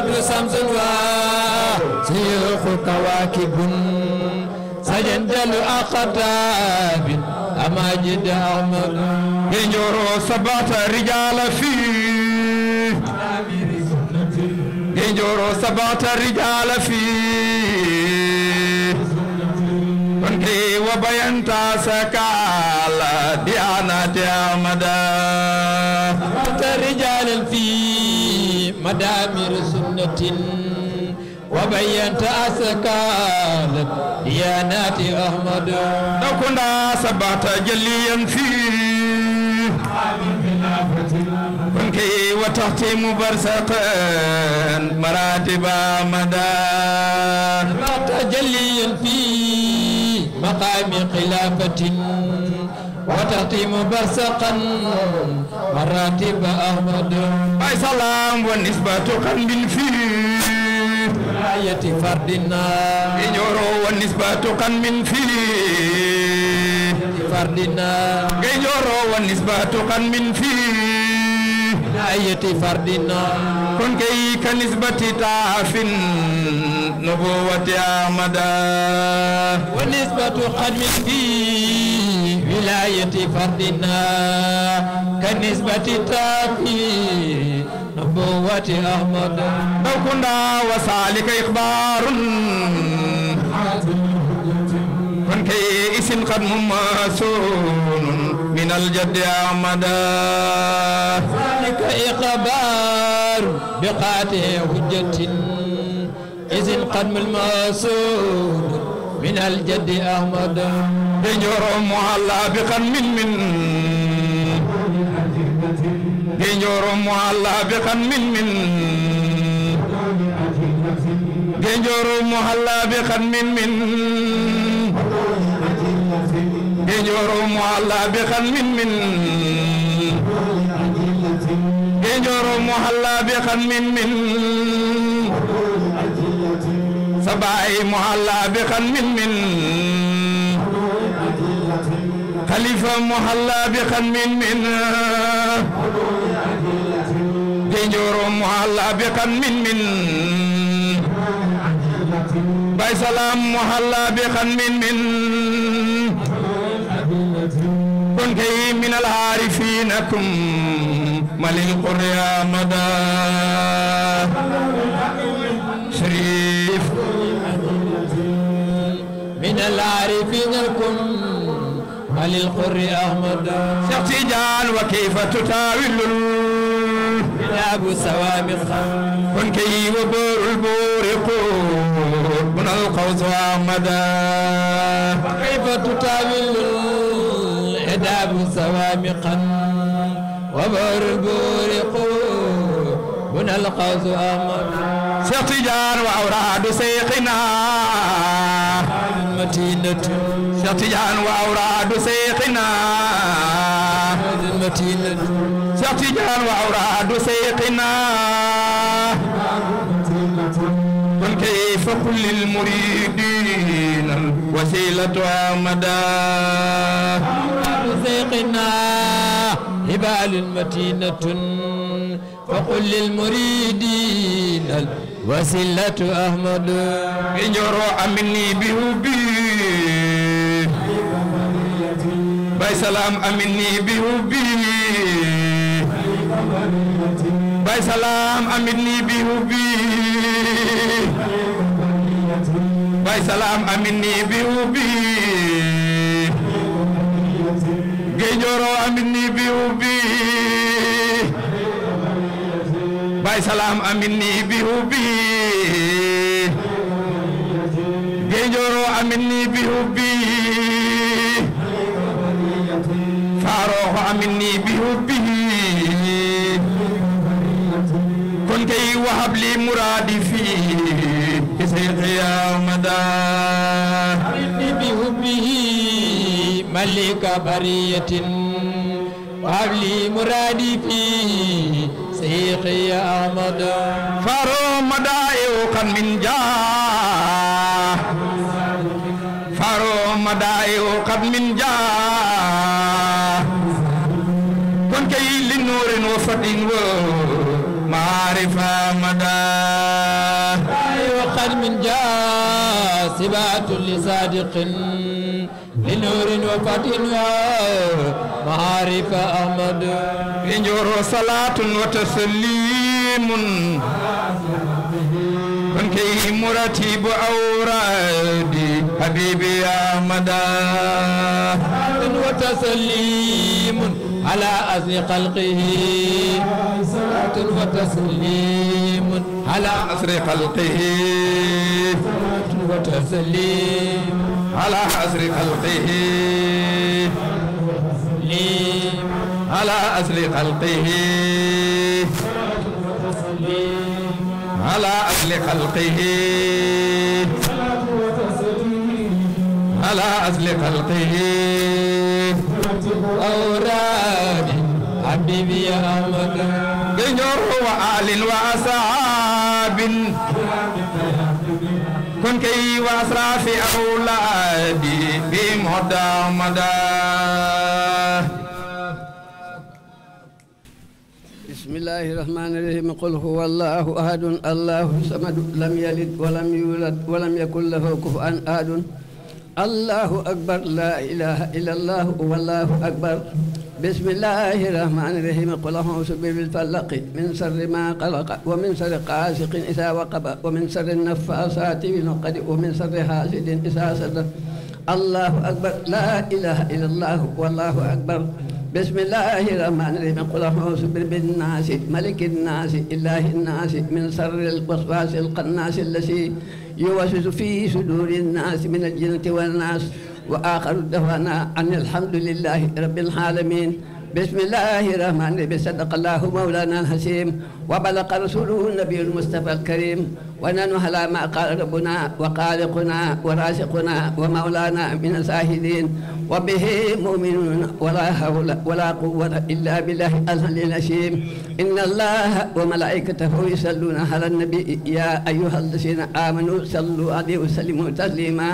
أحمد شمس سيخ كواكب سجن جلو أقطاب أماجد أحمد ينجر سبعة رجال في jooro sabata rijaala fii konte wa bayanta sakala bi anati amada sabata rijaala fii madamir sunnatin wa bayanta sakala bi anati ahmada nakunda sabata jaliyan fii كي وتختم برسقا مراتب مدى تجلي في مقام خلافة وتختم برسقا مراتب أحمد أي سلام والنسبة قلب فيه آية فردنا إجورو والنسبة قن من فيه فردنا إجورو والنسبة قن من فيه ayati fardina kon kay ka nisbati taafin nubuwati amada wa nisbatu xadmin fi wilayati fardina ka nisbati taafin nubuwati amada dawkunda wa salika ixbarun kon kay isin xad mum sunun من الجد أعمدا ذلك إخبار بقاته حجة إذ قدم المأسور من الجد أحمد بنجور معلبقا من من بنجور معلبقا من من بنجور معلبقا من من جور محلى بخل من من جور محلى بخل من من سبعي محلى بخل من من خليفة محلى بخل من من جور محلى بخل من من باي سلام محلى بخل من من رب كي من العارفينكم مل القريا مدى شريف من العارفينكم مل القريا مدى شيخ تيجان وكيف تتاول أبو سوامخ كن كي وبور البور من القوس ومدى كيف تتاول داب سوامقا وبربور قوبنا القوس أمر شيخ تجار وأوراد سيقنا متينة شيخ تجار وأوراد سيقنا متينة شيخ تجار وأوراد سيقنا من كيف كل المريدين وسيلة مدى وقنا هبال متينة فقل للمريدين الوسيلة أحمد اجرو أمني بهبي باي سلام أمني بهبي باي سلام أمني بهبي باي سلام أمني بهبي géy jooro aminni bi hubbi bay salaam aminni bi hubbi géy jooro aminni bi hubbi faarooxo aminni bi hubbi kon kay wahab li muraadi fi bi sayxi yaa ملك برية وهب لي مرادي فيه سيقي أحمد فارو مدائي كان من جاه فارو مدائي قد من جاه كن كي لنور وفد ومعرفة مدى قد من جاه سبات لصادق بنور وفتح ومعارف أحمد بنجور صلاة وتسليم كنكي مرتيب أورادي حبيبي أحمد وتسليم على أذن خلقه صلاة وتسليم على أسر خلقه صلاة وتسليم على أسر خلقه على أسر خلقه على أسر خلقه على أسر خلقه أوراني حبيبي يا أمك جنور وآل وأصحاب كن كي وأسرى في أولادي بمدى مدى بسم الله الرحمن الرحيم قل هو الله أحد الله الصمد لم يلد ولم يولد ولم يكن له كفؤا أحد allahu akbar laa ilaha illa allahu wallahu akbar bismillahi rahmani rahim qul a'uuzu birabbil falaq min sharri ma qalaq wa min sharri qaasiqin iza waqab wa min sharri naffaasaati fil 'uqad wa min sharri haasidin iza hasad allahu akbar laa ilaha illa allahu wallahu akbar bismillahi rahmani rahim qul a'uuzu birabbin naasi malikin naasi ilaahin naasi min sharril waswaasil qannaasi يوسوس في صدور الناس من الجنة والناس وآخر دعوانا أن الحمد لله رب العالمين بسم الله الرحمن الرحيم صدق الله مولانا الحسيم وبلغ رسوله النبي المصطفى الكريم ونحن على ما قال ربنا وخالقنا ورازقنا ومولانا من الزاهدين وبه مؤمنون ولا حول ولا قوة إلا بالله العلي العظيم إن الله وملائكته يصلون على النبي يا أيها الذين آمنوا صلوا عليه وسلموا تسليما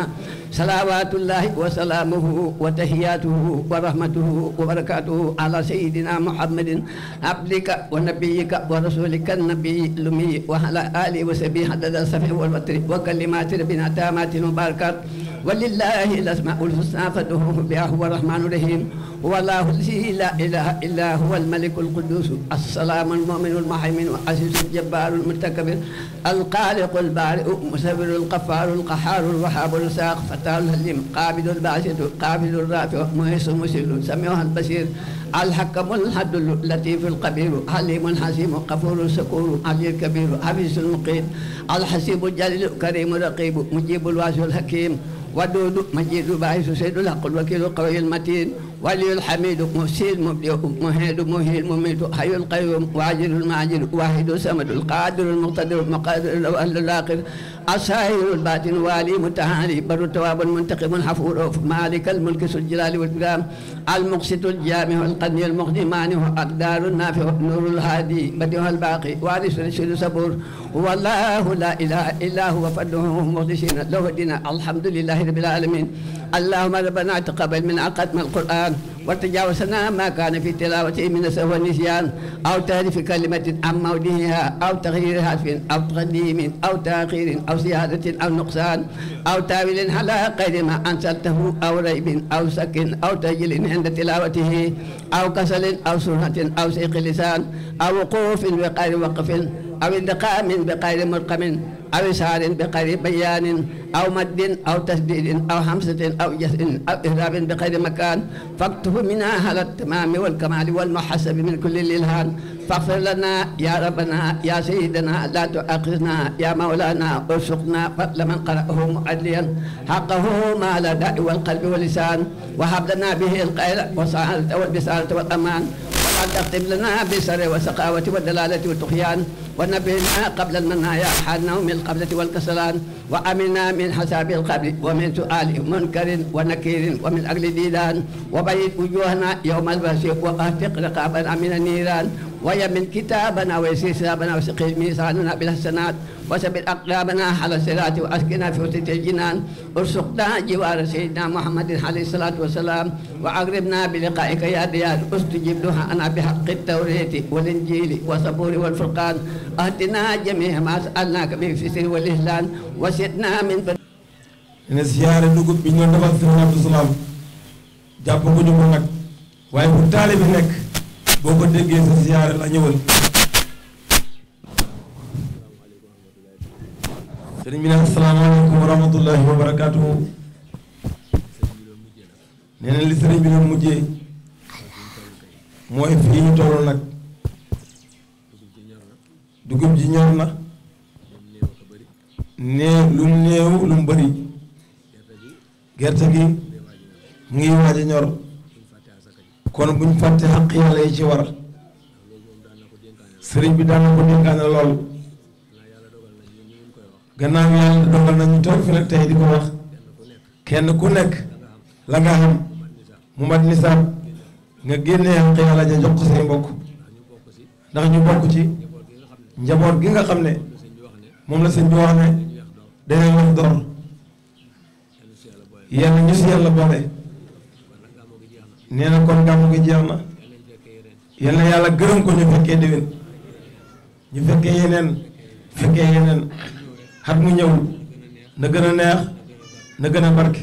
صلوات الله وسلامه وتحياته ورحمته وبركاته على سيدنا محمد عبدك ونبيك ورسولك النبي الأمي وعلى آله وصحبه عدد السمع والبصر وكلمات ربنا التامات المباركات ولله الاسماء الحسنى فادعوه بها هو الرحمن الرحيم هو الله الذي لا اله الا هو الملك القدوس السلام المؤمن المهيمن العزيز الجبار المتكبر القالق البارئ مسبر القفار القحار الوهاب الساق فتاه الهليم قابل الباسط قابل الرافع مهيس مسل سميع البصير الحكم العدل اللطيف الخبير عليم الحسيم غفور شكور علي الكبير حفيظ المقيت الحسيب الجليل كريم رقيب مجيب الواسع الحكيم ودود مجيد باعث سيد الحق الوكيل القوي المتين ولي الحميد محسين مبدئ محيد مهيل مميت حي القيوم واجل الماجل واحد الصمد القادر المقتدر المقادر الاول الاخر الساهر الباطن والي متعالي بر تواب منتقم حفور مالك الملك ذو الجلال والاكرام المقسط الجامع القدني المغني مانع اقدار النافع نور الهادي بديع الباقي وارث رشيد صبور والله لا اله الا هو فضله مخلصين له الدين الحمد لله رب العالمين اللهم ربنا تقبل من عقدنا القرآن وتجاوزنا ما كان في تلاوته من سهو نسيان أو تعريف كلمة عن موضعها أو تغيير حرف أو تقديم أو تأخير أو زيادة أو نقصان أو تاويل على غير ما أنزلته أو ريب أو سك أو تجل عند تلاوته أو كسل أو سرعة أو سيق لسان أو وقوف بغير وقف أو انتقام بغير مرقم أو إشعار بغير بيان أو مد أو تسديد أو همسة أو جسد أو إهراب بغير مكان فاكتب وهو منها على التمام والكمال والمحسب من كل الإلهام فاغفر لنا يا ربنا يا سيدنا لا تؤاخذنا يا مولانا ارزقنا فضل من قرأه معدليا حقه ما لدى والقلب واللسان وهب لنا به الخير والسعادة والبسالة والأمان أقطب لنا بالسر والسقاوة والدلالة والطغيان ونبهنا قبل المنايا حال نوم القبلة والكسلان وأمنا من حساب القبر ومن سؤال منكر ونكير ومن أجل ديدان وبيت وجوهنا يوم البرس وأهتق رقابنا من النيران ويمن كتابنا ويسير سلابنا وسقي ميزاننا بالحسنات وثبت أقدامنا على الصراط وأسكنا في وسط الجنان ارزقنا جوار سيدنا محمد عليه الصلاة والسلام وأقربنا بلقائك يا ديار استجب دعاءنا بحق التوراة والإنجيل والصبور والفرقان أهدنا جميع ما سألناك به في السر والإحسان وسدنا من بر... ne siyaare dugub bi ñu doon defal sëriñ Abdou Salaam jàpp ko ñu mu nag waaye bu taalibe nekk boo ko déggee sa ziyaare la ñëwal sëriñ bi ne asalaamaaleykum wa rahmatullahi wa barakaatuhu nee li sëriñ bi doon mujjee mooy fii ñu toll nag dugub ji ñor na nee lu néew lu mu gerte gi mu ngi waaj a kon bu ñu fàtte xaq yàlla yi ci war sëriñ bi daan na ko dénkaane lool gannaaw yàlla dogal nañu toog fi nag tey di ko wax kenn ku nekk la nga xam mu mat nisaab nga génnee xaq yàlla ja jox ko say mbokk ndax ñu bokk ci njaboot gi nga xam ne moom la sëñ bi wax ne dañuy wax door yenn ñu si yàlla boole nee na kon gàmm gi jeex na yal na yàlla gërëm ko ñu fekkee déwén ñu fekkee yeneen fekkee yeneen xat mu ñëw na gën a neex na gën a barke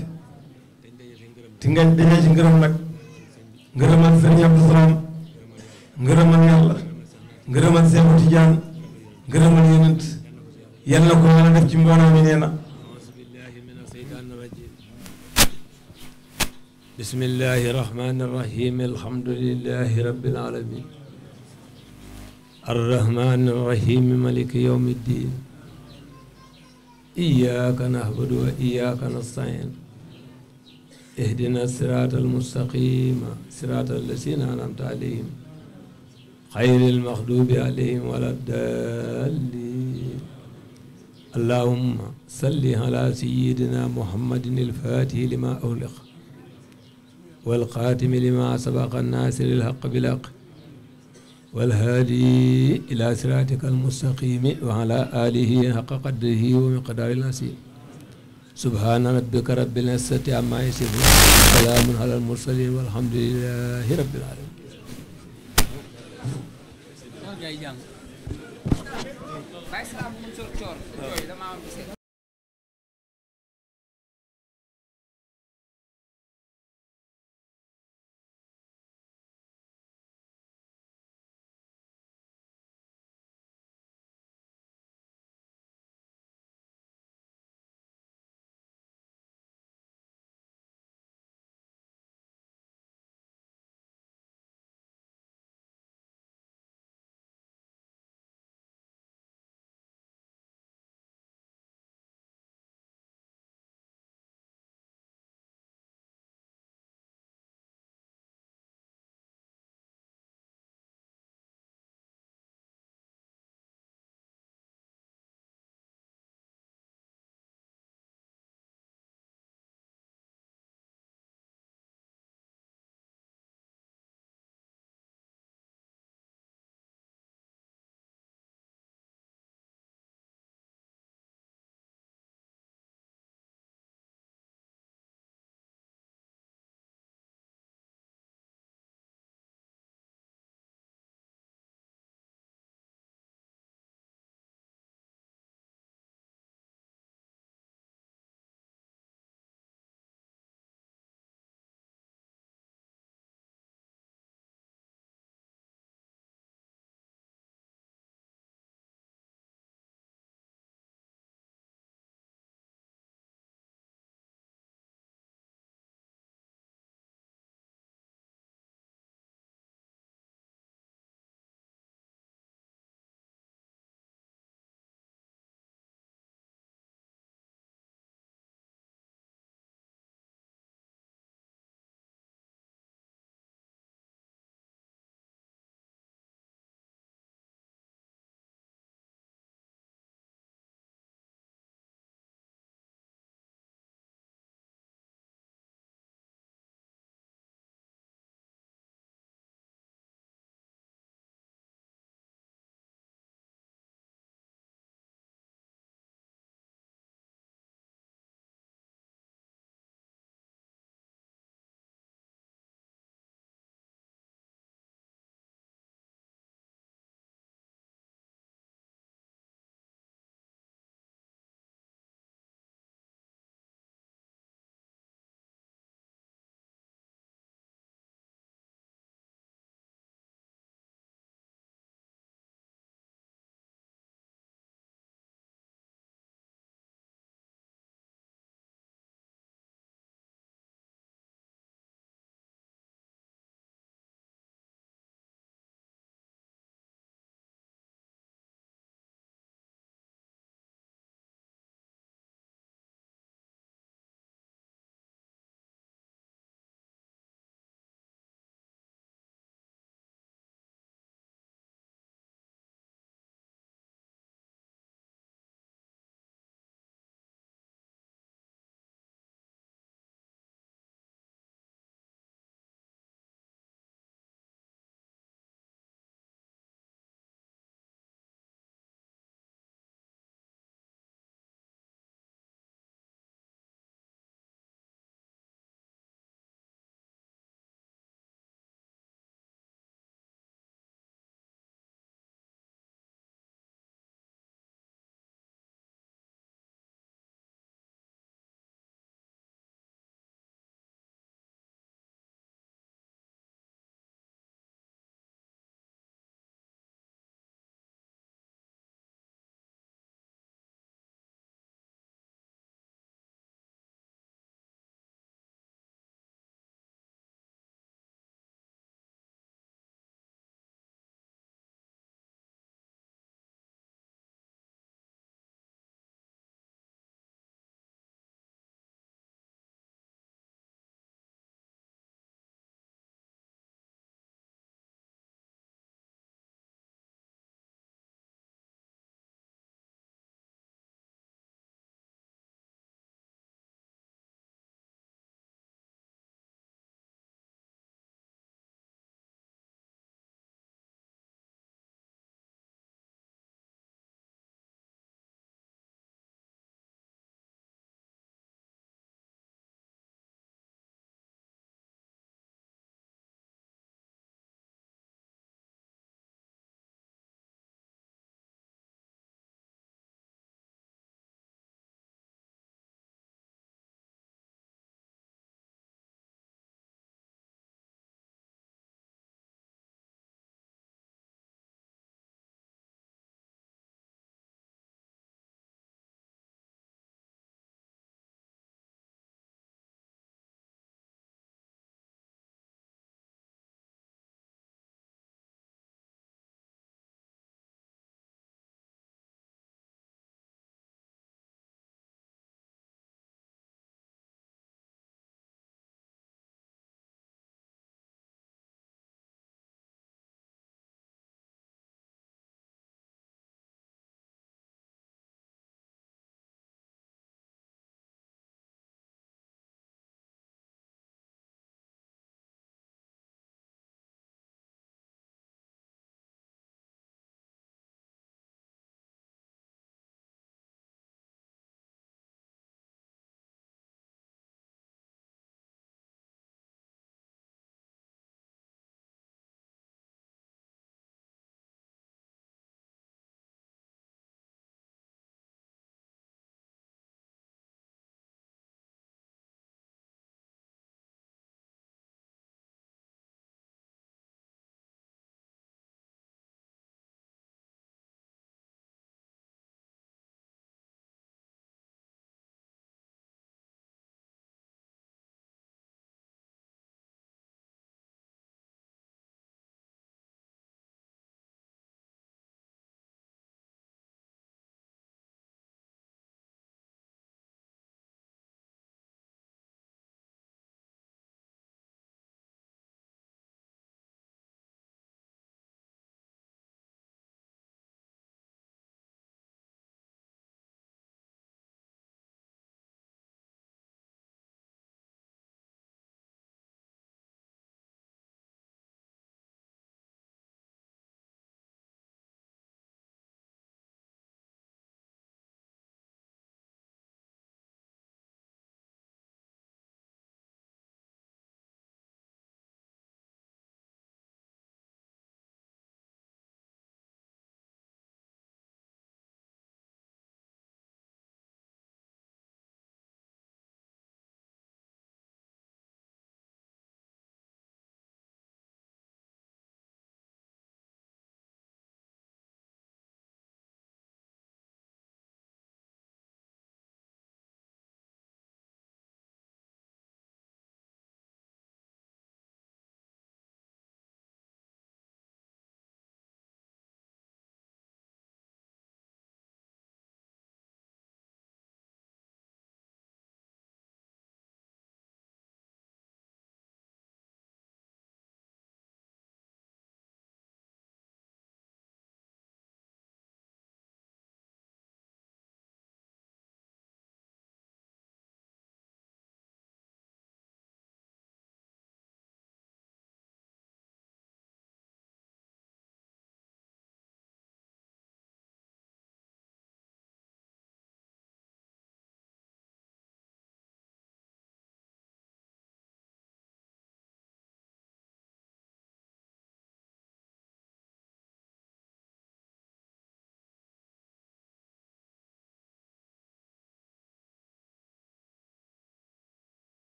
te nga dajee ci ngërëm nag ngërëmal sëriñ Abdou Salaam ngërëmal a ngërëmal Seexu Tijaan ngërëmal yeneen yal na ko mën a def ci na bismillahi rahmani rahim alhamdulillahi rabbil alamin arrahmani rahim maliki yawmi ddin iyyaka na'budu wa iyyaka nasta'in ihdina sirata almustaqima sirata alladhina an'amta alayhim ghayril maghdubi alayhim waladdallin allahumma salli ala sayyidina muhammadin alfatihi lima ughliq والخاتم لما سبق الناصر الحق بالحق والهادي إلى صراطك المستقيم وعلى آله حق قدره ومقدار العظيم سبحان ربك رب العزة عما يصفون سلام على المرسلين والحمد لله رب العالمين